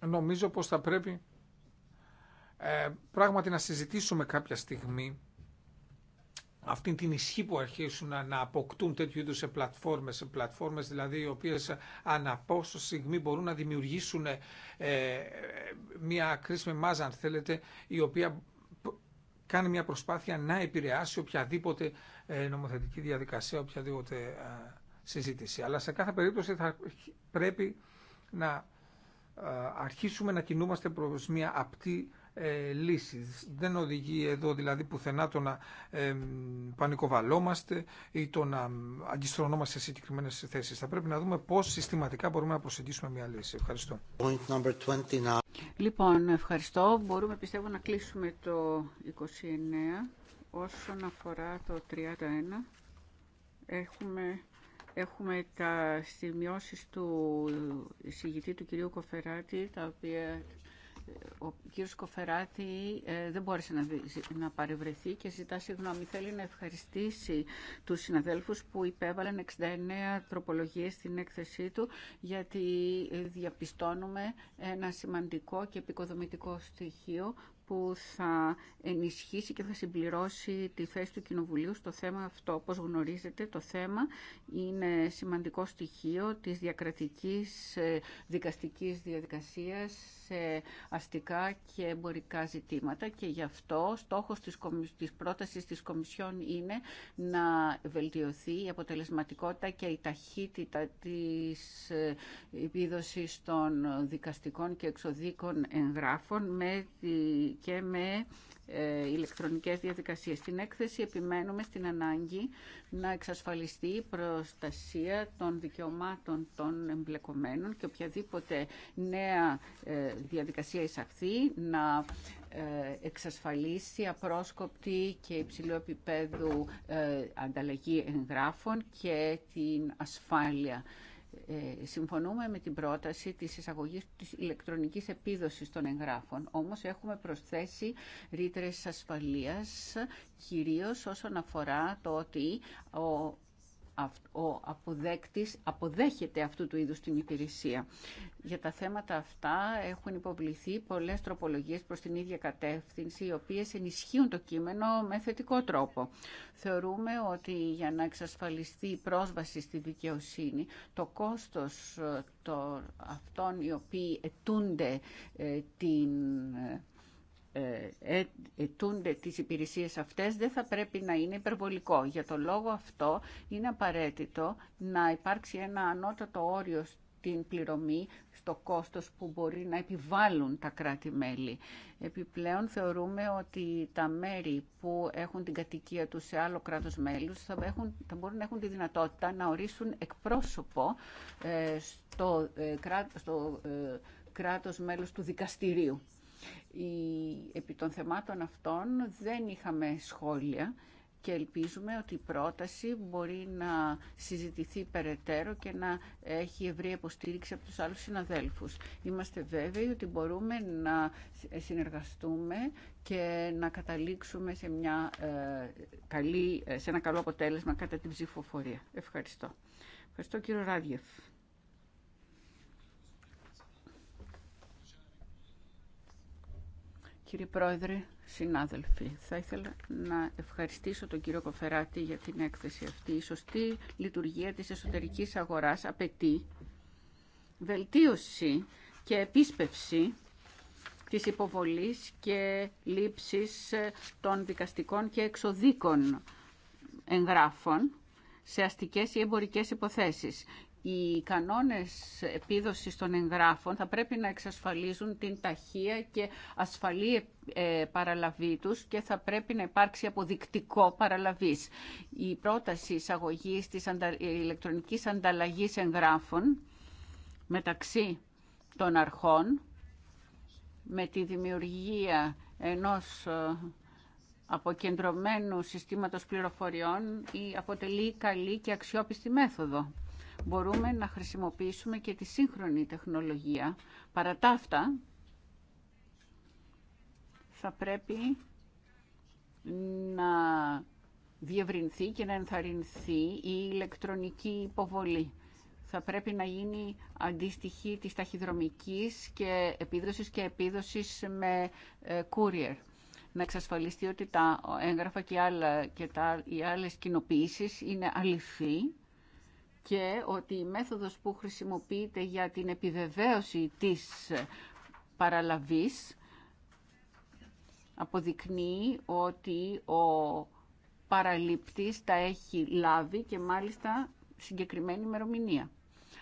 νομίζω πως θα πρέπει ε, πράγματι να συζητήσουμε κάποια στιγμή αυτήν την ισχύ που αρχίσουν να αποκτούν τέτοιου είδου πλατφόρμες, πλατφόρμες δηλαδή οι οποίες ανά πόσο στιγμή μπορούν να δημιουργήσουν ε, ε, μια κρίσιμη μάζα αν θέλετε η οποία κάνει μια προσπάθεια να επηρεάσει οποιαδήποτε ε, νομοθετική διαδικασία, οποιαδήποτε συζήτηση. Αλλά σε κάθε περίπτωση θα πρέπει να αρχίσουμε να κινούμαστε προς μια απτή ε, λύσεις. Δεν οδηγεί εδώ δηλαδή πουθενά το να ε, πανικοβαλόμαστε ή το να αγκιστρωνόμαστε σε συγκεκριμένες θέσεις. Θα πρέπει να δούμε πώς συστηματικά μπορούμε να προσεγγίσουμε μια λύση. Ευχαριστώ. Point number Λοιπόν, ευχαριστώ. Μπορούμε πιστεύω να κλείσουμε το 29 όσον αφορά το 31. Έχουμε Έχουμε τα σημειώσεις του συγγητή του κυρίου Κοφεράτη, τα οποία ο κύριος Κοφεράτη ε, δεν μπόρεσε να, να παρευρεθεί και ζητά συγγνώμη. Θέλει να ευχαριστήσει τους συναδέλφους που υπέβαλαν 69 τροπολογίε στην έκθεσή του γιατί ε, διαπιστώνουμε ένα σημαντικό και επικοδομητικό στοιχείο που θα ενισχύσει και θα συμπληρώσει τη θέση του Κοινοβουλίου στο θέμα αυτό. Όπως γνωρίζετε, το θέμα είναι σημαντικό στοιχείο της διακρατικής ε, δικαστικής διαδικασίας σε αστικά και εμπορικά ζητήματα και γι' αυτό στόχος της, της πρότασης της Κομισιόν είναι να βελτιωθεί η αποτελεσματικότητα και η ταχύτητα της ε, επίδοσης των δικαστικών και εξοδίκων εγγράφων με και με ε, ηλεκτρονικές διαδικασίες. Στην έκθεση επιμένουμε στην ανάγκη να εξασφαλιστεί η προστασία των δικαιωμάτων των εμπλεκομένων και οποιαδήποτε νέα ε, διαδικασία εισαχθεί να ε, εξασφαλίσει απρόσκοπτη και υψηλό επίπεδου ανταλλαγή εγγράφων και την ασφάλεια ε, συμφωνούμε με την πρόταση της εισαγωγής της ηλεκτρονικής επίδοσης των εγγράφων, όμως έχουμε προσθέσει ρήτρες ασφαλείας, κυρίως όσον αφορά το ότι ο αποδέκτης αποδέχεται αυτού του είδους την υπηρεσία. Για τα θέματα αυτά έχουν υποβληθεί πολλές τροπολογίες προς την ίδια κατεύθυνση, οι οποίες ενισχύουν το κείμενο με θετικό τρόπο. Θεωρούμε ότι για να εξασφαλιστεί η πρόσβαση στη δικαιοσύνη, το κόστος ε, των αυτών οι οποίοι ετούνται ε, την ε, ε, ε, ετούνται τις υπηρεσίες αυτές δεν θα πρέπει να είναι υπερβολικό. Για τον λόγο αυτό είναι απαραίτητο να υπάρξει ένα ανώτατο όριο στην πληρωμή στο κόστος που μπορεί να επιβάλλουν τα κράτη-μέλη. Επιπλέον θεωρούμε ότι τα μέρη που έχουν την κατοικία τους σε άλλο κράτος μέλους θα, μπορούν να έχουν τη δυνατότητα να ορίσουν εκπρόσωπο ε, στο, ε, μέλο κράτος μέλους του δικαστηρίου. Η, επί των θεμάτων αυτών δεν είχαμε σχόλια και ελπίζουμε ότι η πρόταση μπορεί να συζητηθεί περαιτέρω και να έχει ευρύ υποστήριξη από τους άλλους συναδέλφους. Είμαστε βέβαιοι ότι μπορούμε να συνεργαστούμε και να καταλήξουμε σε, μια, ε, καλή, ε, σε ένα καλό αποτέλεσμα κατά την ψηφοφορία. Ευχαριστώ. Ευχαριστώ κύριο Ράδιεφ. Κύριε Πρόεδρε, συνάδελφοι, θα ήθελα να ευχαριστήσω τον κύριο Κοφεράτη για την έκθεση αυτή. Η σωστή λειτουργία της εσωτερικής αγοράς απαιτεί βελτίωση και επίσπευση της υποβολής και λήψης των δικαστικών και εξοδίκων εγγράφων σε αστικές ή εμπορικές υποθέσεις οι κανόνες επίδοσης των εγγράφων θα πρέπει να εξασφαλίζουν την ταχεία και ασφαλή ε, παραλαβή τους και θα πρέπει να υπάρξει αποδεικτικό παραλαβής. Η πρόταση εισαγωγή της ηλεκτρονικής ανταλλαγής εγγράφων μεταξύ των αρχών με τη δημιουργία ενός ε, αποκεντρωμένου συστήματος πληροφοριών η αποτελεί καλή και αξιόπιστη μέθοδο μπορούμε να χρησιμοποιήσουμε και τη σύγχρονη τεχνολογία. Παρά τα αυτά, θα πρέπει να διευρυνθεί και να ενθαρρυνθεί η ηλεκτρονική υποβολή. Θα πρέπει να γίνει αντίστοιχη της ταχυδρομικής και επίδοσης και επίδοσης με ε, courier. Να εξασφαλιστεί ότι τα έγγραφα και, και τα, οι άλλες κοινοποίησεις είναι αληθή και ότι η μέθοδος που χρησιμοποιείται για την επιβεβαίωση της παραλαβής αποδεικνύει ότι ο παραλήπτης τα έχει λάβει και μάλιστα συγκεκριμένη ημερομηνία.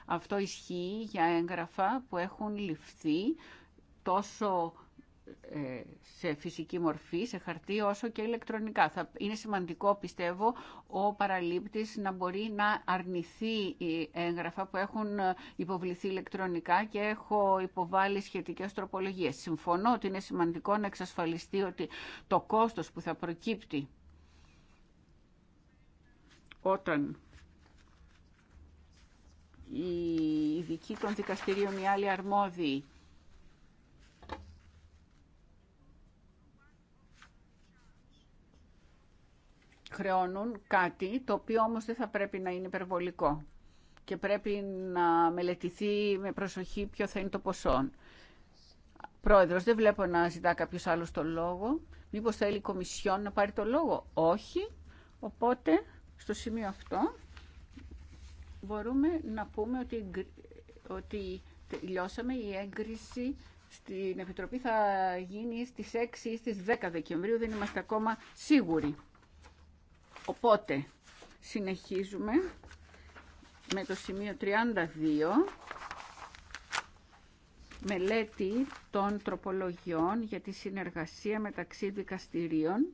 Αυτό ισχύει για έγγραφα που έχουν ληφθεί τόσο ε, σε φυσική μορφή, σε χαρτί, όσο και ηλεκτρονικά. Θα είναι σημαντικό, πιστεύω, ο παραλήπτης να μπορεί να αρνηθεί οι ε, έγγραφα που έχουν ε, υποβληθεί ηλεκτρονικά και έχω υποβάλει σχετικές τροπολογίες. Συμφωνώ ότι είναι σημαντικό να εξασφαλιστεί ότι το κόστος που θα προκύπτει όταν οι ειδικοί των δικαστηρίων οι άλλοι αρμόδιοι χρεώνουν κάτι το οποίο όμως δεν θα πρέπει να είναι υπερβολικό και πρέπει να μελετηθεί με προσοχή ποιο θα είναι το ποσό. Πρόεδρος, δεν βλέπω να ζητά κάποιος άλλος το λόγο. Μήπως θέλει η Κομισιόν να πάρει το λόγο. Όχι. Οπότε, στο σημείο αυτό, μπορούμε να πούμε ότι, ότι τελειώσαμε η έγκριση στην Επιτροπή θα γίνει στις 6 ή στις 10 Δεκεμβρίου. Δεν είμαστε ακόμα σίγουροι. Οπότε, συνεχίζουμε με το σημείο 32, μελέτη των τροπολογιών για τη συνεργασία μεταξύ δικαστηρίων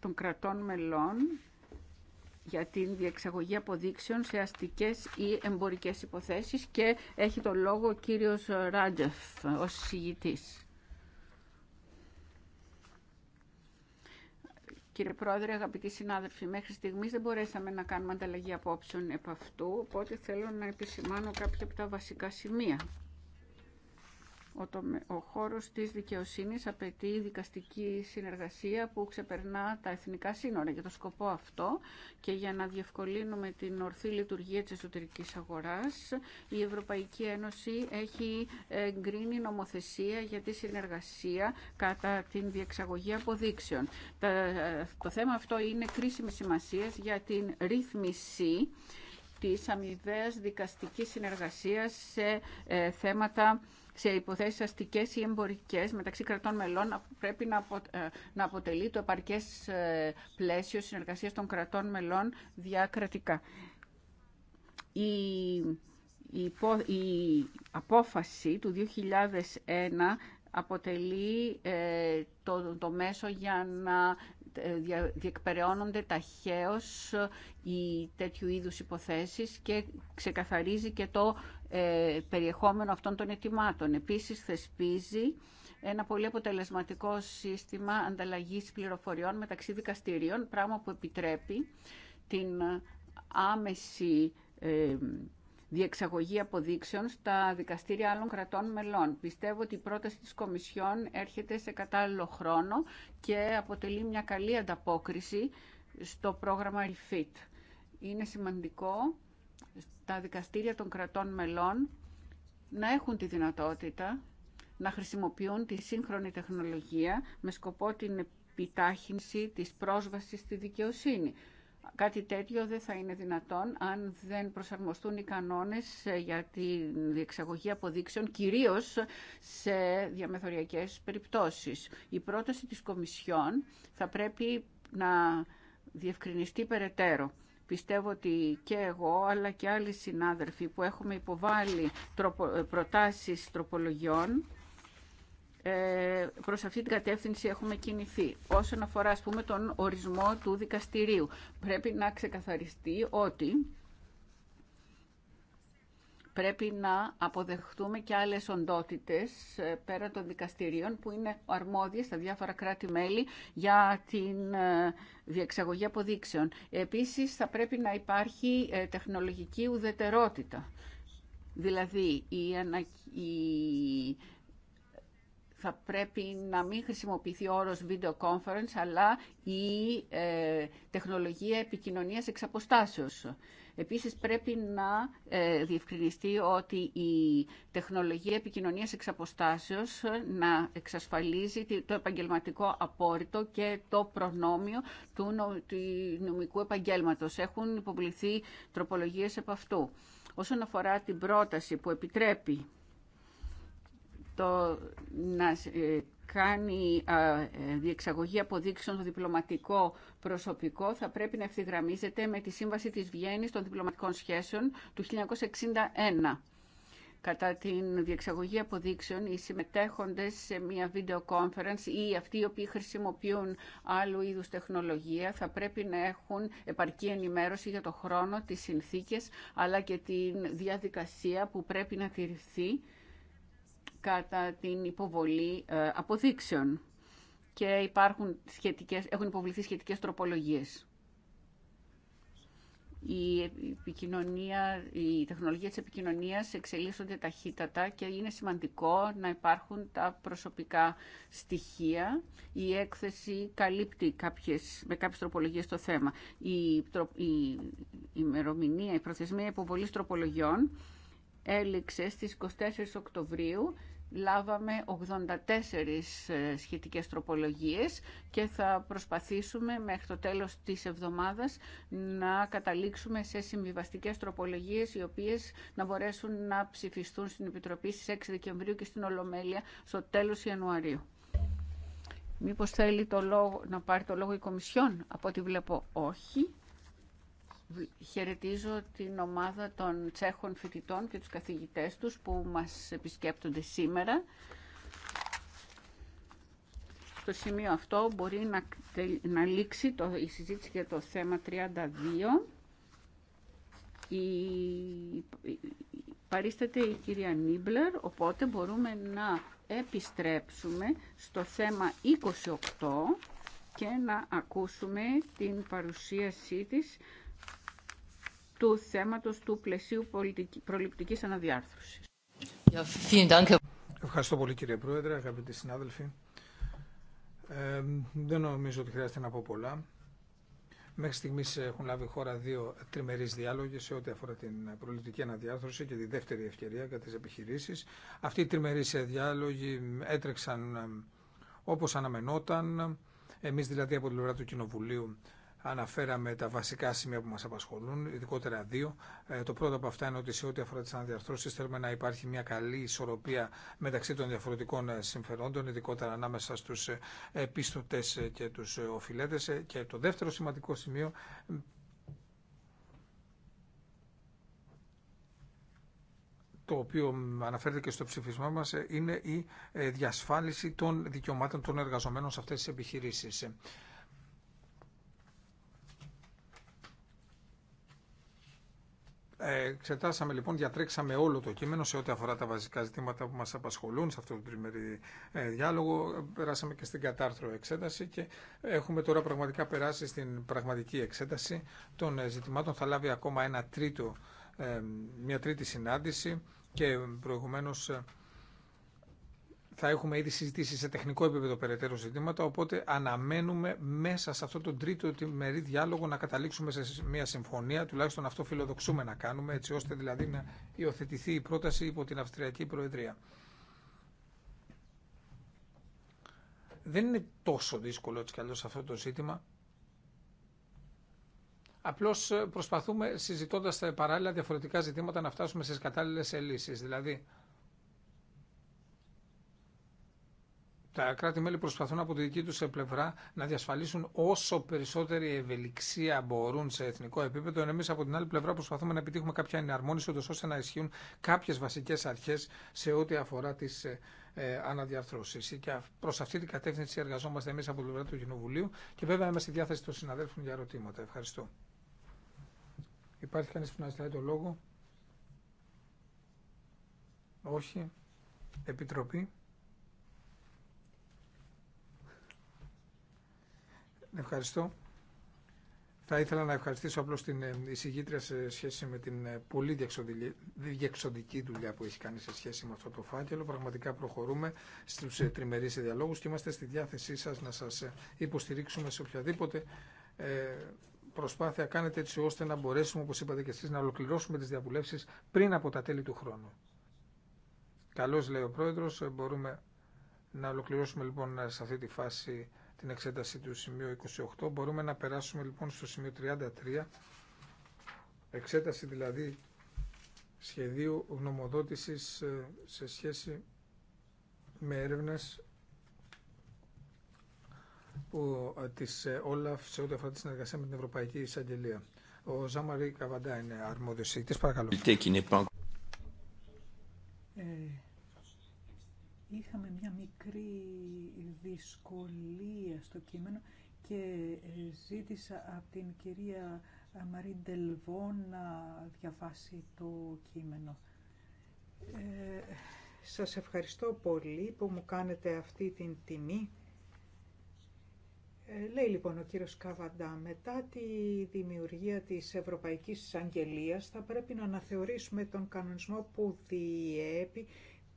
των κρατών μελών για την διεξαγωγή αποδείξεων σε αστικές ή εμπορικές υποθέσεις και έχει το λόγο ο κύριος Ράντζεφ ως συγητής. Κύριε Πρόεδρε, αγαπητοί συνάδελφοι, μέχρι στιγμής δεν μπορέσαμε να κάνουμε ανταλλαγή απόψεων επ' αυτού, οπότε θέλω να επισημάνω κάποια από τα βασικά σημεία ο, ο χώρος της δικαιοσύνης απαιτεί δικαστική συνεργασία που ξεπερνά τα εθνικά σύνορα. Για το σκοπό αυτό και για να διευκολύνουμε την ορθή λειτουργία της εσωτερικής αγοράς, η Ευρωπαϊκή Ένωση έχει εγκρίνει νομοθεσία για τη συνεργασία κατά την διεξαγωγή αποδείξεων. Το θέμα αυτό είναι κρίσιμη σημασία για την ρύθμιση της αμοιβαίας δικαστικής συνεργασίας σε ε, θέματα σε υποθέσεις αστικές ή εμπορικές μεταξύ κρατών μελών πρέπει ε, να αποτελεί το επαρκές ε, πλαίσιο συνεργασίας των κρατών μελών διακρατικά. Η η απόφαση του 2001 αποτελεί ε, το, το μέσο για να διεκπεραιώνονται ταχαίως οι τέτοιου είδους υποθέσεις και ξεκαθαρίζει και το ε, περιεχόμενο αυτών των ετοιμάτων. Επίσης θεσπίζει ένα πολύ αποτελεσματικό σύστημα ανταλλαγής πληροφοριών μεταξύ δικαστηρίων, πράγμα που επιτρέπει την άμεση ε, διεξαγωγή αποδείξεων στα δικαστήρια άλλων κρατών μελών. Πιστεύω ότι η πρόταση της Κομισιόν έρχεται σε κατάλληλο χρόνο και αποτελεί μια καλή ανταπόκριση στο πρόγραμμα REFIT. Είναι σημαντικό τα δικαστήρια των κρατών μελών να έχουν τη δυνατότητα να χρησιμοποιούν τη σύγχρονη τεχνολογία με σκοπό την επιτάχυνση της πρόσβασης στη δικαιοσύνη. Κάτι τέτοιο δεν θα είναι δυνατόν αν δεν προσαρμοστούν οι κανόνες για τη διεξαγωγή αποδείξεων, κυρίως σε διαμεθοριακές περιπτώσεις. Η πρόταση της Κομισιόν θα πρέπει να διευκρινιστεί περαιτέρω. Πιστεύω ότι και εγώ αλλά και άλλοι συνάδελφοι που έχουμε υποβάλει προτάσεις τροπολογιών ε, προς αυτή την κατεύθυνση έχουμε κινηθεί. Όσον αφορά ας πούμε τον ορισμό του δικαστηρίου πρέπει να ξεκαθαριστεί ότι πρέπει να αποδεχτούμε και άλλες οντότητες ε, πέρα των δικαστηρίων που είναι αρμόδιες στα διάφορα κράτη-μέλη για την ε, διεξαγωγή αποδείξεων. Επίσης θα πρέπει να υπάρχει ε, τεχνολογική ουδετερότητα. Δηλαδή η, θα πρέπει να μην χρησιμοποιηθεί ο όρος video conference αλλά η τεχνολογία επικοινωνίας εξ Επίσης πρέπει να ε, διευκρινιστεί ότι η τεχνολογία επικοινωνίας εξ αποστάσεως ε, να εξασφαλίζει το επαγγελματικό απόρριτο και το προνόμιο του νομικού επαγγέλματος. Έχουν υποβληθεί τροπολογίες από αυτού. Όσον αφορά την πρόταση που επιτρέπει το ε, κάνει ε, διεξαγωγή αποδείξεων στο διπλωματικό προσωπικό θα πρέπει να ευθυγραμμίζεται με τη Σύμβαση της Βιέννης των Διπλωματικών Σχέσεων του 1961. Κατά την διεξαγωγή αποδείξεων, οι συμμετέχοντες σε μια video conference ή αυτοί οι οποίοι χρησιμοποιούν άλλου είδους τεχνολογία θα πρέπει να έχουν επαρκή ενημέρωση για το χρόνο, τις συνθήκες αλλά και τη διαδικασία που πρέπει να τηρηθεί κατά την υποβολή ε, αποδείξεων και υπάρχουν σχετικές, έχουν υποβληθεί σχετικές τροπολογίες. Η, επικοινωνία, η τεχνολογία της επικοινωνίας εξελίσσονται ταχύτατα και είναι σημαντικό να υπάρχουν τα προσωπικά στοιχεία. Η έκθεση καλύπτει κάποιες, με κάποιες τροπολογίες το θέμα. Η, η, ημερομηνία, η προθεσμία υποβολής τροπολογιών έληξε στις 24 Οκτωβρίου λάβαμε 84 ε, σχετικές τροπολογίες και θα προσπαθήσουμε μέχρι το τέλος της εβδομάδας να καταλήξουμε σε συμβιβαστικές τροπολογίες οι οποίες να μπορέσουν να ψηφιστούν στην Επιτροπή στις 6 Δεκεμβρίου και στην Ολομέλεια στο τέλος Ιανουαρίου. Μήπως θέλει το λόγο, να πάρει το λόγο η Κομισιόν, από ό,τι βλέπω όχι. Χαιρετίζω την ομάδα των Τσέχων φοιτητών και τους καθηγητές τους που μας επισκέπτονται σήμερα. Στο σημείο αυτό μπορεί να, να λήξει το, η συζήτηση για το θέμα 32. Η, παρίσταται η κυρία Νίμπλερ, οπότε μπορούμε να επιστρέψουμε στο θέμα 28 και να ακούσουμε την παρουσίασή της του θέματος του πλαισίου προληπτικής αναδιάρθρωσης. Ευχαριστώ πολύ κύριε Πρόεδρε, αγαπητοί συνάδελφοι. Ε, δεν νομίζω ότι χρειάζεται να πω πολλά. Μέχρι στιγμή έχουν λάβει χώρα δύο τριμερεί διάλογοι σε ό,τι αφορά την προληπτική αναδιάρθρωση και τη δεύτερη ευκαιρία κατά τι επιχειρήσει. Αυτοί οι τριμερεί διάλογοι έτρεξαν ε, όπω αναμενόταν. Εμεί δηλαδή από την πλευρά του Κοινοβουλίου αναφέραμε τα βασικά σημεία που μα απασχολούν, ειδικότερα δύο. Ε, το πρώτο από αυτά είναι ότι σε ό,τι αφορά τι αναδιαρθρώσει θέλουμε να υπάρχει μια καλή ισορροπία μεταξύ των διαφορετικών ε, συμφερόντων, ειδικότερα ανάμεσα στου ε, πίστοτε και του οφειλέτε. Και το δεύτερο σημαντικό σημείο το οποίο αναφέρεται και στο ψηφισμά μας, είναι η διασφάλιση των δικαιωμάτων των εργαζομένων σε αυτές τις επιχειρήσεις. Εξετάσαμε λοιπόν, διατρέξαμε όλο το κείμενο σε ό,τι αφορά τα βασικά ζητήματα που μας απασχολούν σε αυτό το τριμερή ε, διάλογο. Περάσαμε και στην κατάρθρο εξέταση και έχουμε τώρα πραγματικά περάσει στην πραγματική εξέταση των ε, ζητημάτων. Θα λάβει ακόμα ένα τρίτο, ε, μια τρίτη συνάντηση και προηγουμένως θα έχουμε ήδη συζητήσει σε τεχνικό επίπεδο περαιτέρω ζητήματα, οπότε αναμένουμε μέσα σε αυτό το τρίτο μερή διάλογο να καταλήξουμε σε μια συμφωνία, τουλάχιστον αυτό φιλοδοξούμε να κάνουμε, έτσι ώστε δηλαδή να υιοθετηθεί η πρόταση υπό την Αυστριακή Προεδρία. Δεν είναι τόσο δύσκολο έτσι κι αυτό το ζήτημα. Απλώ ε, προσπαθούμε συζητώντα παράλληλα διαφορετικά ζητήματα να φτάσουμε στι κατάλληλε λύσεις. Δηλαδή, τα κράτη-μέλη προσπαθούν από τη δική του πλευρά να διασφαλίσουν όσο περισσότερη ευελιξία μπορούν σε εθνικό επίπεδο, ενώ εμείς από την άλλη πλευρά προσπαθούμε να επιτύχουμε κάποια εναρμόνιση, ώστε να ισχύουν κάποιε βασικέ αρχέ σε ό,τι αφορά τι ε, ε Και προς αυτή την κατεύθυνση εργαζόμαστε εμεί από την πλευρά του Κοινοβουλίου και βέβαια είμαστε στη διάθεση των συναδέλφων για ερωτήματα. Ευχαριστώ. Υπάρχει κανεί που να ζητάει το λόγο. Όχι. Επιτροπή. Ευχαριστώ. Θα ήθελα να ευχαριστήσω απλώς την ε, εισηγήτρια σε σχέση με την ε, πολύ διεξοδική δουλειά που έχει κάνει σε σχέση με αυτό το φάκελο. Πραγματικά προχωρούμε στους ε, τριμερείς διαλόγους και είμαστε στη διάθεσή σας να σας υποστηρίξουμε σε οποιαδήποτε προσπάθεια κάνετε έτσι ώστε να μπορέσουμε, όπως είπατε και εσείς, να ολοκληρώσουμε τις διαβουλεύσεις πριν από τα τέλη του χρόνου. Καλώς λέει ο Πρόεδρος, μπορούμε να ολοκληρώσουμε λοιπόν σε αυτή τη φάση την εξέταση του σημείου 28. Μπορούμε να περάσουμε λοιπόν στο σημείο 33, εξέταση δηλαδή σχεδίου γνωμοδότησης ε, σε σχέση με έρευνες που, ε, της ε, Όλαφ σε ό,τι αφορά τη συνεργασία με την Ευρωπαϊκή Εισαγγελία. Ο Ζαμαρή Καβαντά είναι αρμόδιος. Τις παρακαλώ. Είχαμε μια μικρή δυσκολία στο κείμενο και ζήτησα από την κυρία Μαρίν Τελβό να διαβάσει το κείμενο. Ε, σας ευχαριστώ πολύ που μου κάνετε αυτή την τιμή. Ε, λέει λοιπόν ο κύριος Καβαντά, μετά τη δημιουργία της Ευρωπαϊκής Αγγελίας θα πρέπει να αναθεωρήσουμε τον κανονισμό που διέπει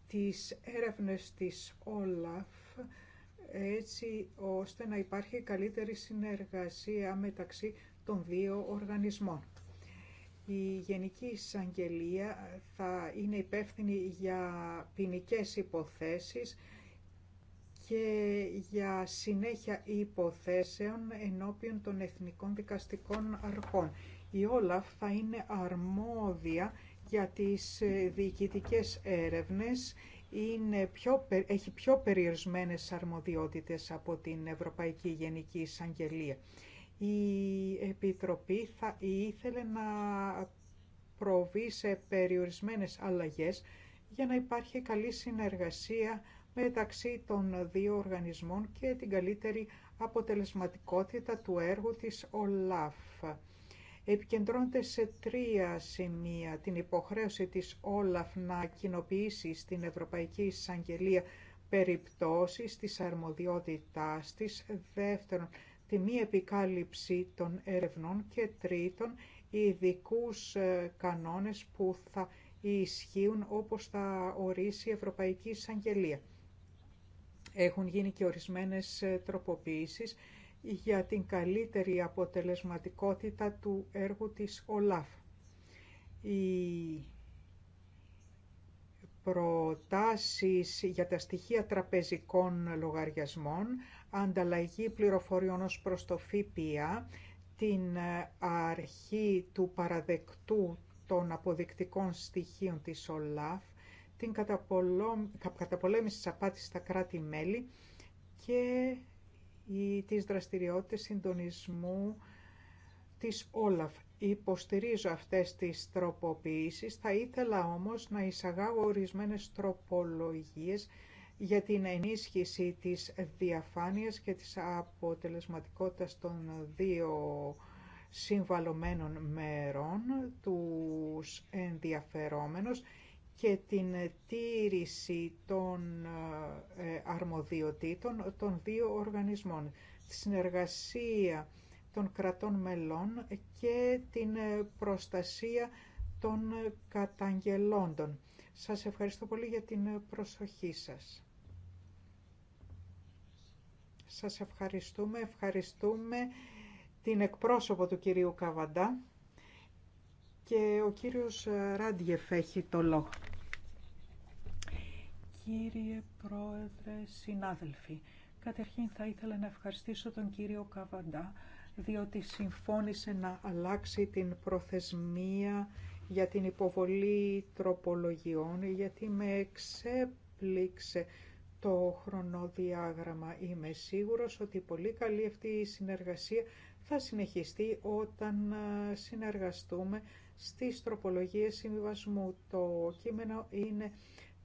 τις έρευνες της Όλαφ έτσι ώστε να υπάρχει καλύτερη συνεργασία μεταξύ των δύο οργανισμών. Η Γενική Εισαγγελία θα είναι υπεύθυνη για ποινικέ υποθέσεις και για συνέχεια υποθέσεων ενώπιον των εθνικών δικαστικών αρχών. Η Όλαφ θα είναι αρμόδια για τις ε, διοικητικές έρευνες είναι πιο, έχει πιο περιορισμένες αρμοδιότητες από την Ευρωπαϊκή Γενική Εισαγγελία. Η Επιτροπή θα ήθελε να προβεί σε περιορισμένες αλλαγές για να υπάρχει καλή συνεργασία μεταξύ των δύο οργανισμών και την καλύτερη αποτελεσματικότητα του έργου της ΟΛΑΦ επικεντρώνεται σε τρία σημεία. Την υποχρέωση της Όλαφ να κοινοποιήσει στην Ευρωπαϊκή Εισαγγελία περιπτώσεις της αρμοδιότητάς της. Δεύτερον, τη μη επικάλυψη των ερευνών και τρίτον, ειδικού ε, κανόνες που θα ισχύουν όπως θα ορίσει η Ευρωπαϊκή Εισαγγελία. Έχουν γίνει και ορισμένες ε, τροποποίησεις για την καλύτερη αποτελεσματικότητα του έργου της ΟΛΑΦ. Οι προτάσεις για τα στοιχεία τραπεζικών λογαριασμών, ανταλλαγή πληροφοριών ως προς το ΦΠΑ, την αρχή του παραδεκτού των αποδεικτικών στοιχείων της ΟΛΑΦ, την καταπολέμηση της απάτης στα κράτη-μέλη και ή τις δραστηριότητες συντονισμού της Όλαφ. Υποστηρίζω αυτές τις τροποποιήσεις, θα ήθελα όμως να εισαγάγω ορισμένες τροπολογίες για την ενίσχυση της διαφάνειας και της αποτελεσματικότητας των δύο συμβαλωμένων μερών, τους ενδιαφερόμενους και την τήρηση των ε, αρμοδιοτήτων των δύο οργανισμών, τη συνεργασία των κρατών μελών και την ε, προστασία των καταγγελόντων. Σας ευχαριστώ πολύ για την προσοχή σας. Σας ευχαριστούμε, ευχαριστούμε την εκπρόσωπο του κυρίου Καβαντά και ο κύριος ε, Ράντιεφ έχει το λόγο. Κύριε Πρόεδρε, συνάδελφοι, καταρχήν θα ήθελα να ευχαριστήσω τον κύριο Καβαντά, διότι συμφώνησε να αλλάξει την προθεσμία για την υποβολή τροπολογιών, γιατί με εξέπληξε το χρονοδιάγραμμα. Είμαι σίγουρος ότι πολύ καλή αυτή η συνεργασία θα συνεχιστεί όταν ε, συνεργαστούμε στις τροπολογίες συμβιβασμού. Το κείμενο είναι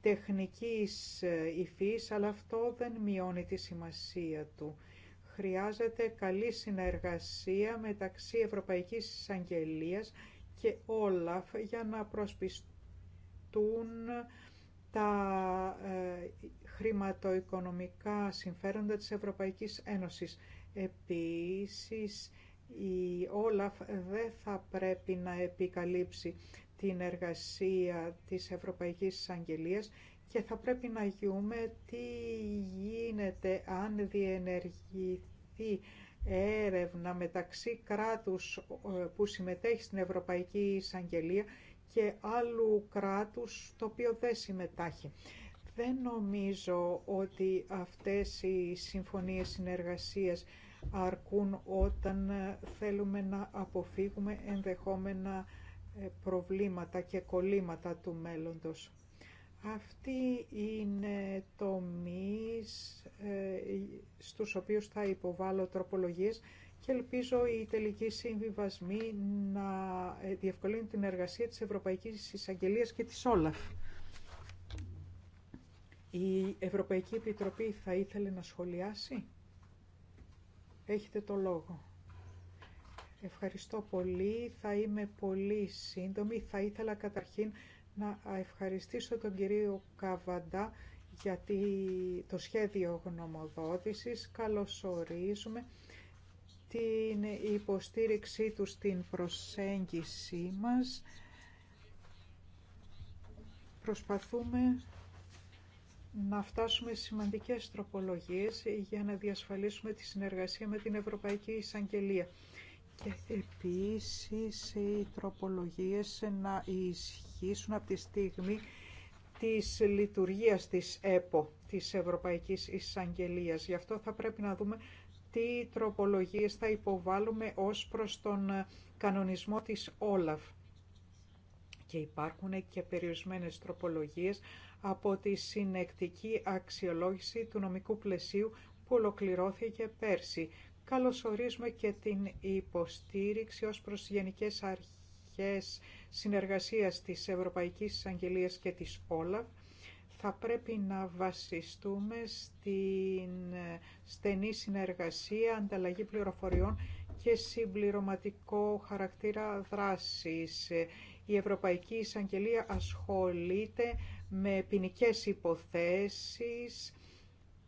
τεχνικής ε, υφής, αλλά αυτό δεν μειώνει τη σημασία του. Χρειάζεται καλή συνεργασία μεταξύ Ευρωπαϊκής Εισαγγελίας και Όλαφ για να προσπιστούν τα ε, χρηματοοικονομικά συμφέροντα της Ευρωπαϊκής Ένωσης. Επίσης, η Όλαφ δεν θα πρέπει να επικαλύψει την εργασία της Ευρωπαϊκής Εισαγγελίας και θα πρέπει να γιούμε τι γίνεται αν διενεργηθεί έρευνα μεταξύ κράτους ε, που συμμετέχει στην Ευρωπαϊκή Εισαγγελία και άλλου κράτους το οποίο δεν συμμετάχει. Δεν νομίζω ότι αυτές οι συμφωνίες συνεργασίας αρκούν όταν ε, θέλουμε να αποφύγουμε ενδεχόμενα ε, προβλήματα και κολλήματα του μέλλοντος. Αυτοί είναι τομείς ε, στους οποίους θα υποβάλω τροπολογίες και ελπίζω οι τελικοί συμβιβασμοί να διευκολύνουν την εργασία της Ευρωπαϊκής Εισαγγελίας και της Όλαφ. Η Ευρωπαϊκή Επιτροπή θα ήθελε να σχολιάσει. Έχετε το λόγο. Ευχαριστώ πολύ. Θα είμαι πολύ σύντομη. Θα ήθελα καταρχήν να ευχαριστήσω τον κύριο Καβαντά γιατί το σχέδιο γνωμοδότησης καλωσορίζουμε την υποστήριξή του στην προσέγγιση μας. Προσπαθούμε να φτάσουμε σημαντικές τροπολογίες για να διασφαλίσουμε τη συνεργασία με την Ευρωπαϊκή Εισαγγελία. Και επίσης οι τροπολογίες να ισχύσουν από τη στιγμή της λειτουργίας της ΕΠΟ, της Ευρωπαϊκής Εισαγγελίας. Γι' αυτό θα πρέπει να δούμε τι τροπολογίες θα υποβάλουμε ως προς τον κανονισμό της Όλαφ. Και υπάρχουν και περιορισμένες τροπολογίες από τη συνεκτική αξιολόγηση του νομικού πλαισίου που ολοκληρώθηκε πέρσι. Καλωσορίζουμε και την υποστήριξη ως προς τις Γενικές Αρχές Συνεργασίας της Ευρωπαϊκής Εισαγγελίας και της ΟΛΑΒ. Θα πρέπει να βασιστούμε στην στενή συνεργασία, ανταλλαγή πληροφοριών και συμπληρωματικό χαρακτήρα δράσης. Η Ευρωπαϊκή Εισαγγελία ασχολείται με ποινικέ υποθέσεις,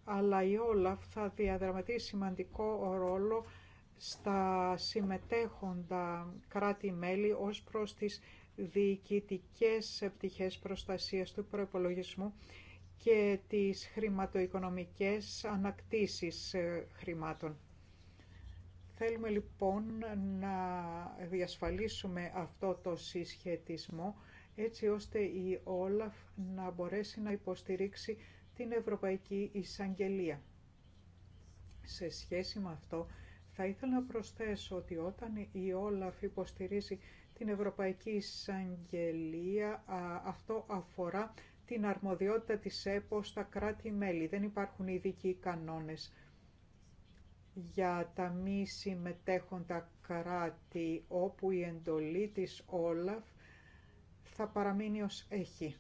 αλλά η Όλαφ θα διαδραματίσει σημαντικό ρόλο στα συμμετέχοντα κράτη-μέλη ως προς τις διοικητικές πτυχές προστασίας του προϋπολογισμού και τις χρηματοοικονομικές ανακτήσεις ε, χρημάτων. Θέλουμε λοιπόν να διασφαλίσουμε αυτό το συσχετισμό έτσι ώστε η Όλαφ να μπορέσει να υποστηρίξει την Ευρωπαϊκή Εισαγγελία. Σε σχέση με αυτό, θα ήθελα να προσθέσω ότι όταν η Όλαφ υποστηρίζει την Ευρωπαϊκή Εισαγγελία, αυτό αφορά την αρμοδιότητα της ΕΠΟ στα κράτη-μέλη. Δεν υπάρχουν ειδικοί κανόνες για τα μη συμμετέχοντα κράτη όπου η εντολή της Όλαφ θα παραμείνει ως έχει.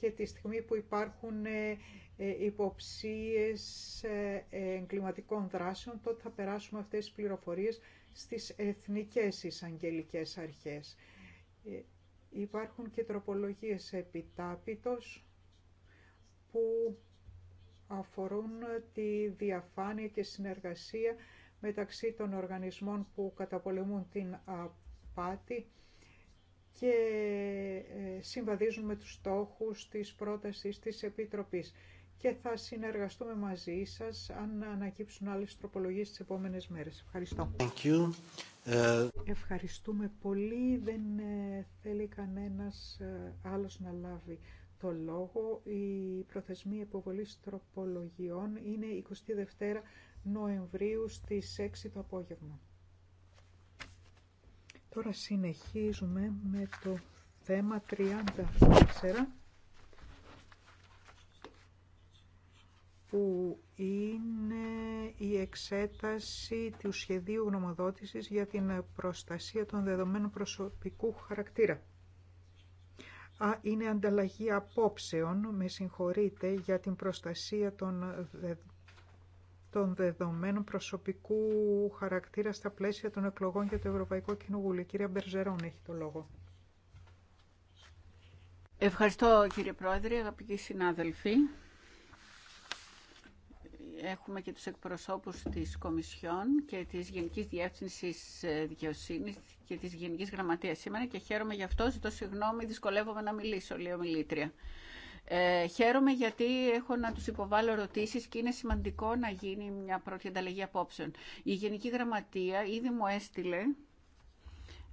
Και τη στιγμή που υπάρχουν ε, ε, υποψίες ε, εγκληματικών δράσεων, τότε θα περάσουμε αυτές τις πληροφορίες στις εθνικές εισαγγελικές αρχές. Υπάρχουν και τροπολογίες επιτάπητος που αφορούν τη διαφάνεια και συνεργασία μεταξύ των οργανισμών που καταπολεμούν την απάτη και ε, συμβαδίζουν με τους στόχους της πρότασης της Επιτροπής και θα συνεργαστούμε μαζί σας αν ανακύψουν άλλες τροπολογίες τις επόμενες μέρες. Ευχαριστώ. Thank you. Ε, Ευχαριστούμε πολύ. Δεν ε, θέλει κανένας άλλος να λάβει το λόγο. Η προθεσμία υποβολής τροπολογιών είναι 22 Νοεμβρίου στις 6 το απόγευμα. Τώρα συνεχίζουμε με το θέμα 34 που είναι η εξέταση του σχεδίου γνωμοδότησης για την προστασία των δεδομένων προσωπικού χαρακτήρα. Α, είναι ανταλλαγή απόψεων, με συγχωρείτε, για την προστασία των των δεδομένων προσωπικού χαρακτήρα στα πλαίσια των εκλογών για το Ευρωπαϊκό Κοινοβούλιο. Κυρία Μπερζερόν έχει το λόγο. Ευχαριστώ κύριε Πρόεδρε, αγαπητοί συνάδελφοι. Έχουμε και τους εκπροσώπους της Κομισιόν και της Γενικής Διεύθυνσης Δικαιοσύνης και της Γενικής Γραμματείας σήμερα και χαίρομαι γι' αυτό. Ζητώ συγγνώμη, δυσκολεύομαι να μιλήσω, λέει ομιλήτρια. Ε, χαίρομαι γιατί έχω να τους υποβάλω ερωτήσεις και είναι σημαντικό να γίνει μια πρώτη ανταλλαγή απόψεων. Η Γενική Γραμματεία ήδη μου έστειλε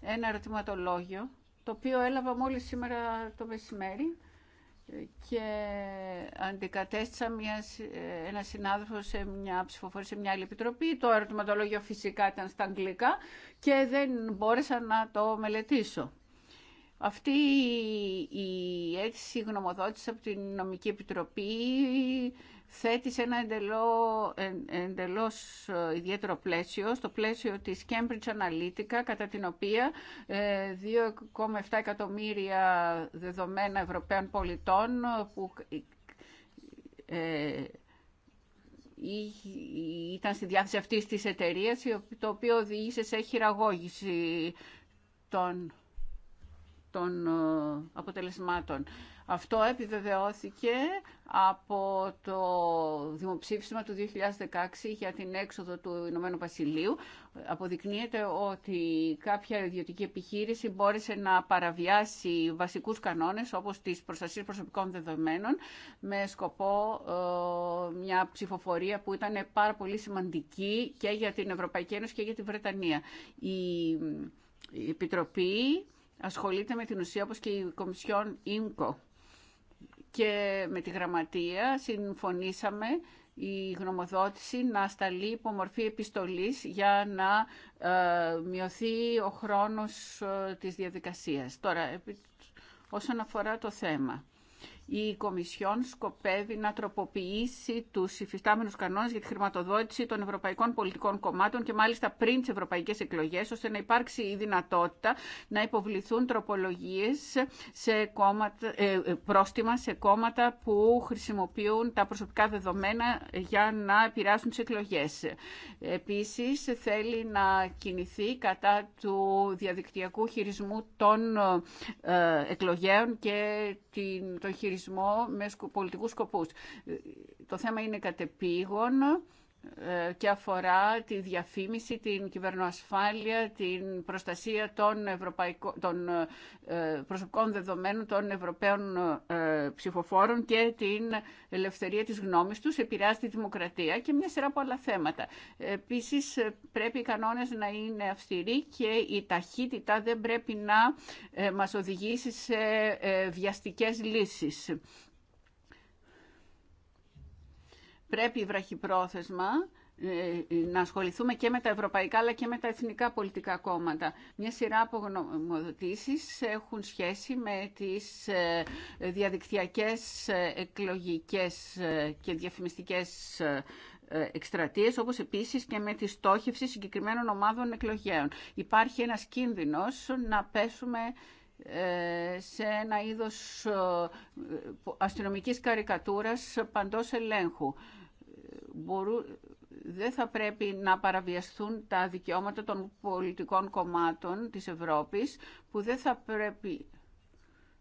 ένα ερωτηματολόγιο, το οποίο έλαβα μόλις σήμερα το μεσημέρι και αντικατέστησα μια, ε, ένα συνάδελφο σε μια ψηφοφορία σε μια άλλη επιτροπή. Το ερωτηματολόγιο φυσικά ήταν στα αγγλικά και δεν μπόρεσα να το μελετήσω. Αυτή η αίτηση γνωμοδότηση από την Νομική Επιτροπή θέτει σε ένα εντελώ, εντελώς ε, ιδιαίτερο πλαίσιο, στο πλαίσιο της Cambridge Analytica, κατά την οποία 2,7 ε, εκατομμύρια δεδομένα Ευρωπαίων πολιτών ε, που ήταν στη διάθεση αυτής της εταιρείας, το οποίο οδήγησε σε χειραγώγηση των των ε, αποτελεσμάτων. Αυτό επιβεβαιώθηκε από το δημοψήφισμα του 2016 για την έξοδο του Ηνωμένου Βασιλείου. Αποδεικνύεται ότι κάποια ιδιωτική επιχείρηση μπόρεσε να παραβιάσει βασικούς κανόνες όπως τις προστασίες προσωπικών δεδομένων με σκοπό ε, μια ψηφοφορία που ήταν πάρα πολύ σημαντική και για την Ευρωπαϊκή Ένωση και για τη Βρετανία. Η Επιτροπή ασχολείται με την ουσία όπως και η Κομισιόν ΙΜΚΟ. Και με τη γραμματεία συμφωνήσαμε η γνωμοδότηση να σταλεί υπό μορφή επιστολής για να ε, μειωθεί ο χρόνος ε, της διαδικασίας. Τώρα, όσον αφορά το θέμα, η Κομισιόν σκοπεύει να τροποποιήσει του υφιστάμενου κανόνε για τη χρηματοδότηση των ευρωπαϊκών πολιτικών κομμάτων και μάλιστα πριν τι ευρωπαϊκέ εκλογέ, ώστε να υπάρξει η δυνατότητα να υποβληθούν τροπολογίε σε ε, ε, πρόστιμα σε κόμματα που χρησιμοποιούν τα προσωπικά δεδομένα για να επηρεάσουν τι εκλογέ. Επίση, θέλει να κινηθεί κατά του διαδικτυακού χειρισμού των ε, εκλογέων και των χειρισμών με πολιτικούς σκοπούς. Ε, το θέμα είναι κατεπήγον ε, και αφορά τη διαφήμιση, την κυβερνοασφάλεια, την προστασία των, των ε, ε, προσωπικών δεδομένων των Ευρωπαίων ψηφοφόρων και την ελευθερία της γνώμης τους, επηρεάζει τη δημοκρατία και μια σειρά από άλλα θέματα. Επίσης, πρέπει οι κανόνες να είναι αυστηροί και η ταχύτητα δεν πρέπει να μας οδηγήσει σε βιαστικές λύσεις πρέπει βραχυπρόθεσμα ε, ε, να ασχοληθούμε και με τα ευρωπαϊκά αλλά και με τα εθνικά πολιτικά κόμματα. Μια σειρά από γνωμοδοτήσεις έχουν σχέση με τις ε, διαδικτυακές εκλογικές και διαφημιστικές εκστρατείες, όπως επίσης και με τη στόχευση συγκεκριμένων ομάδων εκλογέων. Υπάρχει ένας κίνδυνος να πέσουμε ε, σε ένα είδος ε, αστυνομικής καρικατούρας παντός ελέγχου. Δεν θα πρέπει να παραβιαστούν τα δικαιώματα των πολιτικών κομμάτων της Ευρώπης που δεν θα πρέπει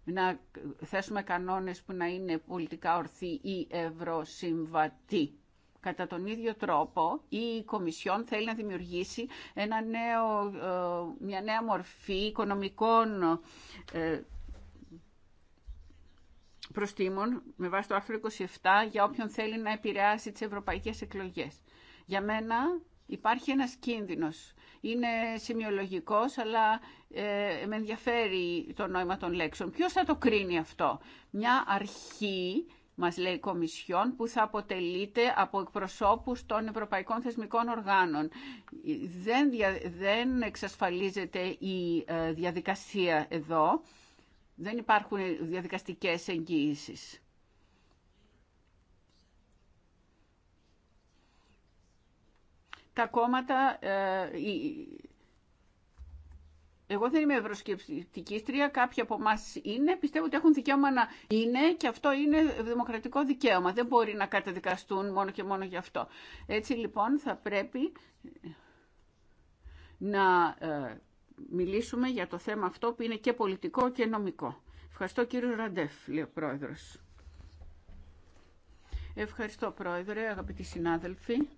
να θέσουμε κανόνες που να είναι πολιτικά ορθοί ή ευρωσυμβατοί. Κατά τον ίδιο τρόπο, η Κομισιόν θέλει να δημιουργήσει ένα νέο, ε, μια νέα μορφή οικονομικών ε, προστήμων με βάση το άρθρο 27 για όποιον θέλει να επηρεάσει τις ευρωπαϊκές εκλογές. Για μένα υπάρχει ένας κίνδυνος. Είναι σημειολογικός, αλλά ε, με ενδιαφέρει το νόημα των λέξεων. Ποιος θα το κρίνει αυτό. Μια αρχή μας λέει η Κομισιόν, που θα αποτελείται από εκπροσώπους των Ευρωπαϊκών Θεσμικών Οργάνων. Δεν, δεν εξασφαλίζεται η ε, διαδικασία εδώ. Δεν υπάρχουν διαδικαστικές εγγύησεις. Τα κόμματα, ε, εγώ δεν είμαι ευρωσκεπτικίστρια, κάποιοι από εμά είναι, πιστεύω ότι έχουν δικαίωμα να είναι και αυτό είναι δημοκρατικό δικαίωμα. Δεν μπορεί να καταδικαστούν μόνο και μόνο γι' αυτό. Έτσι λοιπόν θα πρέπει να ε, μιλήσουμε για το θέμα αυτό που είναι και πολιτικό και νομικό. Ευχαριστώ κύριο Ραντεφ, λέει ο πρόεδρος. Ευχαριστώ πρόεδρε, αγαπητοί συνάδελφοι.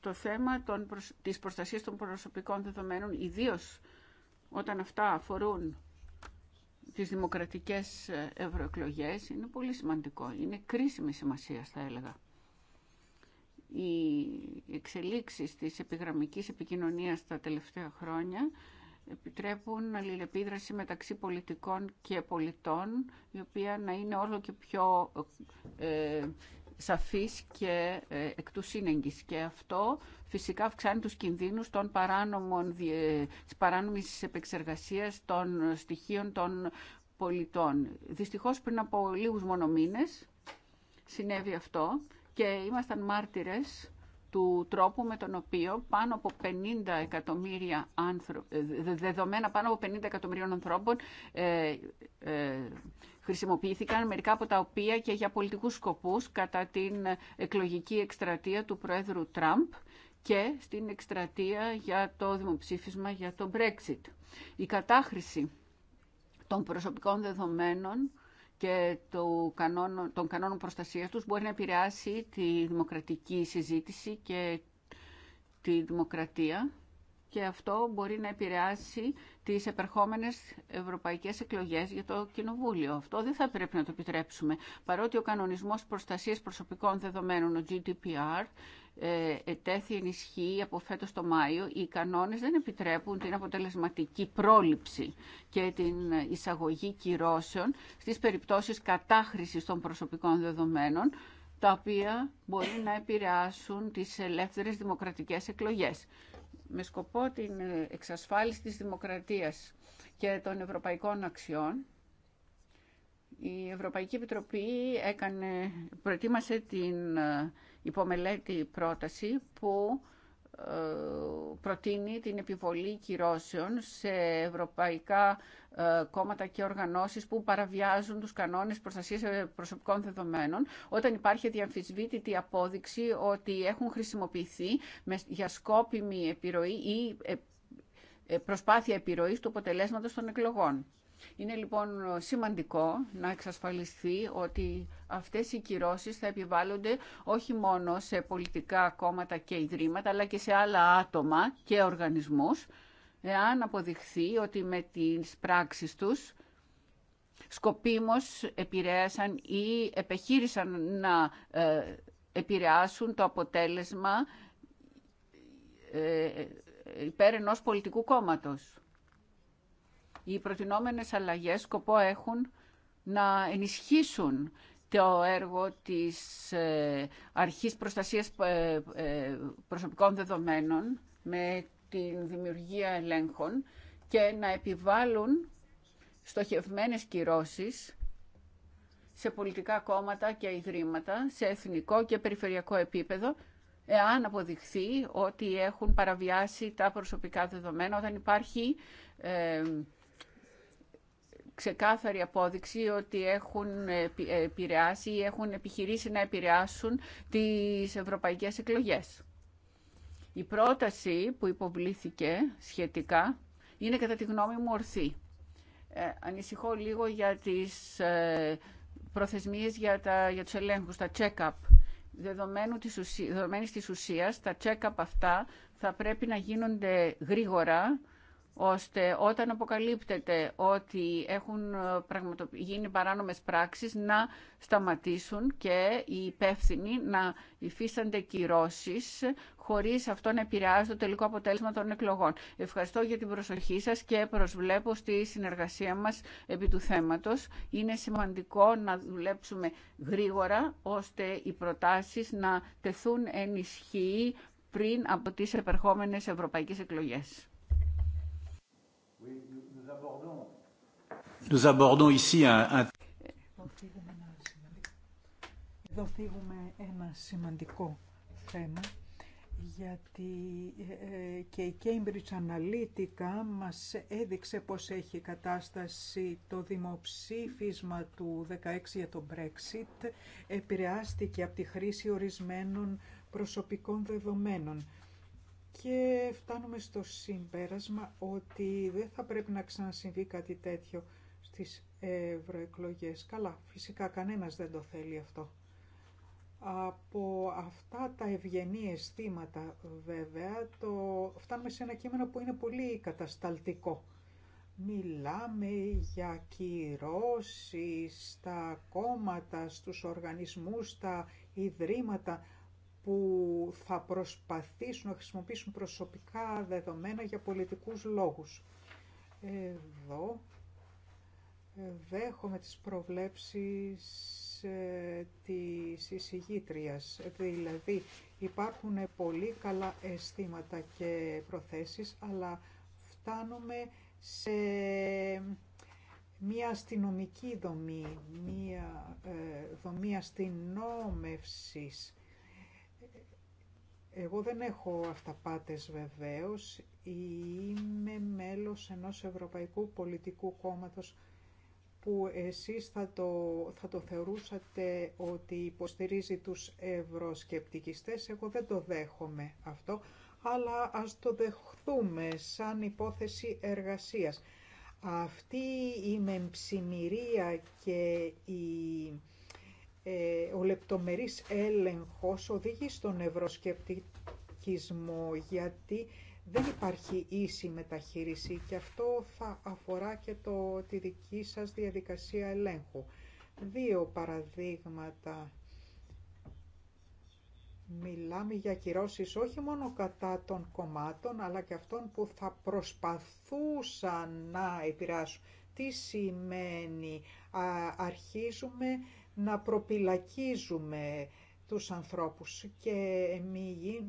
Το θέμα των προσ... της προστασίας των προσωπικών δεδομένων, ιδίως όταν αυτά αφορούν τις δημοκρατικές ευρωεκλογέ είναι πολύ σημαντικό. Είναι κρίσιμη σημασία, θα έλεγα. Οι εξελίξεις της επιγραμμικής επικοινωνίας τα τελευταία χρόνια επιτρέπουν αλληλεπίδραση μεταξύ πολιτικών και πολιτών, η οποία να είναι όλο και πιο ε, σαφής και ε, εκ του σύνεγγης. Και αυτό φυσικά αυξάνει τους κινδύνους των παράνομων, της παράνομης επεξεργασίας των στοιχείων των πολιτών. Δυστυχώς πριν από λίγους μόνο συνέβη αυτό και ήμασταν μάρτυρες του τρόπου με τον οποίο πάνω από 50 εκατομμύρια άνθρω... Ε, δεδομένα πάνω από 50 εκατομμυρίων ανθρώπων ε, χρησιμοποιήθηκαν, μερικά από τα οποία και για πολιτικούς σκοπούς κατά την εκλογική εκστρατεία του Προέδρου Τραμπ και στην εκστρατεία για το δημοψήφισμα για το Brexit. Η κατάχρηση των προσωπικών δεδομένων και των κανόνων προστασίας τους μπορεί να επηρεάσει τη δημοκρατική συζήτηση και τη δημοκρατία και αυτό μπορεί να επηρεάσει τις επερχόμενες ευρωπαϊκές εκλογές για το Κοινοβούλιο. Αυτό δεν θα πρέπει να το επιτρέψουμε. Παρότι ο κανονισμός προστασίας προσωπικών δεδομένων, ο GDPR, ε, ετέθη ενισχύει από φέτος το Μάιο, οι κανόνες δεν επιτρέπουν την αποτελεσματική πρόληψη και την εισαγωγή κυρώσεων στις περιπτώσεις κατάχρησης των προσωπικών δεδομένων, τα οποία μπορεί να επηρεάσουν τις ελεύθερες δημοκρατικές εκλογές με σκοπό την εξασφάλιση της δημοκρατίας και των ευρωπαϊκών αξιών. Η Ευρωπαϊκή Επιτροπή έκανε, προετοίμασε την ε, υπομελέτη πρόταση που προτείνει την επιβολή κυρώσεων σε ευρωπαϊκά ε, κόμματα και οργανώσεις που παραβιάζουν τους κανόνες προστασίας ε, προσωπικών δεδομένων όταν υπάρχει διαμφισβήτητη απόδειξη ότι έχουν χρησιμοποιηθεί για σκόπιμη επιρροή ή ε, προσπάθεια επιρροής του αποτελέσματος των εκλογών. Είναι λοιπόν σημαντικό να εξασφαλιστεί ότι αυτές οι κυρώσεις θα επιβάλλονται όχι μόνο σε πολιτικά κόμματα και ιδρύματα, αλλά και σε άλλα άτομα και οργανισμούς, εάν αποδειχθεί ότι με τις πράξεις τους σκοπίμως επηρέασαν ή επεχείρησαν να ε, επηρεάσουν το αποτέλεσμα ε, ε, υπέρ ενός πολιτικού κόμματος οι προτινόμενες αλλαγές σκοπό έχουν να ενισχύσουν το έργο της ε, Αρχής Προστασίας ε, ε, Προσωπικών Δεδομένων με την δημιουργία ελέγχων και να επιβάλλουν στοχευμένες κυρώσεις σε πολιτικά κόμματα και ιδρύματα, σε εθνικό και περιφερειακό επίπεδο, εάν αποδειχθεί ότι έχουν παραβιάσει τα προσωπικά δεδομένα, όταν υπάρχει ξεκάθαρη απόδειξη ότι έχουν επηρεάσει ή έχουν επιχειρήσει να επηρεάσουν τις ευρωπαϊκές εκλογές. Η πρόταση που υποβλήθηκε σχετικά είναι κατά τη γνώμη μου ορθή. Ε, ανησυχώ λίγο για τις ε, προθεσμίες για, τα, για τους ελέγχους, τα check-up. Δεδομένου της ουσία, της ουσίας, τα check-up αυτά θα πρέπει να γίνονται γρήγορα ώστε όταν αποκαλύπτεται ότι έχουν ε, γίνει παράνομες πράξεις να σταματήσουν και οι υπεύθυνοι να υφίστανται κυρώσεις χωρίς αυτό να επηρεάζει το τελικό αποτέλεσμα των εκλογών. Ευχαριστώ για την προσοχή σας και προσβλέπω στη συνεργασία μας επί του θέματος. Είναι σημαντικό να δουλέψουμε γρήγορα ώστε οι προτάσεις να τεθούν εν πριν από τις επερχόμενες ευρωπαϊκές εκλογές. Nous abordons ένα σημαντικό θέμα, γιατί ε, ε, και η Cambridge Analytica μας έδειξε πως έχει κατάσταση το δημοψήφισμα του 16 για το Brexit επηρεάστηκε από τη χρήση ορισμένων προσωπικών δεδομένων. Και φτάνουμε στο συμπέρασμα ότι δεν θα πρέπει να ξανασυμβεί κάτι τέτοιο στις ευρωεκλογέ. Καλά, φυσικά κανένας δεν το θέλει αυτό. Από αυτά τα ευγενή αισθήματα βέβαια το... φτάνουμε σε ένα κείμενο που είναι πολύ κατασταλτικό. Μιλάμε για κυρώσεις στα κόμματα, στους οργανισμούς, στα ιδρύματα που θα προσπαθήσουν να χρησιμοποιήσουν προσωπικά δεδομένα για πολιτικούς λόγους. Εδώ δέχομαι τις προβλέψεις ε, της εισηγήτριας. Δηλαδή υπάρχουν πολύ καλά αισθήματα και προθέσεις, αλλά φτάνουμε σε μία αστυνομική δομή, μία ε, δομή αστυνόμευσης. Εγώ δεν έχω αυταπάτες βεβαίως, είμαι μέλος ενός Ευρωπαϊκού Πολιτικού Κόμματος που εσείς θα το, θα το θεωρούσατε ότι υποστηρίζει τους ευρωσκεπτικιστές. Εγώ δεν το δέχομαι αυτό, αλλά ας το δεχθούμε σαν υπόθεση εργασίας. Αυτή η μεμψημυρία και η, ε, ο λεπτομερής έλεγχος οδηγεί στον ευρωσκεπτικισμό γιατί δεν υπάρχει ίση μεταχείριση και αυτό θα αφορά και το, τη δική σας διαδικασία ελέγχου. Δύο παραδείγματα. Μιλάμε για κυρώσεις όχι μόνο κατά των κομμάτων, αλλά και αυτών που θα προσπαθούσαν να επηρεάσουν. Τι σημαίνει αρχίζουμε να προπυλακίζουμε τους ανθρώπους και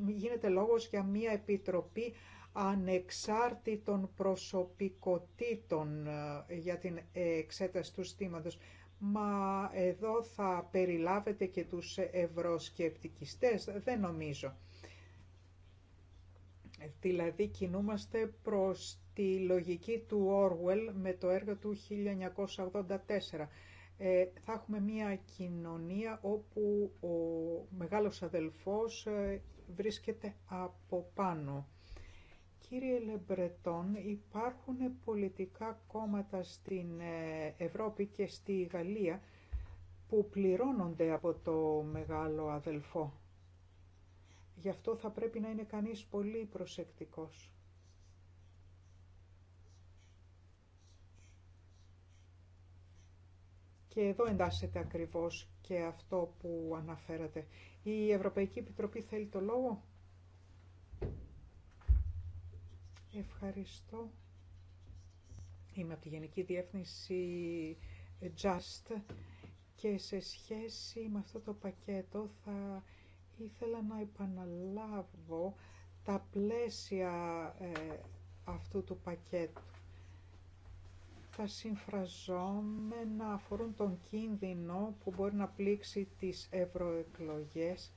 γίνεται λόγος για μία επιτροπή ανεξάρτητων προσωπικότητων ε, για την εξέταση του στήματος. Μα εδώ θα περιλάβετε και τους ευρωσκεπτικιστές, δεν νομίζω. Δηλαδή κινούμαστε προς τη λογική του Orwell με το έργο του 1984. Ε, θα έχουμε μια κοινωνία όπου ο μεγάλος αδελφός ε, βρίσκεται από πάνω. Κύριε Λεμπρετόν, υπάρχουν πολιτικά κόμματα στην ε, Ευρώπη και στη Γαλλία που πληρώνονται από το μεγάλο αδελφό. Γι' αυτό θα πρέπει να είναι κανείς πολύ προσεκτικός. Και εδώ εντάσσεται ακριβώς και αυτό που αναφέρατε. Η Ευρωπαϊκή Επιτροπή θέλει το λόγο. Ευχαριστώ. Είμαι από τη Γενική Διεύθυνση Just και σε σχέση με αυτό το πακέτο θα ήθελα να επαναλάβω τα πλαίσια ε, αυτού του πακέτου. Τα συμφραζόμενα αφορούν τον κίνδυνο που μπορεί να πλήξει τις ευρωεκλογές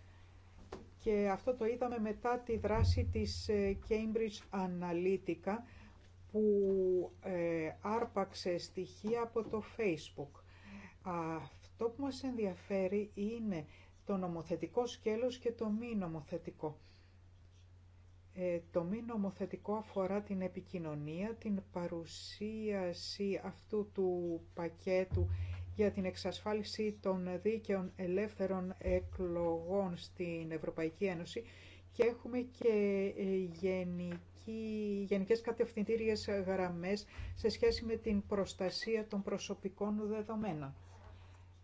και αυτό το είδαμε μετά τη δράση της ε, Cambridge Analytica που ε, άρπαξε στοιχεία από το Facebook. Αυτό που μας ενδιαφέρει είναι το νομοθετικό σκέλος και το μη νομοθετικό. Ε, το μη νομοθετικό αφορά την επικοινωνία, την παρουσίαση αυτού του πακέτου για την εξασφάλιση των δίκαιων ελεύθερων εκλογών στην Ευρωπαϊκή Ένωση και έχουμε και ε, γενική, γενικές κατευθυντήριες γραμμές σε σχέση με την προστασία των προσωπικών δεδομένων.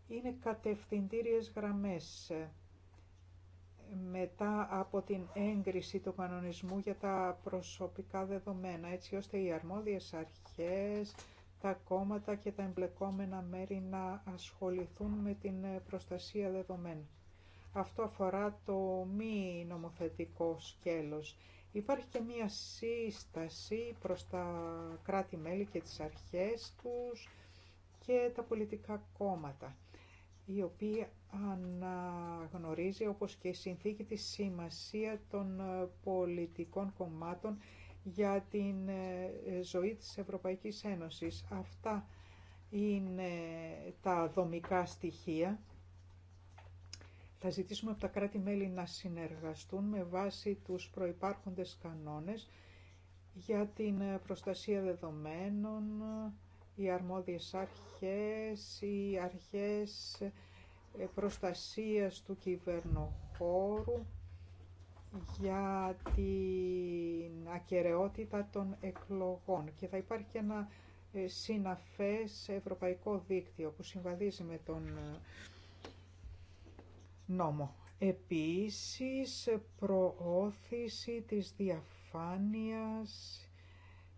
Είναι κατευθυντήριες γραμμές ε, μετά από την έγκριση του κανονισμού για τα προσωπικά δεδομένα, έτσι ώστε οι αρμόδιες αρχές τα κόμματα και τα εμπλεκόμενα μέρη να ασχοληθούν με την ε, προστασία δεδομένων. Αυτό αφορά το μη νομοθετικό σκέλος. Υπάρχει και μία σύσταση προς τα κράτη-μέλη και τις αρχές τους και τα πολιτικά κόμματα, η οποία αναγνωρίζει όπως και η συνθήκη τη σημασία των ε, πολιτικών κομμάτων για την ε, ζωή της Ευρωπαϊκής Ένωσης. Αυτά είναι τα δομικά στοιχεία. Θα ζητήσουμε από τα κράτη-μέλη να συνεργαστούν με βάση τους προϋπάρχοντες κανόνες για την ε, προστασία δεδομένων, οι αρμόδιες αρχές, οι αρχές ε, προστασίας του κυβερνοχώρου για την ακαιρεότητα των εκλογών και θα υπάρχει ένα ε, συναφές ευρωπαϊκό δίκτυο που συμβαδίζει με τον ε, νόμο. Επίσης, προώθηση της διαφάνειας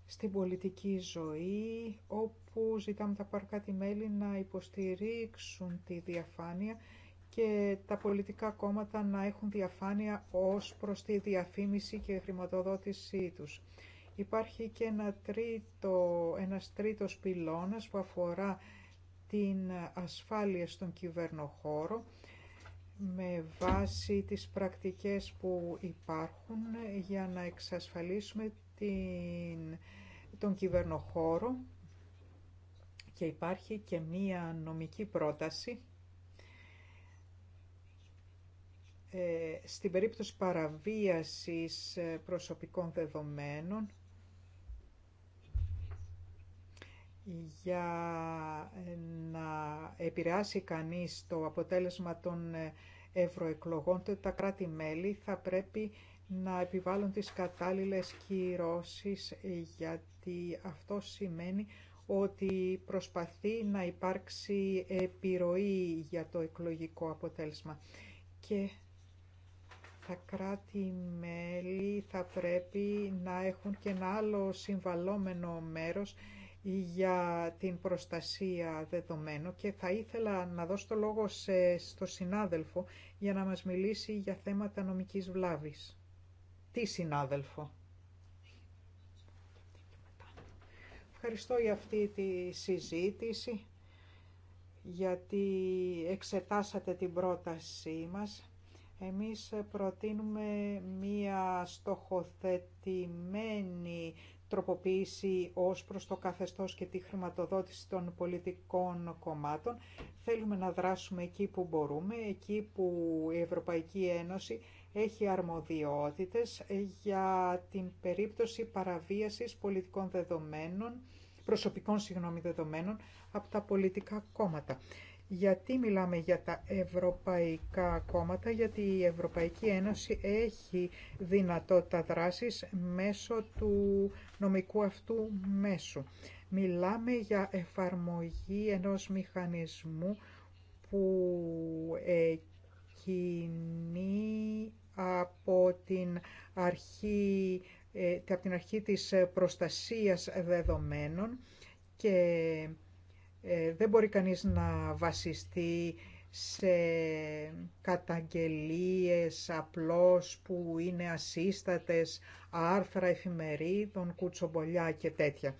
στην πολιτική ζωή, όπου ζητάμε τα παρκάτη μέλη να υποστηρίξουν τη διαφάνεια και τα πολιτικά κόμματα να έχουν διαφάνεια ως προς τη διαφήμιση και χρηματοδότησή τους. Υπάρχει και ένα τρίτο, ένας τρίτος πυλώνας που αφορά την ασφάλεια στον κυβερνοχώρο με βάση τις πρακτικές που υπάρχουν για να εξασφαλίσουμε την, τον κυβερνοχώρο και υπάρχει και μία νομική πρόταση Ε, στην περίπτωση παραβίασης ε, προσωπικών δεδομένων για ε, να επηρεάσει κανείς το αποτέλεσμα των ευρωεκλογών, τα κράτη-μέλη θα πρέπει να επιβάλλουν τις κατάλληλες κυρώσεις γιατί αυτό σημαίνει ότι προσπαθεί να υπάρξει επιρροή για το εκλογικό αποτέλεσμα. Και τα κράτη-μέλη θα πρέπει να έχουν και ένα άλλο συμβαλόμενο μέρος για την προστασία δεδομένων και θα ήθελα να δώσω το λόγο σε, στο συνάδελφο για να μας μιλήσει για θέματα νομικής βλάβης. Τι συνάδελφο. Ευχαριστώ για αυτή τη συζήτηση γιατί εξετάσατε την πρότασή μας εμείς προτείνουμε μία στοχοθετημένη τροποποίηση ως προς το καθεστώς και τη χρηματοδότηση των πολιτικών κομμάτων. Θέλουμε να δράσουμε εκεί που μπορούμε, εκεί που η Ευρωπαϊκή Ένωση έχει αρμοδιότητες για την περίπτωση παραβίασης πολιτικών δεδομένων, προσωπικών συγγνώμη δεδομένων από τα πολιτικά κόμματα. Γιατί μιλάμε για τα ευρωπαϊκά κόμματα, γιατί η Ευρωπαϊκή Ένωση έχει δυνατότητα δράσης μέσω του νομικού αυτού μέσου. Μιλάμε για εφαρμογή ενός μηχανισμού που κινεί από την αρχή, ε, από την αρχή της προστασίας δεδομένων και ε, δεν μπορεί κανείς να βασιστεί σε καταγγελίες απλώς που είναι ασύστατες, άρθρα εφημερίδων, κουτσομπολιά και τέτοια.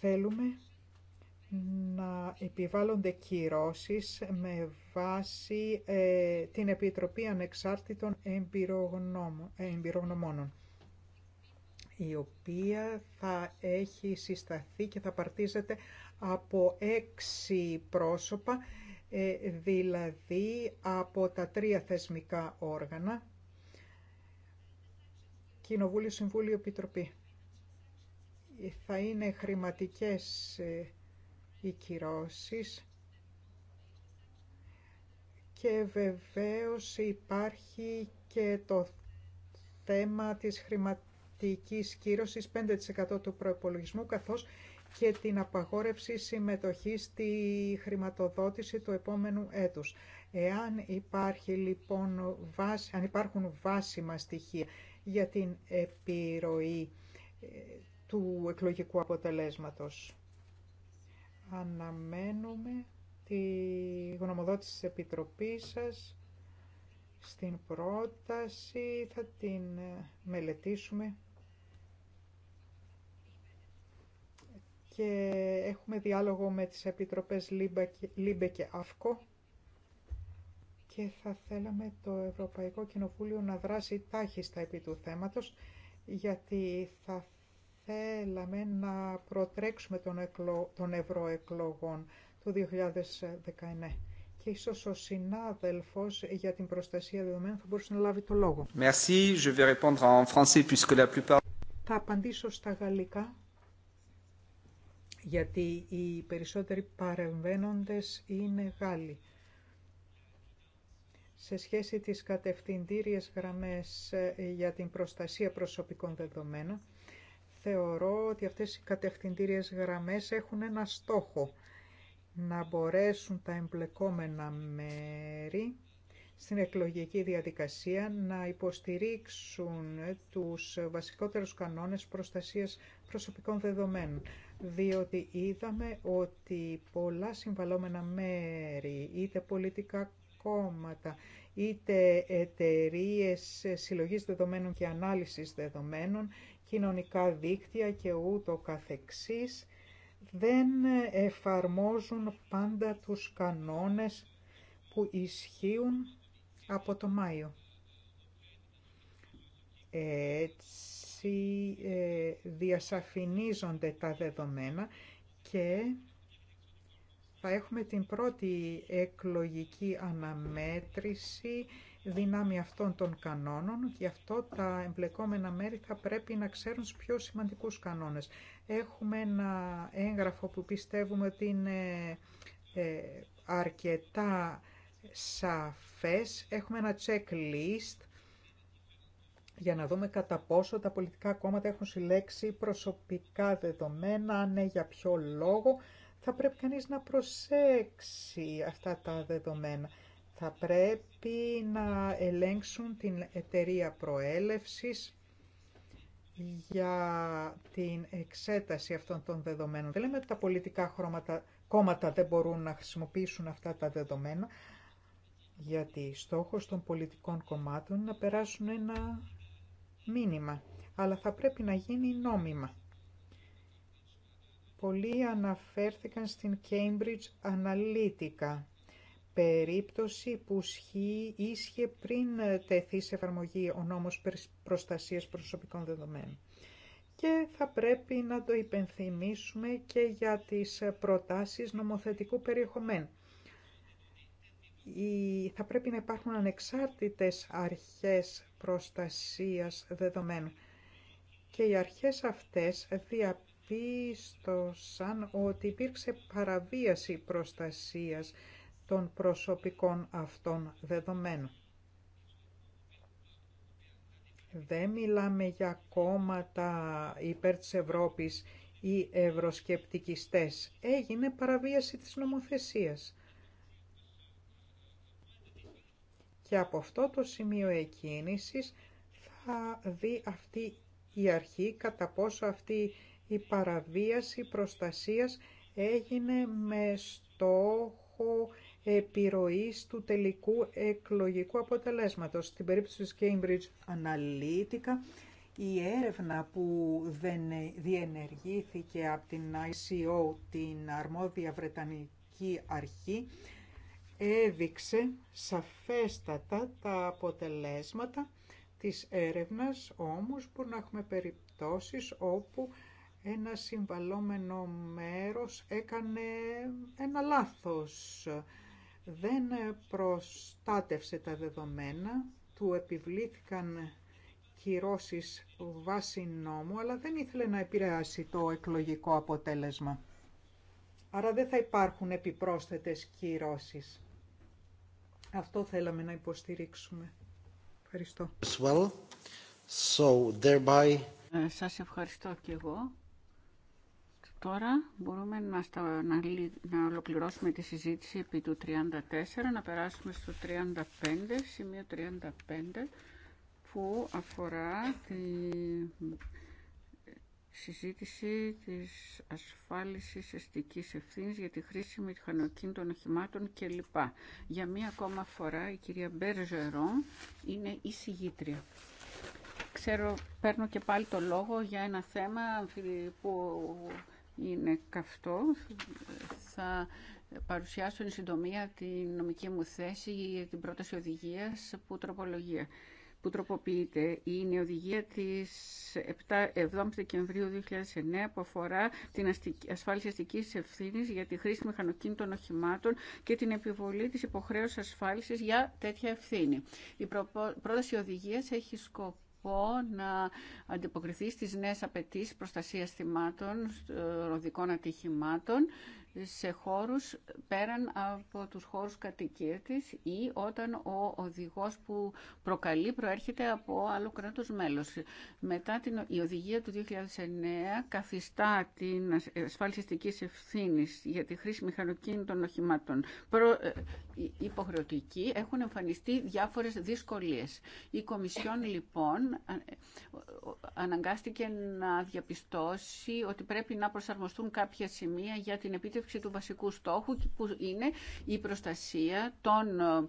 Θέλουμε να επιβάλλονται κυρώσεις με βάση ε, την Επιτροπή Ανεξάρτητων ε, Εμπειρογνωμόνων η οποία θα έχει συσταθεί και θα παρτίζεται από έξι πρόσωπα, ε, δηλαδή από τα τρία θεσμικά όργανα, Κοινοβούλιο, Συμβούλιο, Επιτροπή. Θα είναι χρηματικές ε, οι κυρώσεις και βεβαίως υπάρχει και το θέμα της χρηματικής κύρωσης 5% του προϋπολογισμού καθώς και την απαγόρευση συμμετοχής στη χρηματοδότηση του επόμενου έτους. Εάν υπάρχει, λοιπόν, βάση, αν υπάρχουν βάσιμα στοιχεία για την επιρροή ε, του εκλογικού αποτελέσματος. Αναμένουμε τη γνωμοδότηση της Επιτροπής σας στην πρόταση, θα την ε, μελετήσουμε και έχουμε διάλογο με τις Επιτροπές ΛΥΜΠΕ και ΑΦΚΟ και θα θέλαμε το Ευρωπαϊκό Κοινοβούλιο να δράσει τάχιστα επί του θέματος γιατί θα θέλαμε να προτρέξουμε τον, εκλο... ευρωεκλογών του 2019 και ίσως ο συνάδελφος για την προστασία δεδομένων θα μπορούσε να λάβει το λόγο. Merci. Je vais répondre en français puisque la plupart... Θα απαντήσω στα γαλλικά γιατί οι περισσότεροι παρεμβαίνοντες είναι Γάλλοι. Σε σχέση τις κατευθυντήριες γραμμές ε, για την προστασία προσωπικών δεδομένων, θεωρώ ότι αυτές οι κατευθυντήριες γραμμές έχουν ένα στόχο να μπορέσουν τα εμπλεκόμενα μέρη στην εκλογική διαδικασία να υποστηρίξουν τους βασικότερους κανόνες προστασίας προσωπικών δεδομένων διότι είδαμε ότι πολλά συμβαλόμενα μέρη, είτε πολιτικά κόμματα, είτε εταιρείε συλλογής δεδομένων και ανάλυσης δεδομένων, κοινωνικά δίκτυα και ούτω καθεξής, δεν εφαρμόζουν πάντα τους κανόνες που ισχύουν από το Μάιο. Έτσι, έτσι ε, διασαφηνίζονται τα δεδομένα και θα έχουμε την πρώτη εκλογική αναμέτρηση δυνάμει αυτών των κανόνων, γι' αυτό τα εμπλεκόμενα μέρη θα πρέπει να ξέρουν πιο σημαντικούς κανόνες. Έχουμε ένα έγγραφο που πιστεύουμε ότι είναι ε, αρκετά σαφές, έχουμε ένα checklist για να δούμε κατά πόσο τα πολιτικά κόμματα έχουν συλλέξει προσωπικά δεδομένα, αν ναι, για ποιο λόγο. Θα πρέπει κανείς να προσέξει αυτά τα δεδομένα. Θα πρέπει να ελέγξουν την εταιρεία προέλευσης για την εξέταση αυτών των δεδομένων. Δεν λέμε ότι τα πολιτικά χρώματα, κόμματα δεν μπορούν να χρησιμοποιήσουν αυτά τα δεδομένα, γιατί στόχος των πολιτικών κομμάτων είναι να περάσουν ένα μήνυμα, αλλά θα πρέπει να γίνει νόμιμα. Πολλοί αναφέρθηκαν στην Cambridge Analytica, περίπτωση που ίσχυε πριν τεθεί σε εφαρμογή ο νόμος προστασίας προσωπικών δεδομένων. Και θα πρέπει να το υπενθυμίσουμε και για τις προτάσεις νομοθετικού περιεχομένου θα πρέπει να υπάρχουν ανεξάρτητες αρχές προστασίας δεδομένων. Και οι αρχές αυτές διαπίστωσαν ότι υπήρξε παραβίαση προστασίας των προσωπικών αυτών δεδομένων. Δεν μιλάμε για κόμματα υπέρ της Ευρώπης ή ευροσκεπτικιστές. Έγινε παραβίαση της νομοθεσίας. Και από αυτό το σημείο εκκίνησης θα δει αυτή η αρχή κατά πόσο αυτή η παραβίαση προστασίας έγινε με στόχο επιρροής του τελικού εκλογικού αποτελέσματος. Στην περίπτωση της Cambridge Analytica, η έρευνα που δεν διενεργήθηκε από την ICO, την αρμόδια Βρετανική Αρχή, έδειξε σαφέστατα τα αποτελέσματα της έρευνας, όμως που να έχουμε περιπτώσεις όπου ένα συμβαλόμενο μέρος έκανε ένα λάθος. Δεν προστάτευσε τα δεδομένα, του επιβλήθηκαν κυρώσεις βάσει νόμου, αλλά δεν ήθελε να επηρεάσει το εκλογικό αποτέλεσμα. Άρα δεν θα υπάρχουν επιπρόσθετες κυρώσεις. Αυτό θέλαμε να υποστηρίξουμε. Ευχαριστώ. Well. So, thereby... ε, σας ευχαριστώ και εγώ. Τώρα μπορούμε να, στα, να, να ολοκληρώσουμε τη συζήτηση επί του 34, να περάσουμε στο 35, σημείο 35, που αφορά τη συζήτηση της ασφάλισης αστικής ευθύνη για τη χρήση μηχανοκίνητων οχημάτων κλπ. Για μία ακόμα φορά η κυρία Μπερζερό είναι η συγγήτρια. Ξέρω, παίρνω και πάλι το λόγο για ένα θέμα που είναι καυτό. Θα παρουσιάσω εν συντομία την νομική μου θέση για την πρόταση οδηγίας που τροπολογία που τροποποιείται είναι η οδηγία της 7 Δεκεμβρίου 2009 που αφορά την ασφάλιση αστικής ευθύνης για τη χρήση μηχανοκίνητων οχημάτων και την επιβολή της υποχρέωσης ασφάλισης για τέτοια ευθύνη. Η πρόταση οδηγίας έχει σκοπό να αντιποκριθεί στις νέες απαιτήσεις προστασίας θυμάτων, ροδικών ατυχημάτων σε χώρους πέραν από τους χώρους κατοικία της ή όταν ο οδηγός που προκαλεί προέρχεται από άλλο κράτος μέλος. Μετά την, η οδηγία του 2009 καθιστά την ασφαλιστική ευθύνη για τη χρήση μηχανοκίνητων οχημάτων προ, ε, υποχρεωτική έχουν εμφανιστεί διάφορες δυσκολίες. Η Κομισιόν λοιπόν αναγκάστηκε να διαπιστώσει ότι πρέπει να προσαρμοστούν κάποια σημεία για την επίτευξη του βασικού στόχου που είναι η προστασία των ε,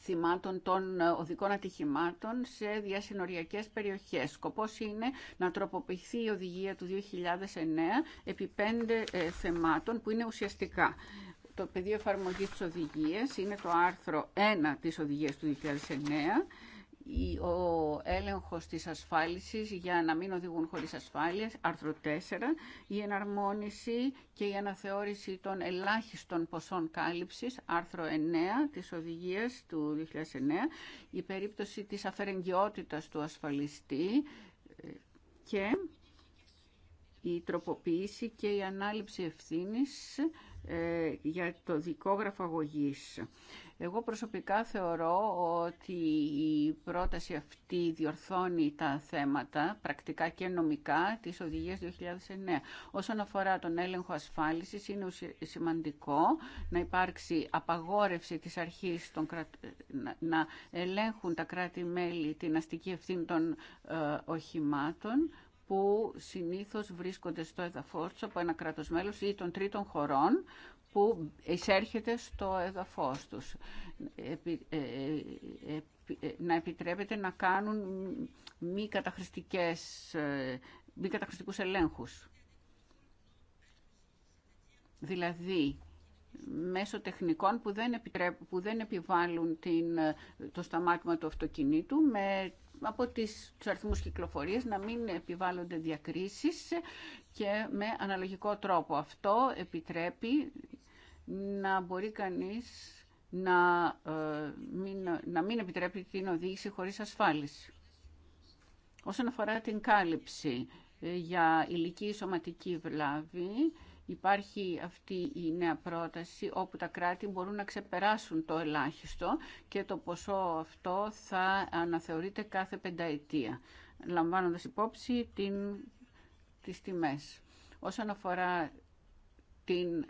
θυμάτων των ε, οδικών ατυχημάτων σε διασυνοριακές περιοχές. Σκοπός είναι να τροποποιηθεί η οδηγία του 2009 επί πέντε ε, θεμάτων που είναι ουσιαστικά. Το πεδίο εφαρμογή της οδηγίας είναι το άρθρο 1 της οδηγίας του 2009 ο έλεγχος της ασφάλισης για να μην οδηγούν χωρίς ασφάλειες, άρθρο 4, η εναρμόνιση και η αναθεώρηση των ελάχιστων ποσών κάλυψης, άρθρο 9 της οδηγίας του 2009, η περίπτωση της αφαιρεγγιότητας του ασφαλιστή ε, και η τροποποίηση και η ανάληψη ευθύνης ε, για το δικόγραφο αγωγής. Εγώ προσωπικά θεωρώ ότι η πρόταση αυτή διορθώνει τα θέματα πρακτικά και νομικά της Οδηγίας 2009. Όσον αφορά τον έλεγχο ασφάλισης, είναι σημαντικό να υπάρξει απαγόρευση της αρχής των να ελέγχουν τα κράτη-μέλη την αστική ευθύνη των ε, οχημάτων που συνήθως βρίσκονται στο εδαφός από ένα κράτος μέλος ή των τρίτων χωρών που εισέρχεται στο εδαφός τους. Ε, ε, ε, να επιτρέπεται να κάνουν μη, καταχρηστικές, μη καταχρηστικούς ελέγχους. Δηλαδή, μέσω τεχνικών που δεν, δεν επιβάλλουν την, το σταμάτημα του αυτοκινήτου με από τις, τους αριθμούς κυκλοφορίας να μην επιβάλλονται διακρίσεις και με αναλογικό τρόπο. Αυτό επιτρέπει να μπορεί κανείς να, ε, μην, να μην επιτρέπει την οδήγηση χωρίς ασφάλιση. Όσον αφορά την κάλυψη ε, για ηλική σωματική βλάβη, υπάρχει αυτή η νέα πρόταση όπου τα κράτη μπορούν να ξεπεράσουν το ελάχιστο και το ποσό αυτό θα αναθεωρείται κάθε πενταετία, λαμβάνοντας υπόψη την, τις τιμές. Όσον αφορά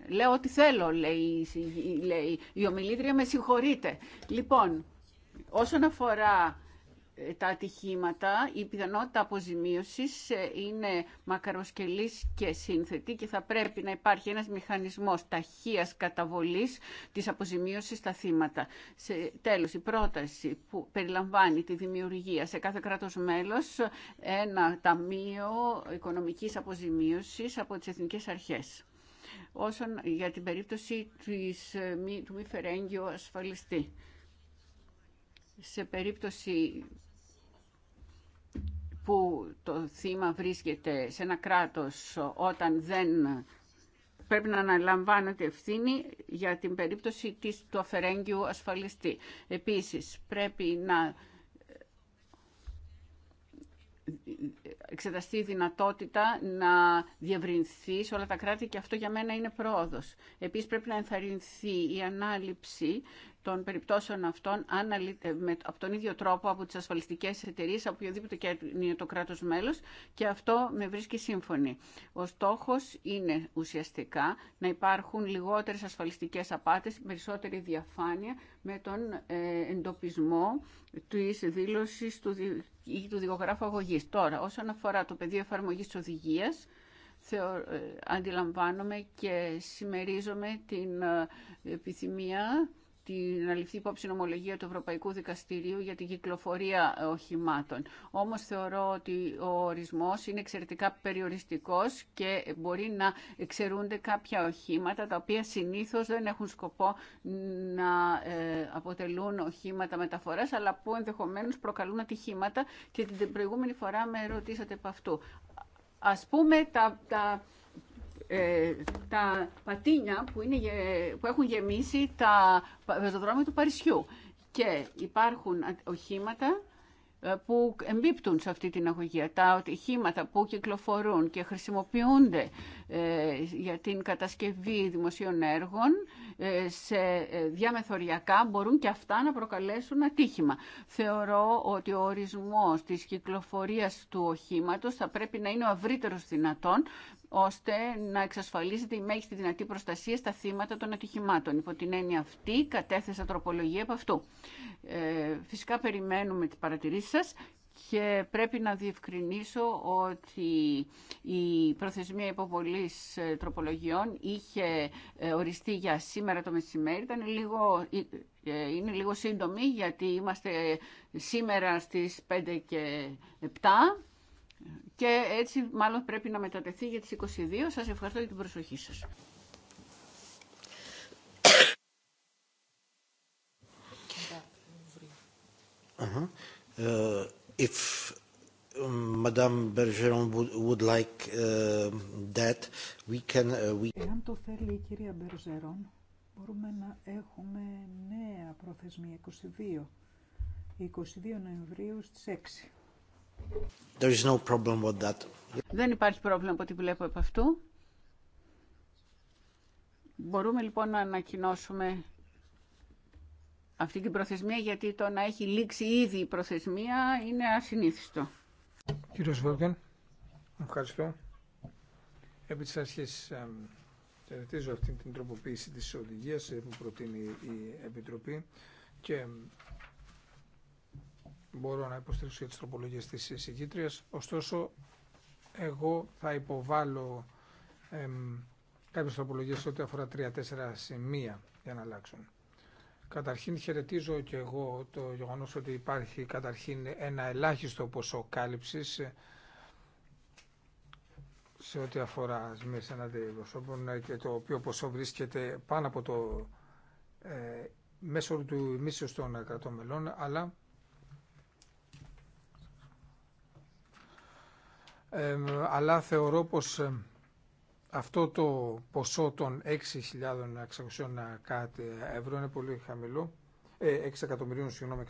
Λέω ό,τι θέλω, λέει, λέει η ομιλήτρια, με συγχωρείτε. Λοιπόν, όσον αφορά ε, τα ατυχήματα, η πιθανότητα αποζημίωσης ε, είναι μακαροσκελής και σύνθετη και θα πρέπει να υπάρχει ένας μηχανισμός ταχείας καταβολής της αποζημίωσης στα θύματα. Σε, τέλος, η πρόταση που περιλαμβάνει τη δημιουργία σε κάθε κράτος μέλος ε, ένα ταμείο οικονομικής αποζημίωσης από τις εθνικές αρχές όσον για την περίπτωση της, ε, του μη φερέγγιου ασφαλιστή. Σε περίπτωση που το θύμα βρίσκεται σε ένα κράτος όταν δεν πρέπει να αναλαμβάνεται ευθύνη για την περίπτωση της, του αφαιρέγγιου ασφαλιστή. Επίσης, πρέπει να εξεταστεί η δυνατότητα να διευρυνθεί σε όλα τα κράτη και αυτό για μένα είναι πρόοδος. Επίσης πρέπει να ενθαρρυνθεί η ανάληψη των περιπτώσεων αυτών ε, από τον ίδιο τρόπο από τις ασφαλιστικές εταιρείες, από οποιοδήποτε και είναι το κράτος μέλος και αυτό με βρίσκει σύμφωνη. Ο στόχος είναι ουσιαστικά να υπάρχουν λιγότερες ασφαλιστικές απάτες, περισσότερη διαφάνεια με τον ε, εντοπισμό της δήλωσης του ή του δικογράφου αγωγή. Τώρα, όσον αφορά το πεδίο εφαρμογή οδηγία, οδηγίας, ε, αντιλαμβάνομαι και συμμερίζομαι την ε, επιθυμία την, να ληφθεί υπόψη νομολογία του Ευρωπαϊκού Δικαστηρίου για την κυκλοφορία οχημάτων. Όμως θεωρώ ότι ο ορισμός είναι εξαιρετικά περιοριστικός και μπορεί να εξαιρούνται κάποια οχήματα τα οποία συνήθως δεν έχουν σκοπό να ε, αποτελούν οχήματα μεταφορά, αλλά που ενδεχομένως προκαλούν ατυχήματα και την προηγούμενη φορά με ρωτήσατε από αυτού. Ας πούμε τα, τα ε, τα πατίνια που, είναι, που έχουν γεμίσει τα πεζοδρόμια του Παρισιού. Και υπάρχουν οχήματα ε, που εμπίπτουν σε αυτή την αγωγία. Τα οχήματα που κυκλοφορούν και χρησιμοποιούνται ε, για την κατασκευή δημοσίων έργων σε διαμεθοριακά μπορούν και αυτά να προκαλέσουν ατύχημα. Θεωρώ ότι ο ορισμός της κυκλοφορίας του οχήματος θα πρέπει να είναι ο αυρύτερος δυνατόν ώστε να εξασφαλίζεται η μέγιστη δυνατή προστασία στα θύματα των ατυχημάτων. Υπό την έννοια αυτή κατέθεσα τροπολογία από αυτού. Ε, φυσικά περιμένουμε τις παρατηρήσεις σας και πρέπει να διευκρινίσω ότι η προθεσμία υποβολής ε, τροπολογιών είχε ε, οριστεί για σήμερα το μεσημέρι. λίγο, είναι λίγο σύντομη γιατί είμαστε σήμερα στις 5 και και έτσι μάλλον πρέπει να μετατεθεί για τις 22. Σας ευχαριστώ για την προσοχή σας. Uh-huh. Uh if um, Madame Bergeron would, like uh, that, we can... Εάν uh, το θέλει η κυρία Μπερζερόν, μπορούμε να έχουμε νέα προθεσμία 22, 22 Νοεμβρίου στις 6 no problem with that. Δεν υπάρχει πρόβλημα από ό,τι βλέπω από αυτού. Μπορούμε λοιπόν να ανακοινώσουμε αυτή την προθεσμία, γιατί το να έχει λήξει ήδη η προθεσμία είναι ασυνήθιστο. Κύριο Βόγκεν, ευχαριστώ. Επί της αρχής χαιρετίζω αυτή την τροποποίηση της οδηγίας που προτείνει η Επιτροπή και μπορώ να υποστηρίξω για τις τροπολογίες της συγκήτριας. Ωστόσο, εγώ θα υποβάλω εμ, κάποιες τροπολογίες ό,τι αφορά τρία-τέσσερα σημεία για να αλλάξουν. Καταρχήν χαιρετίζω και εγώ το γεγονός ότι υπάρχει καταρχήν ένα ελάχιστο ποσό κάλυψης ε, σε ό,τι αφορά σε εναντί προσώπων ε, και το οποίο ποσό βρίσκεται πάνω από το ε, μέσο του μίσεως των κρατών μελών, αλλά αλλά θεωρώ πως αυτό το ποσό των 6.600 ευρώ είναι πολύ χαμηλό. 6 ε, εκατομμυρίων, συγγνώμη,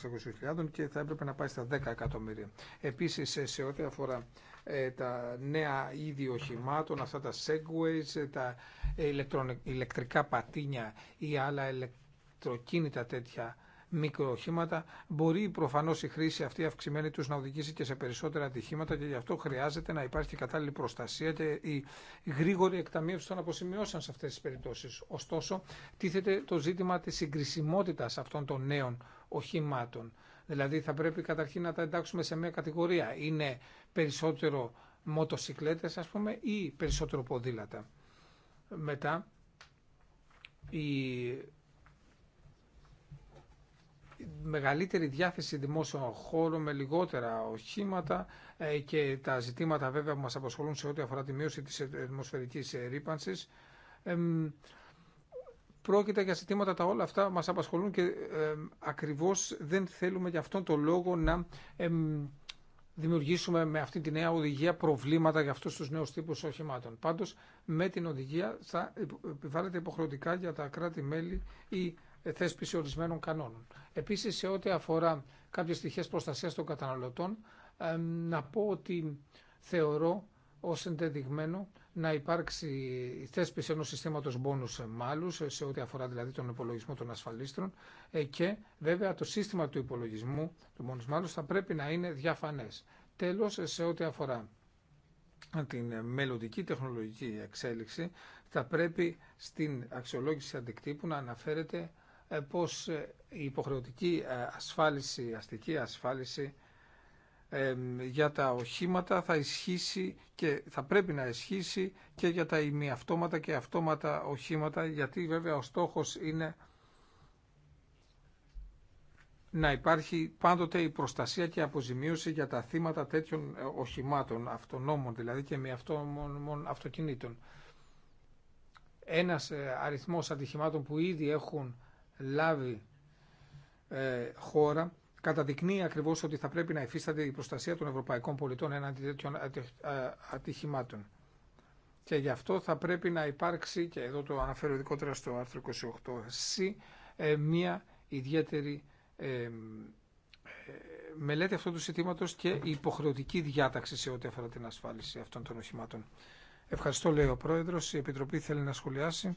600.000 και θα έπρεπε να πάει στα 10 εκατομμύρια. Επίσης, ε, σε ό,τι αφορά ε, τα νέα είδη οχημάτων, αυτά τα segways, τα ηλεκτρικά πατίνια ή άλλα ηλεκτροκίνητα τέτοια μικροοχήματα, μπορεί προφανώ η χρήση αυτή αυξημένη του να οδηγήσει και σε περισσότερα ατυχήματα και γι' αυτό χρειάζεται να υπάρχει κατάλληλη προστασία και η γρήγορη εκταμείευση των αποσημειώσεων σε αυτέ τι περιπτώσει. Ωστόσο, τίθεται το ζήτημα τη συγκρισιμότητα αυτών των νέων οχημάτων. Δηλαδή θα πρέπει καταρχήν να τα εντάξουμε σε μια κατηγορία. Είναι περισσότερο μοτοσυκλέτε, α πούμε ή περισσότερο ποδήλατα. Μετά η μεγαλύτερη διάθεση δημόσιων χώρων με λιγότερα οχήματα ε, και τα ζητήματα βέβαια που μας απασχολούν σε ό,τι αφορά τη μείωση της ατμοσφαιρικής ρήπανσης πρόκειται για ζητήματα τα όλα αυτά μας απασχολούν και ακριβώς δεν θέλουμε για αυτόν τον λόγο να δημιουργήσουμε με αυτή τη νέα οδηγία προβλήματα για αυτούς τους νέους τύπους οχημάτων. Πάντως, με την οδηγία θα επιβάλλεται υποχρεωτικά για τα κράτη-μέλη η θέσπιση ορισμένων κανόνων. Επίσης, σε ό,τι αφορά κάποιες στοιχείες προστασίας των καταναλωτών, να πω ότι θεωρώ ως ενδεδειγμένο να υπάρξει η θέσπιση ενός συστήματος bonus μάλους ε, σε ό,τι αφορά δηλαδή τον υπολογισμό των ασφαλίστρων ε, και βέβαια το σύστημα του υπολογισμού του bonus μάλους θα πρέπει να είναι διαφανές. Τέλος, ε, σε ό,τι αφορά την μελλοντική τεχνολογική εξέλιξη θα πρέπει στην αξιολόγηση αντικτύπου να αναφέρεται ε, πως ε, η υποχρεωτική ε, ασφάλιση, αστική ασφάλιση για τα οχήματα θα ισχύσει και θα πρέπει να ισχύσει και για τα ημιαυτόματα και αυτόματα οχήματα γιατί βέβαια ο στόχος είναι να υπάρχει πάντοτε η προστασία και η αποζημίωση για τα θύματα τέτοιων οχημάτων, αυτονόμων δηλαδή και μη αυτονόμων αυτοκινήτων. Ένας αριθμός ατυχημάτων που ήδη έχουν λάβει ε, χώρα καταδεικνύει ακριβώς ότι θα πρέπει να υφίσταται η προστασία των ευρωπαϊκών πολιτών έναντι τέτοιων ε, ατυχημάτων. Και γι' αυτό θα πρέπει να υπάρξει, και εδώ το αναφέρω ειδικότερα στο άρθρο 28C, ε, μια ιδιαίτερη ε, ε, μελέτη αυτού του ζητήματο και υποχρεωτική διάταξη σε ό,τι αφορά την ασφάλιση αυτών των οχημάτων. Ευχαριστώ, λέει ο Πρόεδρο. Η Επιτροπή θέλει να σχολιάσει.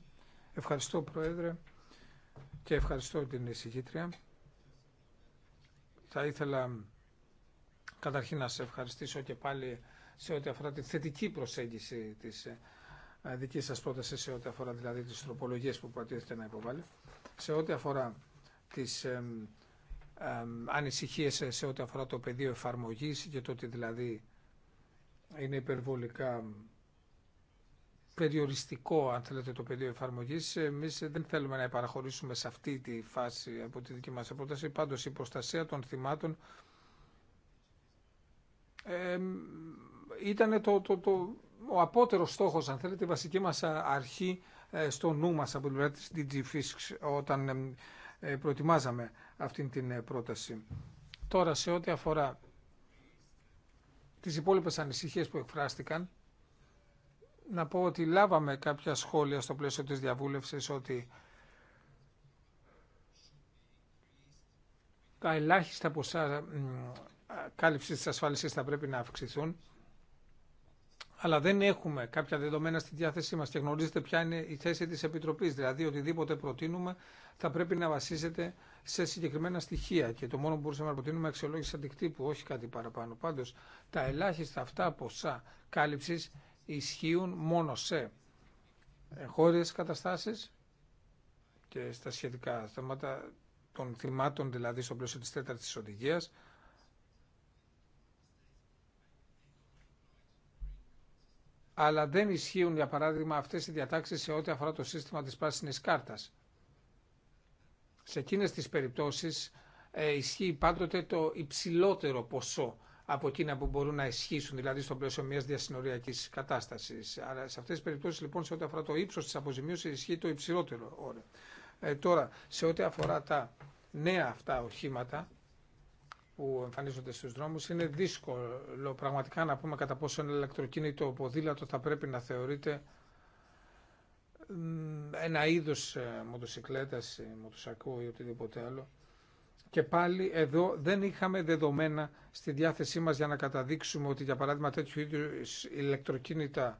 Ευχαριστώ, Πρόεδρε και ευχαριστώ την εισηγήτρια. Θα ήθελα καταρχήν να σε ευχαριστήσω και πάλι σε ό,τι αφορά τη θετική προσέγγιση της ε, δική σας πρόταση σε ό,τι αφορά δηλαδή τις τροπολογίες που προτίθεται να υποβάλει. Σε ό,τι αφορά τις ανησυχίες σε ό,τι αφορά το πεδίο εφαρμογής και το ότι δηλαδή είναι υπερβολικά περιοριστικό, αν θέλετε, το πεδίο εφαρμογή. Εμεί δεν θέλουμε να υπαραχωρήσουμε σε αυτή τη φάση από τη δική μα πρόταση. Πάντω, η προστασία των θυμάτων ε, ήταν το, το, το, ο απότερο στόχο, αν θέλετε, η βασική μα αρχή ε, στο νου μα από την πλευρά τη DG όταν ε, προετοιμάζαμε αυτή την ε, πρόταση. Τώρα, σε ό,τι αφορά τις υπόλοιπες ανησυχίες που εκφράστηκαν, να πω ότι λάβαμε κάποια σχόλια στο πλαίσιο της διαβούλευσης ότι τα ελάχιστα ποσά κάλυψης της ασφάλισης θα πρέπει να αυξηθούν αλλά δεν έχουμε κάποια δεδομένα στη διάθεσή μας και γνωρίζετε ποια είναι η θέση της Επιτροπής. Δηλαδή οτιδήποτε προτείνουμε θα πρέπει να βασίζεται σε συγκεκριμένα στοιχεία και το μόνο που μπορούσαμε να προτείνουμε αξιολόγηση αντικτύπου, όχι κάτι παραπάνω. Πάντως τα ελάχιστα αυτά ποσά κάλυψης ισχύουν μόνο σε χώρες καταστάσεις και στα σχετικά θέματα των θυμάτων, δηλαδή στο πλαίσιο της τέταρτης αλλά δεν ισχύουν, για παράδειγμα, αυτές οι διατάξεις σε ό,τι αφορά το σύστημα της πράσινης κάρτας. Σε εκείνες τις περιπτώσεις ε, ισχύει πάντοτε το υψηλότερο ποσό από εκείνα που μπορούν να ισχύσουν, δηλαδή στο πλαίσιο μια διασυνοριακή κατάσταση. σε αυτέ τι περιπτώσει, λοιπόν, σε ό,τι αφορά το ύψο τη αποζημίωση, ισχύει το υψηλότερο όριο. Ε, τώρα, σε ό,τι αφορά τα νέα αυτά οχήματα που εμφανίζονται στου δρόμου, είναι δύσκολο πραγματικά να πούμε κατά πόσο ένα ηλεκτροκίνητο ποδήλατο θα πρέπει να θεωρείται ένα είδος ε, μοτοσυκλέτας, ε, μοτοσακού ή οτιδήποτε άλλο και πάλι εδώ δεν είχαμε δεδομένα στη διάθεσή μας για να καταδείξουμε ότι για παράδειγμα τέτοιου είδου ηλεκτροκίνητα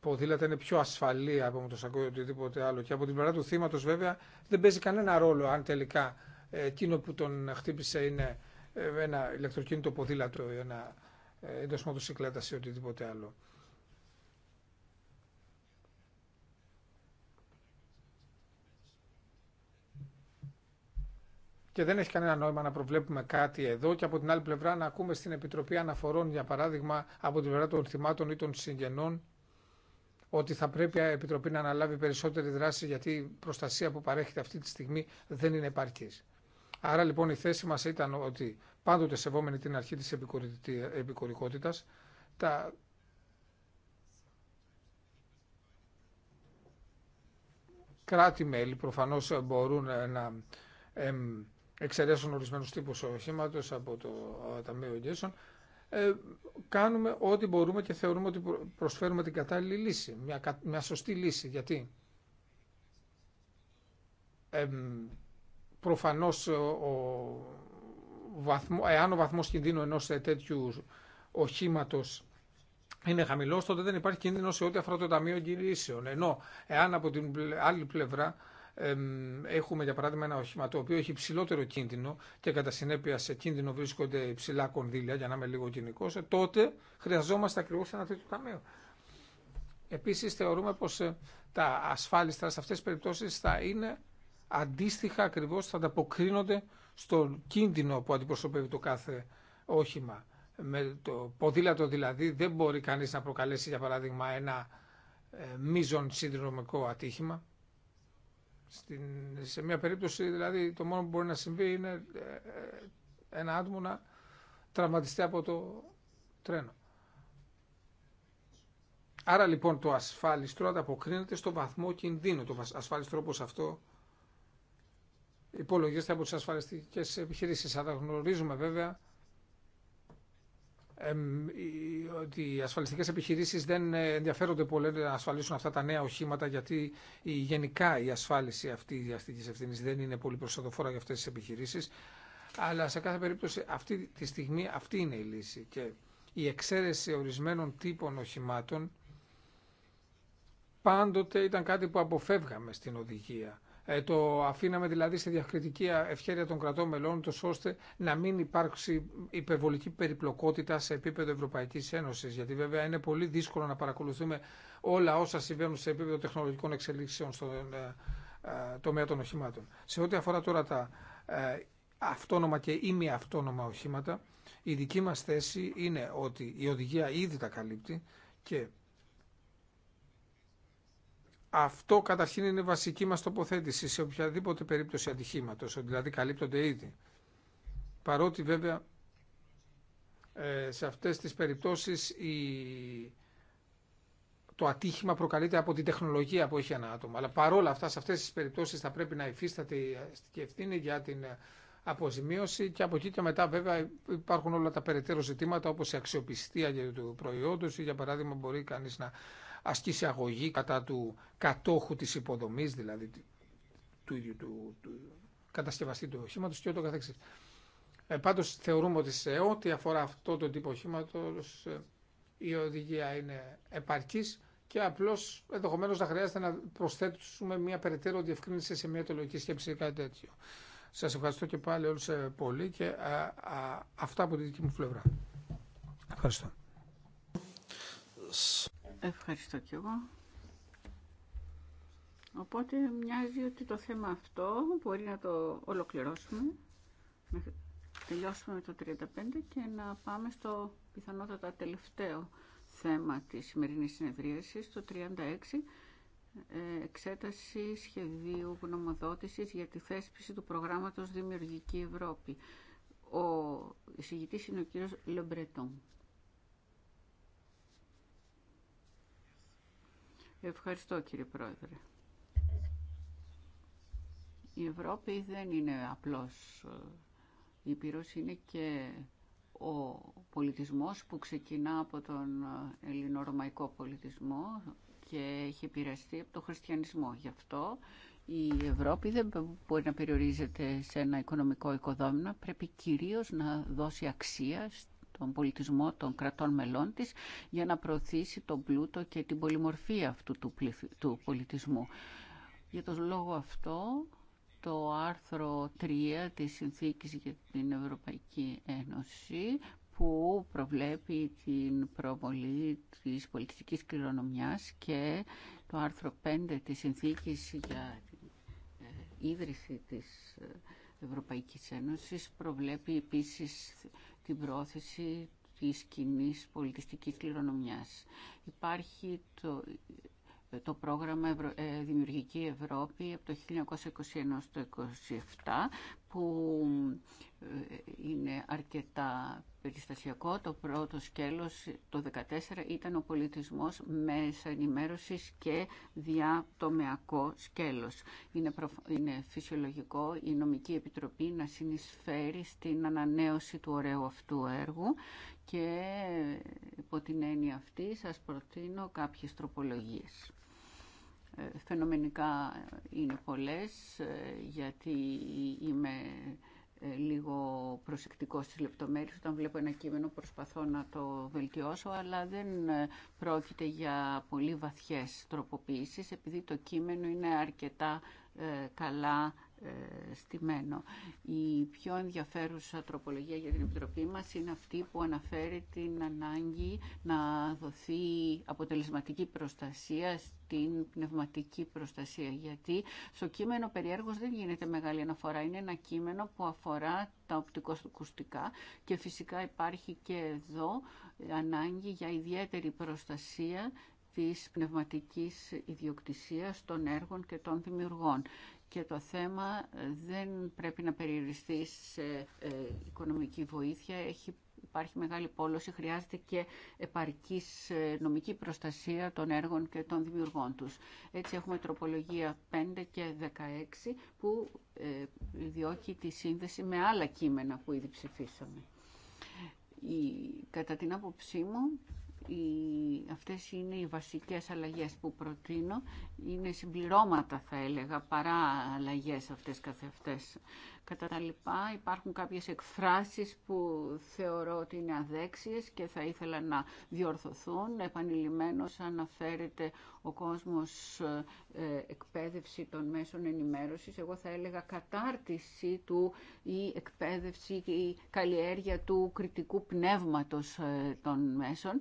ποδήλατα είναι πιο ασφαλή από μοτοσακό ή οτιδήποτε άλλο. Και από την πλευρά του θύματο, βέβαια, δεν παίζει κανένα ρόλο αν τελικά ε, εκείνο που τον χτύπησε είναι ε, ένα ηλεκτροκίνητο ποδήλατο ή ένα ε, εντό μοτοσυκλέτας ή οτιδήποτε άλλο. και δεν έχει κανένα νόημα να προβλέπουμε κάτι εδώ και από την άλλη πλευρά να ακούμε στην Επιτροπή Αναφορών, για παράδειγμα, από την πλευρά των θυμάτων ή των συγγενών, ότι θα πρέπει η Επιτροπή να αναλάβει περισσότερη δράση γιατί η προστασία που παρέχεται αυτή τη στιγμή δεν είναι επαρκής. Άρα λοιπόν η θέση μας ήταν ότι πάντοτε σεβόμενη την αρχή της επικορικότητας, τα κράτη-μέλη προφανώς μπορούν να Εξαιρέσουν ορισμένου τύπου οχήματο από το Ταμείο Εγγύσεων, ε, κάνουμε ό,τι μπορούμε και θεωρούμε ότι προσφέρουμε την κατάλληλη λύση, μια, μια σωστή λύση. Γιατί ε, προφανώς ο, εάν ο βαθμός κινδύνου ενός ε, τέτοιου οχήματο είναι χαμηλό, τότε δεν υπάρχει κίνδυνο σε ό,τι αφορά το Ταμείο Εγγυήσεων. Ενώ, εάν από την άλλη πλευρά έχουμε για παράδειγμα ένα όχημα το οποίο έχει ψηλότερο κίνδυνο και κατά συνέπεια σε κίνδυνο βρίσκονται υψηλά κονδύλια, για να είμαι λίγο κοινικό, τότε χρειαζόμαστε ακριβώ ένα τέτοιο ταμείο. Επίση, θεωρούμε πω ε, τα ασφάλιστα σε αυτέ τι περιπτώσει θα είναι αντίστοιχα ακριβώ, θα ανταποκρίνονται στον κίνδυνο που αντιπροσωπεύει το κάθε όχημα. Με το ποδήλατο δηλαδή δεν μπορεί κανείς να προκαλέσει για παράδειγμα ένα ε, μείζον συνδρομικό ατύχημα στην, σε μια περίπτωση δηλαδή το μόνο που μπορεί να συμβεί είναι ε, ε, ένα άτομο να τραυματιστεί από το τρένο. Άρα λοιπόν το ασφάλιστρο ανταποκρίνεται στο βαθμό κινδύνου. Το ασφάλιστρο όπως αυτό υπολογίζεται από τις ασφαλιστικές επιχειρήσεις. Αλλά γνωρίζουμε βέβαια ότι οι ασφαλιστικές επιχειρήσεις δεν ε, ενδιαφέρονται πολύ να ασφαλίσουν αυτά τα νέα οχήματα γιατί γενικά η ασφάλιση αυτή η διαστικής ευθύνη δεν είναι πολύ προστατοφόρα για αυτές τις επιχειρήσεις αλλά σε κάθε περίπτωση αυτή τη στιγμή αυτή είναι η λύση και η εξαίρεση ορισμένων τύπων οχημάτων πάντοτε ήταν κάτι που αποφεύγαμε στην οδηγία ε, το αφήναμε δηλαδή στη διακριτική ευχέρεια των κρατών μελών, ώστε να μην υπάρξει υπερβολική περιπλοκότητα σε επίπεδο Ευρωπαϊκής Ένωσης. Γιατί βέβαια είναι πολύ δύσκολο να παρακολουθούμε όλα όσα συμβαίνουν σε επίπεδο τεχνολογικών εξελίξεων στον ε, ε, τομέα των οχημάτων. Σε ό,τι αφορά τώρα τα αυτόνομα και αυτόνομα οχήματα, η δική μας θέση είναι ότι η οδηγία ήδη τα καλύπτει και αυτό καταρχήν είναι βασική μας τοποθέτηση σε οποιαδήποτε περίπτωση ατυχήματος, δηλαδή καλύπτονται ήδη. Παρότι βέβαια ε, σε αυτές τις περιπτώσεις η... το ατύχημα προκαλείται από την τεχνολογία που έχει ένα άτομο. Αλλά παρόλα αυτά σε αυτές τις περιπτώσεις θα πρέπει να υφίσταται η αστική ευθύνη για την αποζημίωση και από εκεί και μετά βέβαια υπάρχουν όλα τα περαιτέρω ζητήματα όπως η αξιοπιστία του προϊόντος ή για παράδειγμα μπορεί κανείς να ασκήσει αγωγή κατά του κατόχου της υποδομής, δηλαδή του ίδιου του, του, κατασκευαστή του οχήματο και ούτω καθεξής. Ε, πάντως θεωρούμε ότι σε ό,τι αφορά αυτό το τύπο οχήματο ε, η οδηγία είναι επαρκής και απλώς ενδεχομένω να χρειάζεται να προσθέσουμε μια περαιτέρω διευκρίνηση σε μια τελογική σκέψη ή κάτι τέτοιο. Σας ευχαριστώ και πάλι όλους ε, πολύ και α, ε, α, αυτά από τη δική μου πλευρά. Ευχαριστώ. Ευχαριστώ κι εγώ. Οπότε μοιάζει ότι το θέμα αυτό μπορεί να το ολοκληρώσουμε. να Τελειώσουμε με το 35 και να πάμε στο πιθανότατα τελευταίο θέμα της σημερινής συνεδρίασης, το 36, ε, εξέταση σχεδίου γνωμοδότησης για τη θέσπιση του προγράμματος Δημιουργική Ευρώπη. Ο εισηγητής είναι ο κύριος Λεμπρετόν. Ευχαριστώ κύριε Πρόεδρε. Η Ευρώπη δεν είναι απλώς ε, η Ήπειρος, είναι και ο πολιτισμός που ξεκινά από τον ε, ελληνορωμαϊκό πολιτισμό και έχει επηρεαστεί από τον χριστιανισμό. Γι' αυτό η Ευρώπη δεν μπορεί να περιορίζεται σε ένα οικονομικό οικοδόμημα, πρέπει κυρίως να δώσει αξία τον πολιτισμό των κρατών μελών της για να προωθήσει τον πλούτο και την πολυμορφία αυτού του, πολιτισμού. Για τον λόγο αυτό το άρθρο 3 της Συνθήκης για την Ευρωπαϊκή Ένωση που προβλέπει την προβολή της πολιτιστικής κληρονομιάς και το άρθρο 5 της Συνθήκης για την ε, ίδρυση της ε, Ευρωπαϊκής Ένωσης προβλέπει επίσης την πρόθεση της κοινή πολιτιστικής κληρονομιάς. Υπάρχει το, το πρόγραμμα ε, Δημιουργική Ευρώπη από το 1921 στο 1927 που ε, είναι αρκετά περιστασιακό. Το πρώτο σκέλος το 2014 ήταν ο πολιτισμός μέσα ενημέρωση και διατομεακό σκέλος. Είναι, είναι φυσιολογικό η Νομική Επιτροπή να συνεισφέρει στην ανανέωση του ωραίου αυτού έργου και υπό την έννοια αυτή σας προτείνω κάποιες τροπολογίες. Ε, φαινομενικά είναι πολλές ε, γιατί είμαι ε, λίγο προσεκτικό στις λεπτομέρειες. Όταν βλέπω ένα κείμενο προσπαθώ να το βελτιώσω, αλλά δεν πρόκειται για πολύ βαθιές τροποποίησεις, επειδή το κείμενο είναι αρκετά καλά στημένο. Η πιο ενδιαφέρουσα τροπολογία για την Επιτροπή μας είναι αυτή που αναφέρει την ανάγκη να δοθεί αποτελεσματική προστασία στην πνευματική προστασία. Γιατί στο κείμενο περιέργως δεν γίνεται μεγάλη αναφορά. Είναι ένα κείμενο που αφορά τα οπτικοακουστικά και φυσικά υπάρχει και εδώ ανάγκη για ιδιαίτερη προστασία της πνευματικής ιδιοκτησίας των έργων και των δημιουργών και το θέμα ε, δεν πρέπει να περιοριστεί σε ε, οικονομική βοήθεια. Έχει, υπάρχει μεγάλη πόλωση, χρειάζεται και επαρκής ε, νομική προστασία των έργων και των δημιουργών τους. Έτσι έχουμε τροπολογία 5 και 16 που διώκει τη σύνδεση με άλλα κείμενα που ήδη ψηφίσαμε. Η, κατά την άποψή μου, οι, αυτές είναι οι βασικές αλλαγές που προτείνω. Είναι συμπληρώματα θα έλεγα παρά αλλαγές αυτές καθευτές. Κατά τα λοιπά υπάρχουν κάποιες εκφράσεις που θεωρώ ότι είναι αδέξιες και θα ήθελα να διορθωθούν. Επανειλημμένως αναφέρεται ο κόσμος ε, εκπαίδευση των μέσων ενημέρωσης. Εγώ θα έλεγα κατάρτιση του ή εκπαίδευση ή καλλιέργεια του κριτικού πνεύματος ε, των μέσων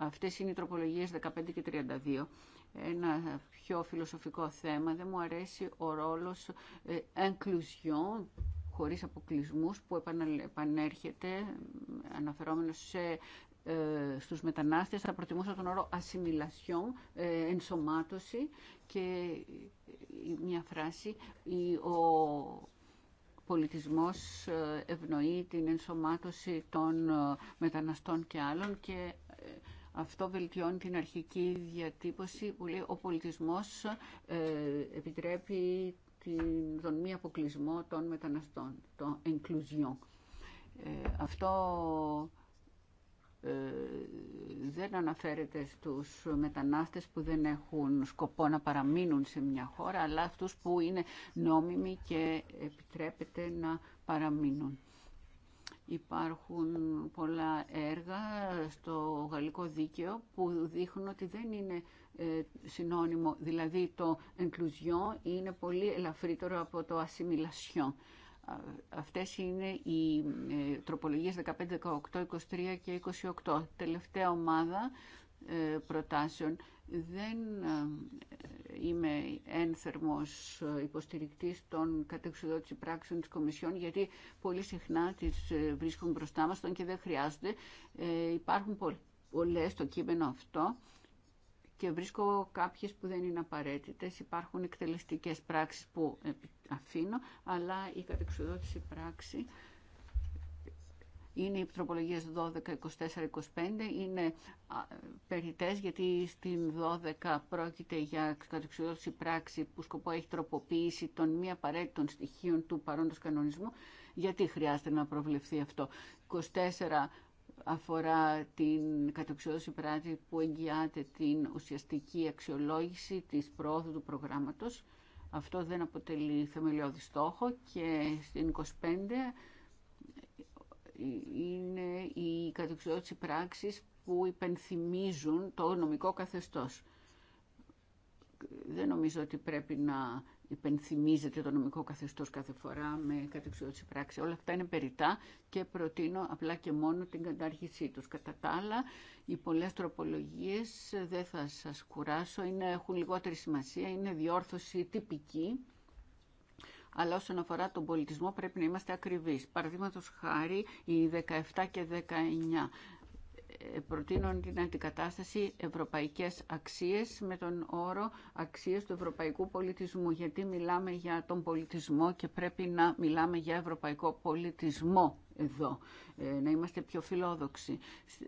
Αυτές είναι οι τροπολογίες 15 και 32. Ένα πιο φιλοσοφικό θέμα. Δεν μου αρέσει ο ρόλος ε, inclusion, χωρίς αποκλεισμούς, που επανέρχεται αναφερόμενος σε ε, στους μετανάστες θα προτιμούσα τον όρο assimilation, ε, ενσωμάτωση και μια φράση ο πολιτισμός ευνοεί την ενσωμάτωση των μεταναστών και άλλων και αυτό βελτιώνει την αρχική διατύπωση που λέει ο πολιτισμός ε, επιτρέπει τον μη αποκλεισμό των μεταναστών, το inclusion. Ε, αυτό ε, δεν αναφέρεται στους μετανάστες που δεν έχουν σκοπό να παραμείνουν σε μια χώρα, αλλά αυτούς που είναι νόμιμοι και επιτρέπεται να παραμείνουν. Υπάρχουν πολλά έργα στο γαλλικό δίκαιο που δείχνουν ότι δεν είναι ε, συνώνυμο. Δηλαδή το inclusion είναι πολύ ελαφρύτερο από το assimilation. Αυτές είναι οι ε, τροπολογίες 15, 18, 23 και 28. Τελευταία ομάδα προτάσεων. Δεν ε, είμαι ένθερμος υποστηρικτής των κατεξουδότηση πράξεων της Κομισιόν, γιατί πολύ συχνά τις ε, βρίσκουν μπροστά μας, και δεν χρειάζονται. Ε, υπάρχουν πολλές στο κείμενο αυτό και βρίσκω κάποιες που δεν είναι απαραίτητες. Υπάρχουν εκτελεστικές πράξεις που αφήνω, αλλά η κατεξουδότηση πράξη είναι οι τροπολογίες 12, 24, 25, είναι περιτές γιατί στην 12 πρόκειται για κατεξοδότηση πράξη που σκοπό έχει τροποποίηση των μη απαραίτητων στοιχείων του παρόντος κανονισμού. Γιατί χρειάζεται να προβλεφθεί αυτό. 24 αφορά την κατεξοδότηση πράξη που εγγυάται την ουσιαστική αξιολόγηση της πρόοδου του προγράμματος. Αυτό δεν αποτελεί θεμελιώδη στόχο και στην 25 είναι οι κατεξοδότηση πράξεις που υπενθυμίζουν το νομικό καθεστώς. Δεν νομίζω ότι πρέπει να υπενθυμίζεται το νομικό καθεστώς κάθε φορά με κατεξοδότηση πράξη. Όλα αυτά είναι περιτά και προτείνω απλά και μόνο την κατάρχησή τους. Κατά τα άλλα, οι πολλές τροπολογίες δεν θα σας κουράσω, είναι, έχουν λιγότερη σημασία, είναι διόρθωση τυπική αλλά όσον αφορά τον πολιτισμό πρέπει να είμαστε ακριβείς. Παραδείγματο χάρη οι 17 και 19 ε, προτείνουν την αντικατάσταση ευρωπαϊκές αξίες με τον όρο αξίες του ευρωπαϊκού πολιτισμού γιατί μιλάμε για τον πολιτισμό και πρέπει να μιλάμε για ευρωπαϊκό πολιτισμό εδώ, ε, να είμαστε πιο φιλόδοξοι.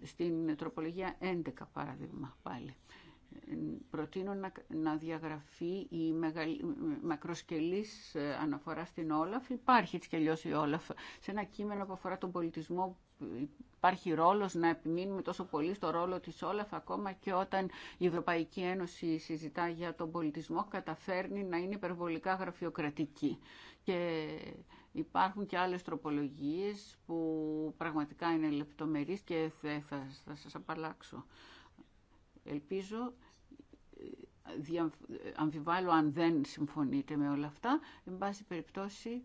Στην τροπολογία 11 παράδειγμα πάλι προτείνω να, διαγραφεί η μεγαλ, μακροσκελής ε, αναφορά στην Όλαφ. Υπάρχει έτσι κι η Όλαφ. Σε ένα κείμενο που αφορά τον πολιτισμό υπάρχει ρόλος να επιμείνουμε τόσο πολύ στο ρόλο της Όλαφ ακόμα και όταν η Ευρωπαϊκή Ένωση συζητά για τον πολιτισμό καταφέρνει να είναι υπερβολικά γραφειοκρατική. Και Υπάρχουν και άλλες τροπολογίες που πραγματικά είναι λεπτομερείς και θα, θα σας απαλλάξω. Ελπίζω, ε, αμφιβάλλω αν δεν συμφωνείτε με όλα αυτά, εν πάση περιπτώσει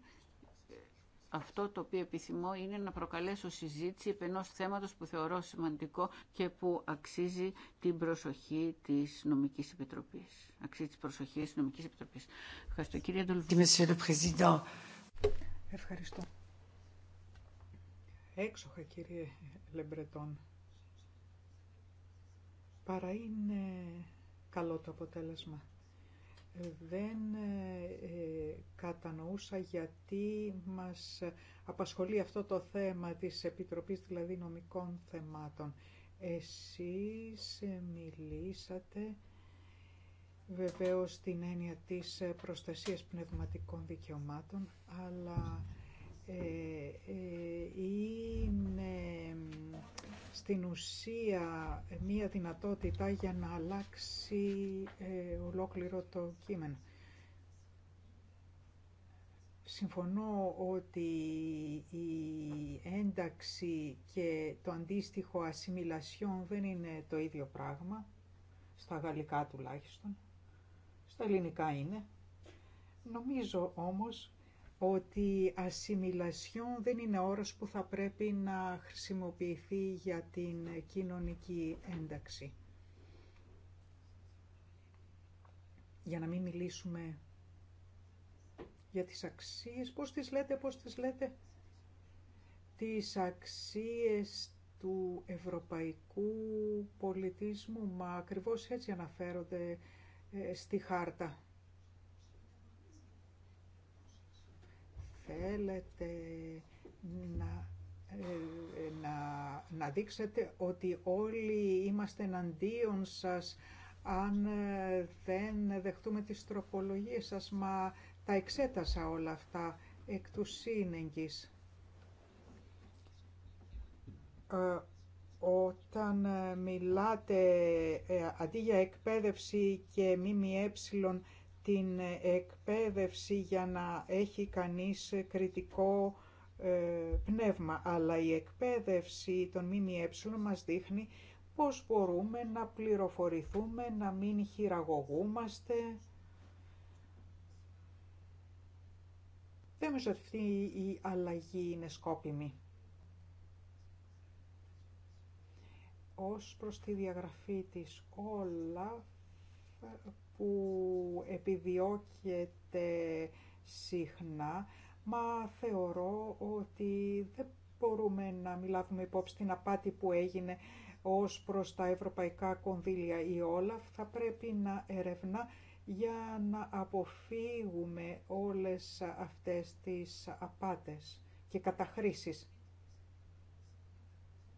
αυτό το οποίο επιθυμώ είναι να προκαλέσω συζήτηση επ' ενός θέματος που θεωρώ σημαντικό και που αξίζει την προσοχή της Νομικής Επιτροπής. Αξίζει της προσοχής της Νομικής Επιτροπής. Ευχαριστώ κύριε Ντολβίδη. Ευχαριστώ. Έξοχα κύριε Λεμπρετών παρά είναι καλό το αποτέλεσμα. Δεν ε, κατανοούσα γιατί μας απασχολεί αυτό το θέμα της Επιτροπής δηλαδή νομικών θεμάτων. Εσείς μιλήσατε βεβαίως στην έννοια της προστασίας πνευματικών δικαιωμάτων, αλλά ε, ε είναι στην ουσία μία δυνατότητα για να αλλάξει ε, ολόκληρο το κείμενο. Συμφωνώ ότι η ένταξη και το αντίστοιχο ασημιλασιόν δεν είναι το ίδιο πράγμα, στα γαλλικά τουλάχιστον, στα ελληνικά είναι. Νομίζω όμως ότι ασυμιλασιόν δεν είναι όρος που θα πρέπει να χρησιμοποιηθεί για την κοινωνική ένταξη. Για να μην μιλήσουμε για τις αξίες, πώς τις λέτε, πώς τις λέτε, τις αξίες του ευρωπαϊκού πολιτισμού, μα ακριβώς έτσι αναφέρονται ε, στη χάρτα θέλετε να, ε, να, να δείξετε ότι όλοι είμαστε εναντίον σας αν ε, δεν δεχτούμε τις τροπολογίες σας, μα τα εξέτασα όλα αυτά εκ του ε, όταν μιλάτε αντί για εκπαίδευση και έ την εκπαίδευση για να έχει κανείς κριτικό ε, πνεύμα, αλλά η εκπαίδευση των ΜΜΕ μας δείχνει πώς μπορούμε να πληροφορηθούμε, να μην χειραγωγούμαστε. Δεν νομίζω ότι αυτή η αλλαγή είναι σκόπιμη. Ως προς τη διαγραφή της όλα που επιδιώκεται συχνά, μα θεωρώ ότι δεν μπορούμε να μιλάμε λάβουμε υπόψη την απάτη που έγινε ως προς τα ευρωπαϊκά κονδύλια ή όλα, θα πρέπει να ερευνά για να αποφύγουμε όλες αυτές τις απάτες και καταχρήσεις.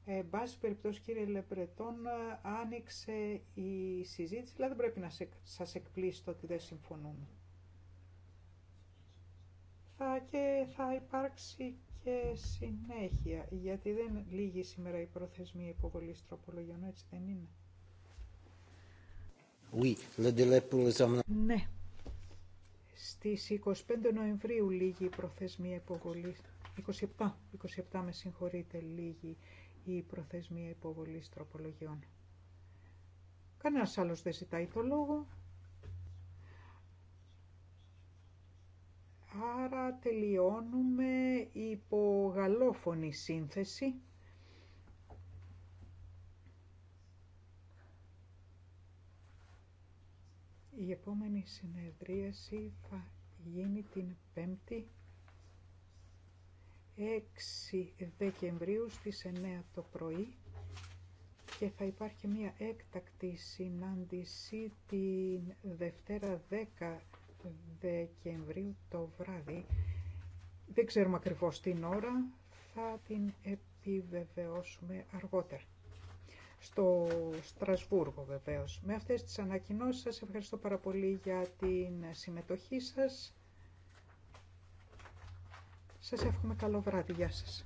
Εν πάση περιπτώσει κύριε Λεπρετών άνοιξε η συζήτηση, αλλά δεν πρέπει να σας εκπλήσει το ότι δεν συμφωνούμε. Θα και θα υπάρξει και συνέχεια, γιατί δεν λύγει σήμερα η προθεσμία υποβολή τροπολογιών, έτσι δεν είναι. Oui, le délai pour les... Ναι. Στις 25 Νοεμβρίου λύγει η προθεσμία υποβολής. 27, 27 με συγχωρείτε, λύγει η προθεσμία υποβολή τροπολογιών. Κανένα άλλο δεν ζητάει το λόγο. Άρα τελειώνουμε υπογαλόφωνη σύνθεση. Η επόμενη συνεδρίαση θα γίνει την 5 6 Δεκεμβρίου στις 9 το πρωί και θα υπάρχει μια έκτακτη συνάντηση την Δευτέρα 10 Δεκεμβρίου το βράδυ. Δεν ξέρουμε ακριβώς την ώρα, θα την επιβεβαιώσουμε αργότερα. Στο Στρασβούργο βεβαίως. Με αυτές τις ανακοινώσεις σας ευχαριστώ πάρα πολύ για την συμμετοχή σας σας εύχομαι καλό βράδυ. Γεια σας.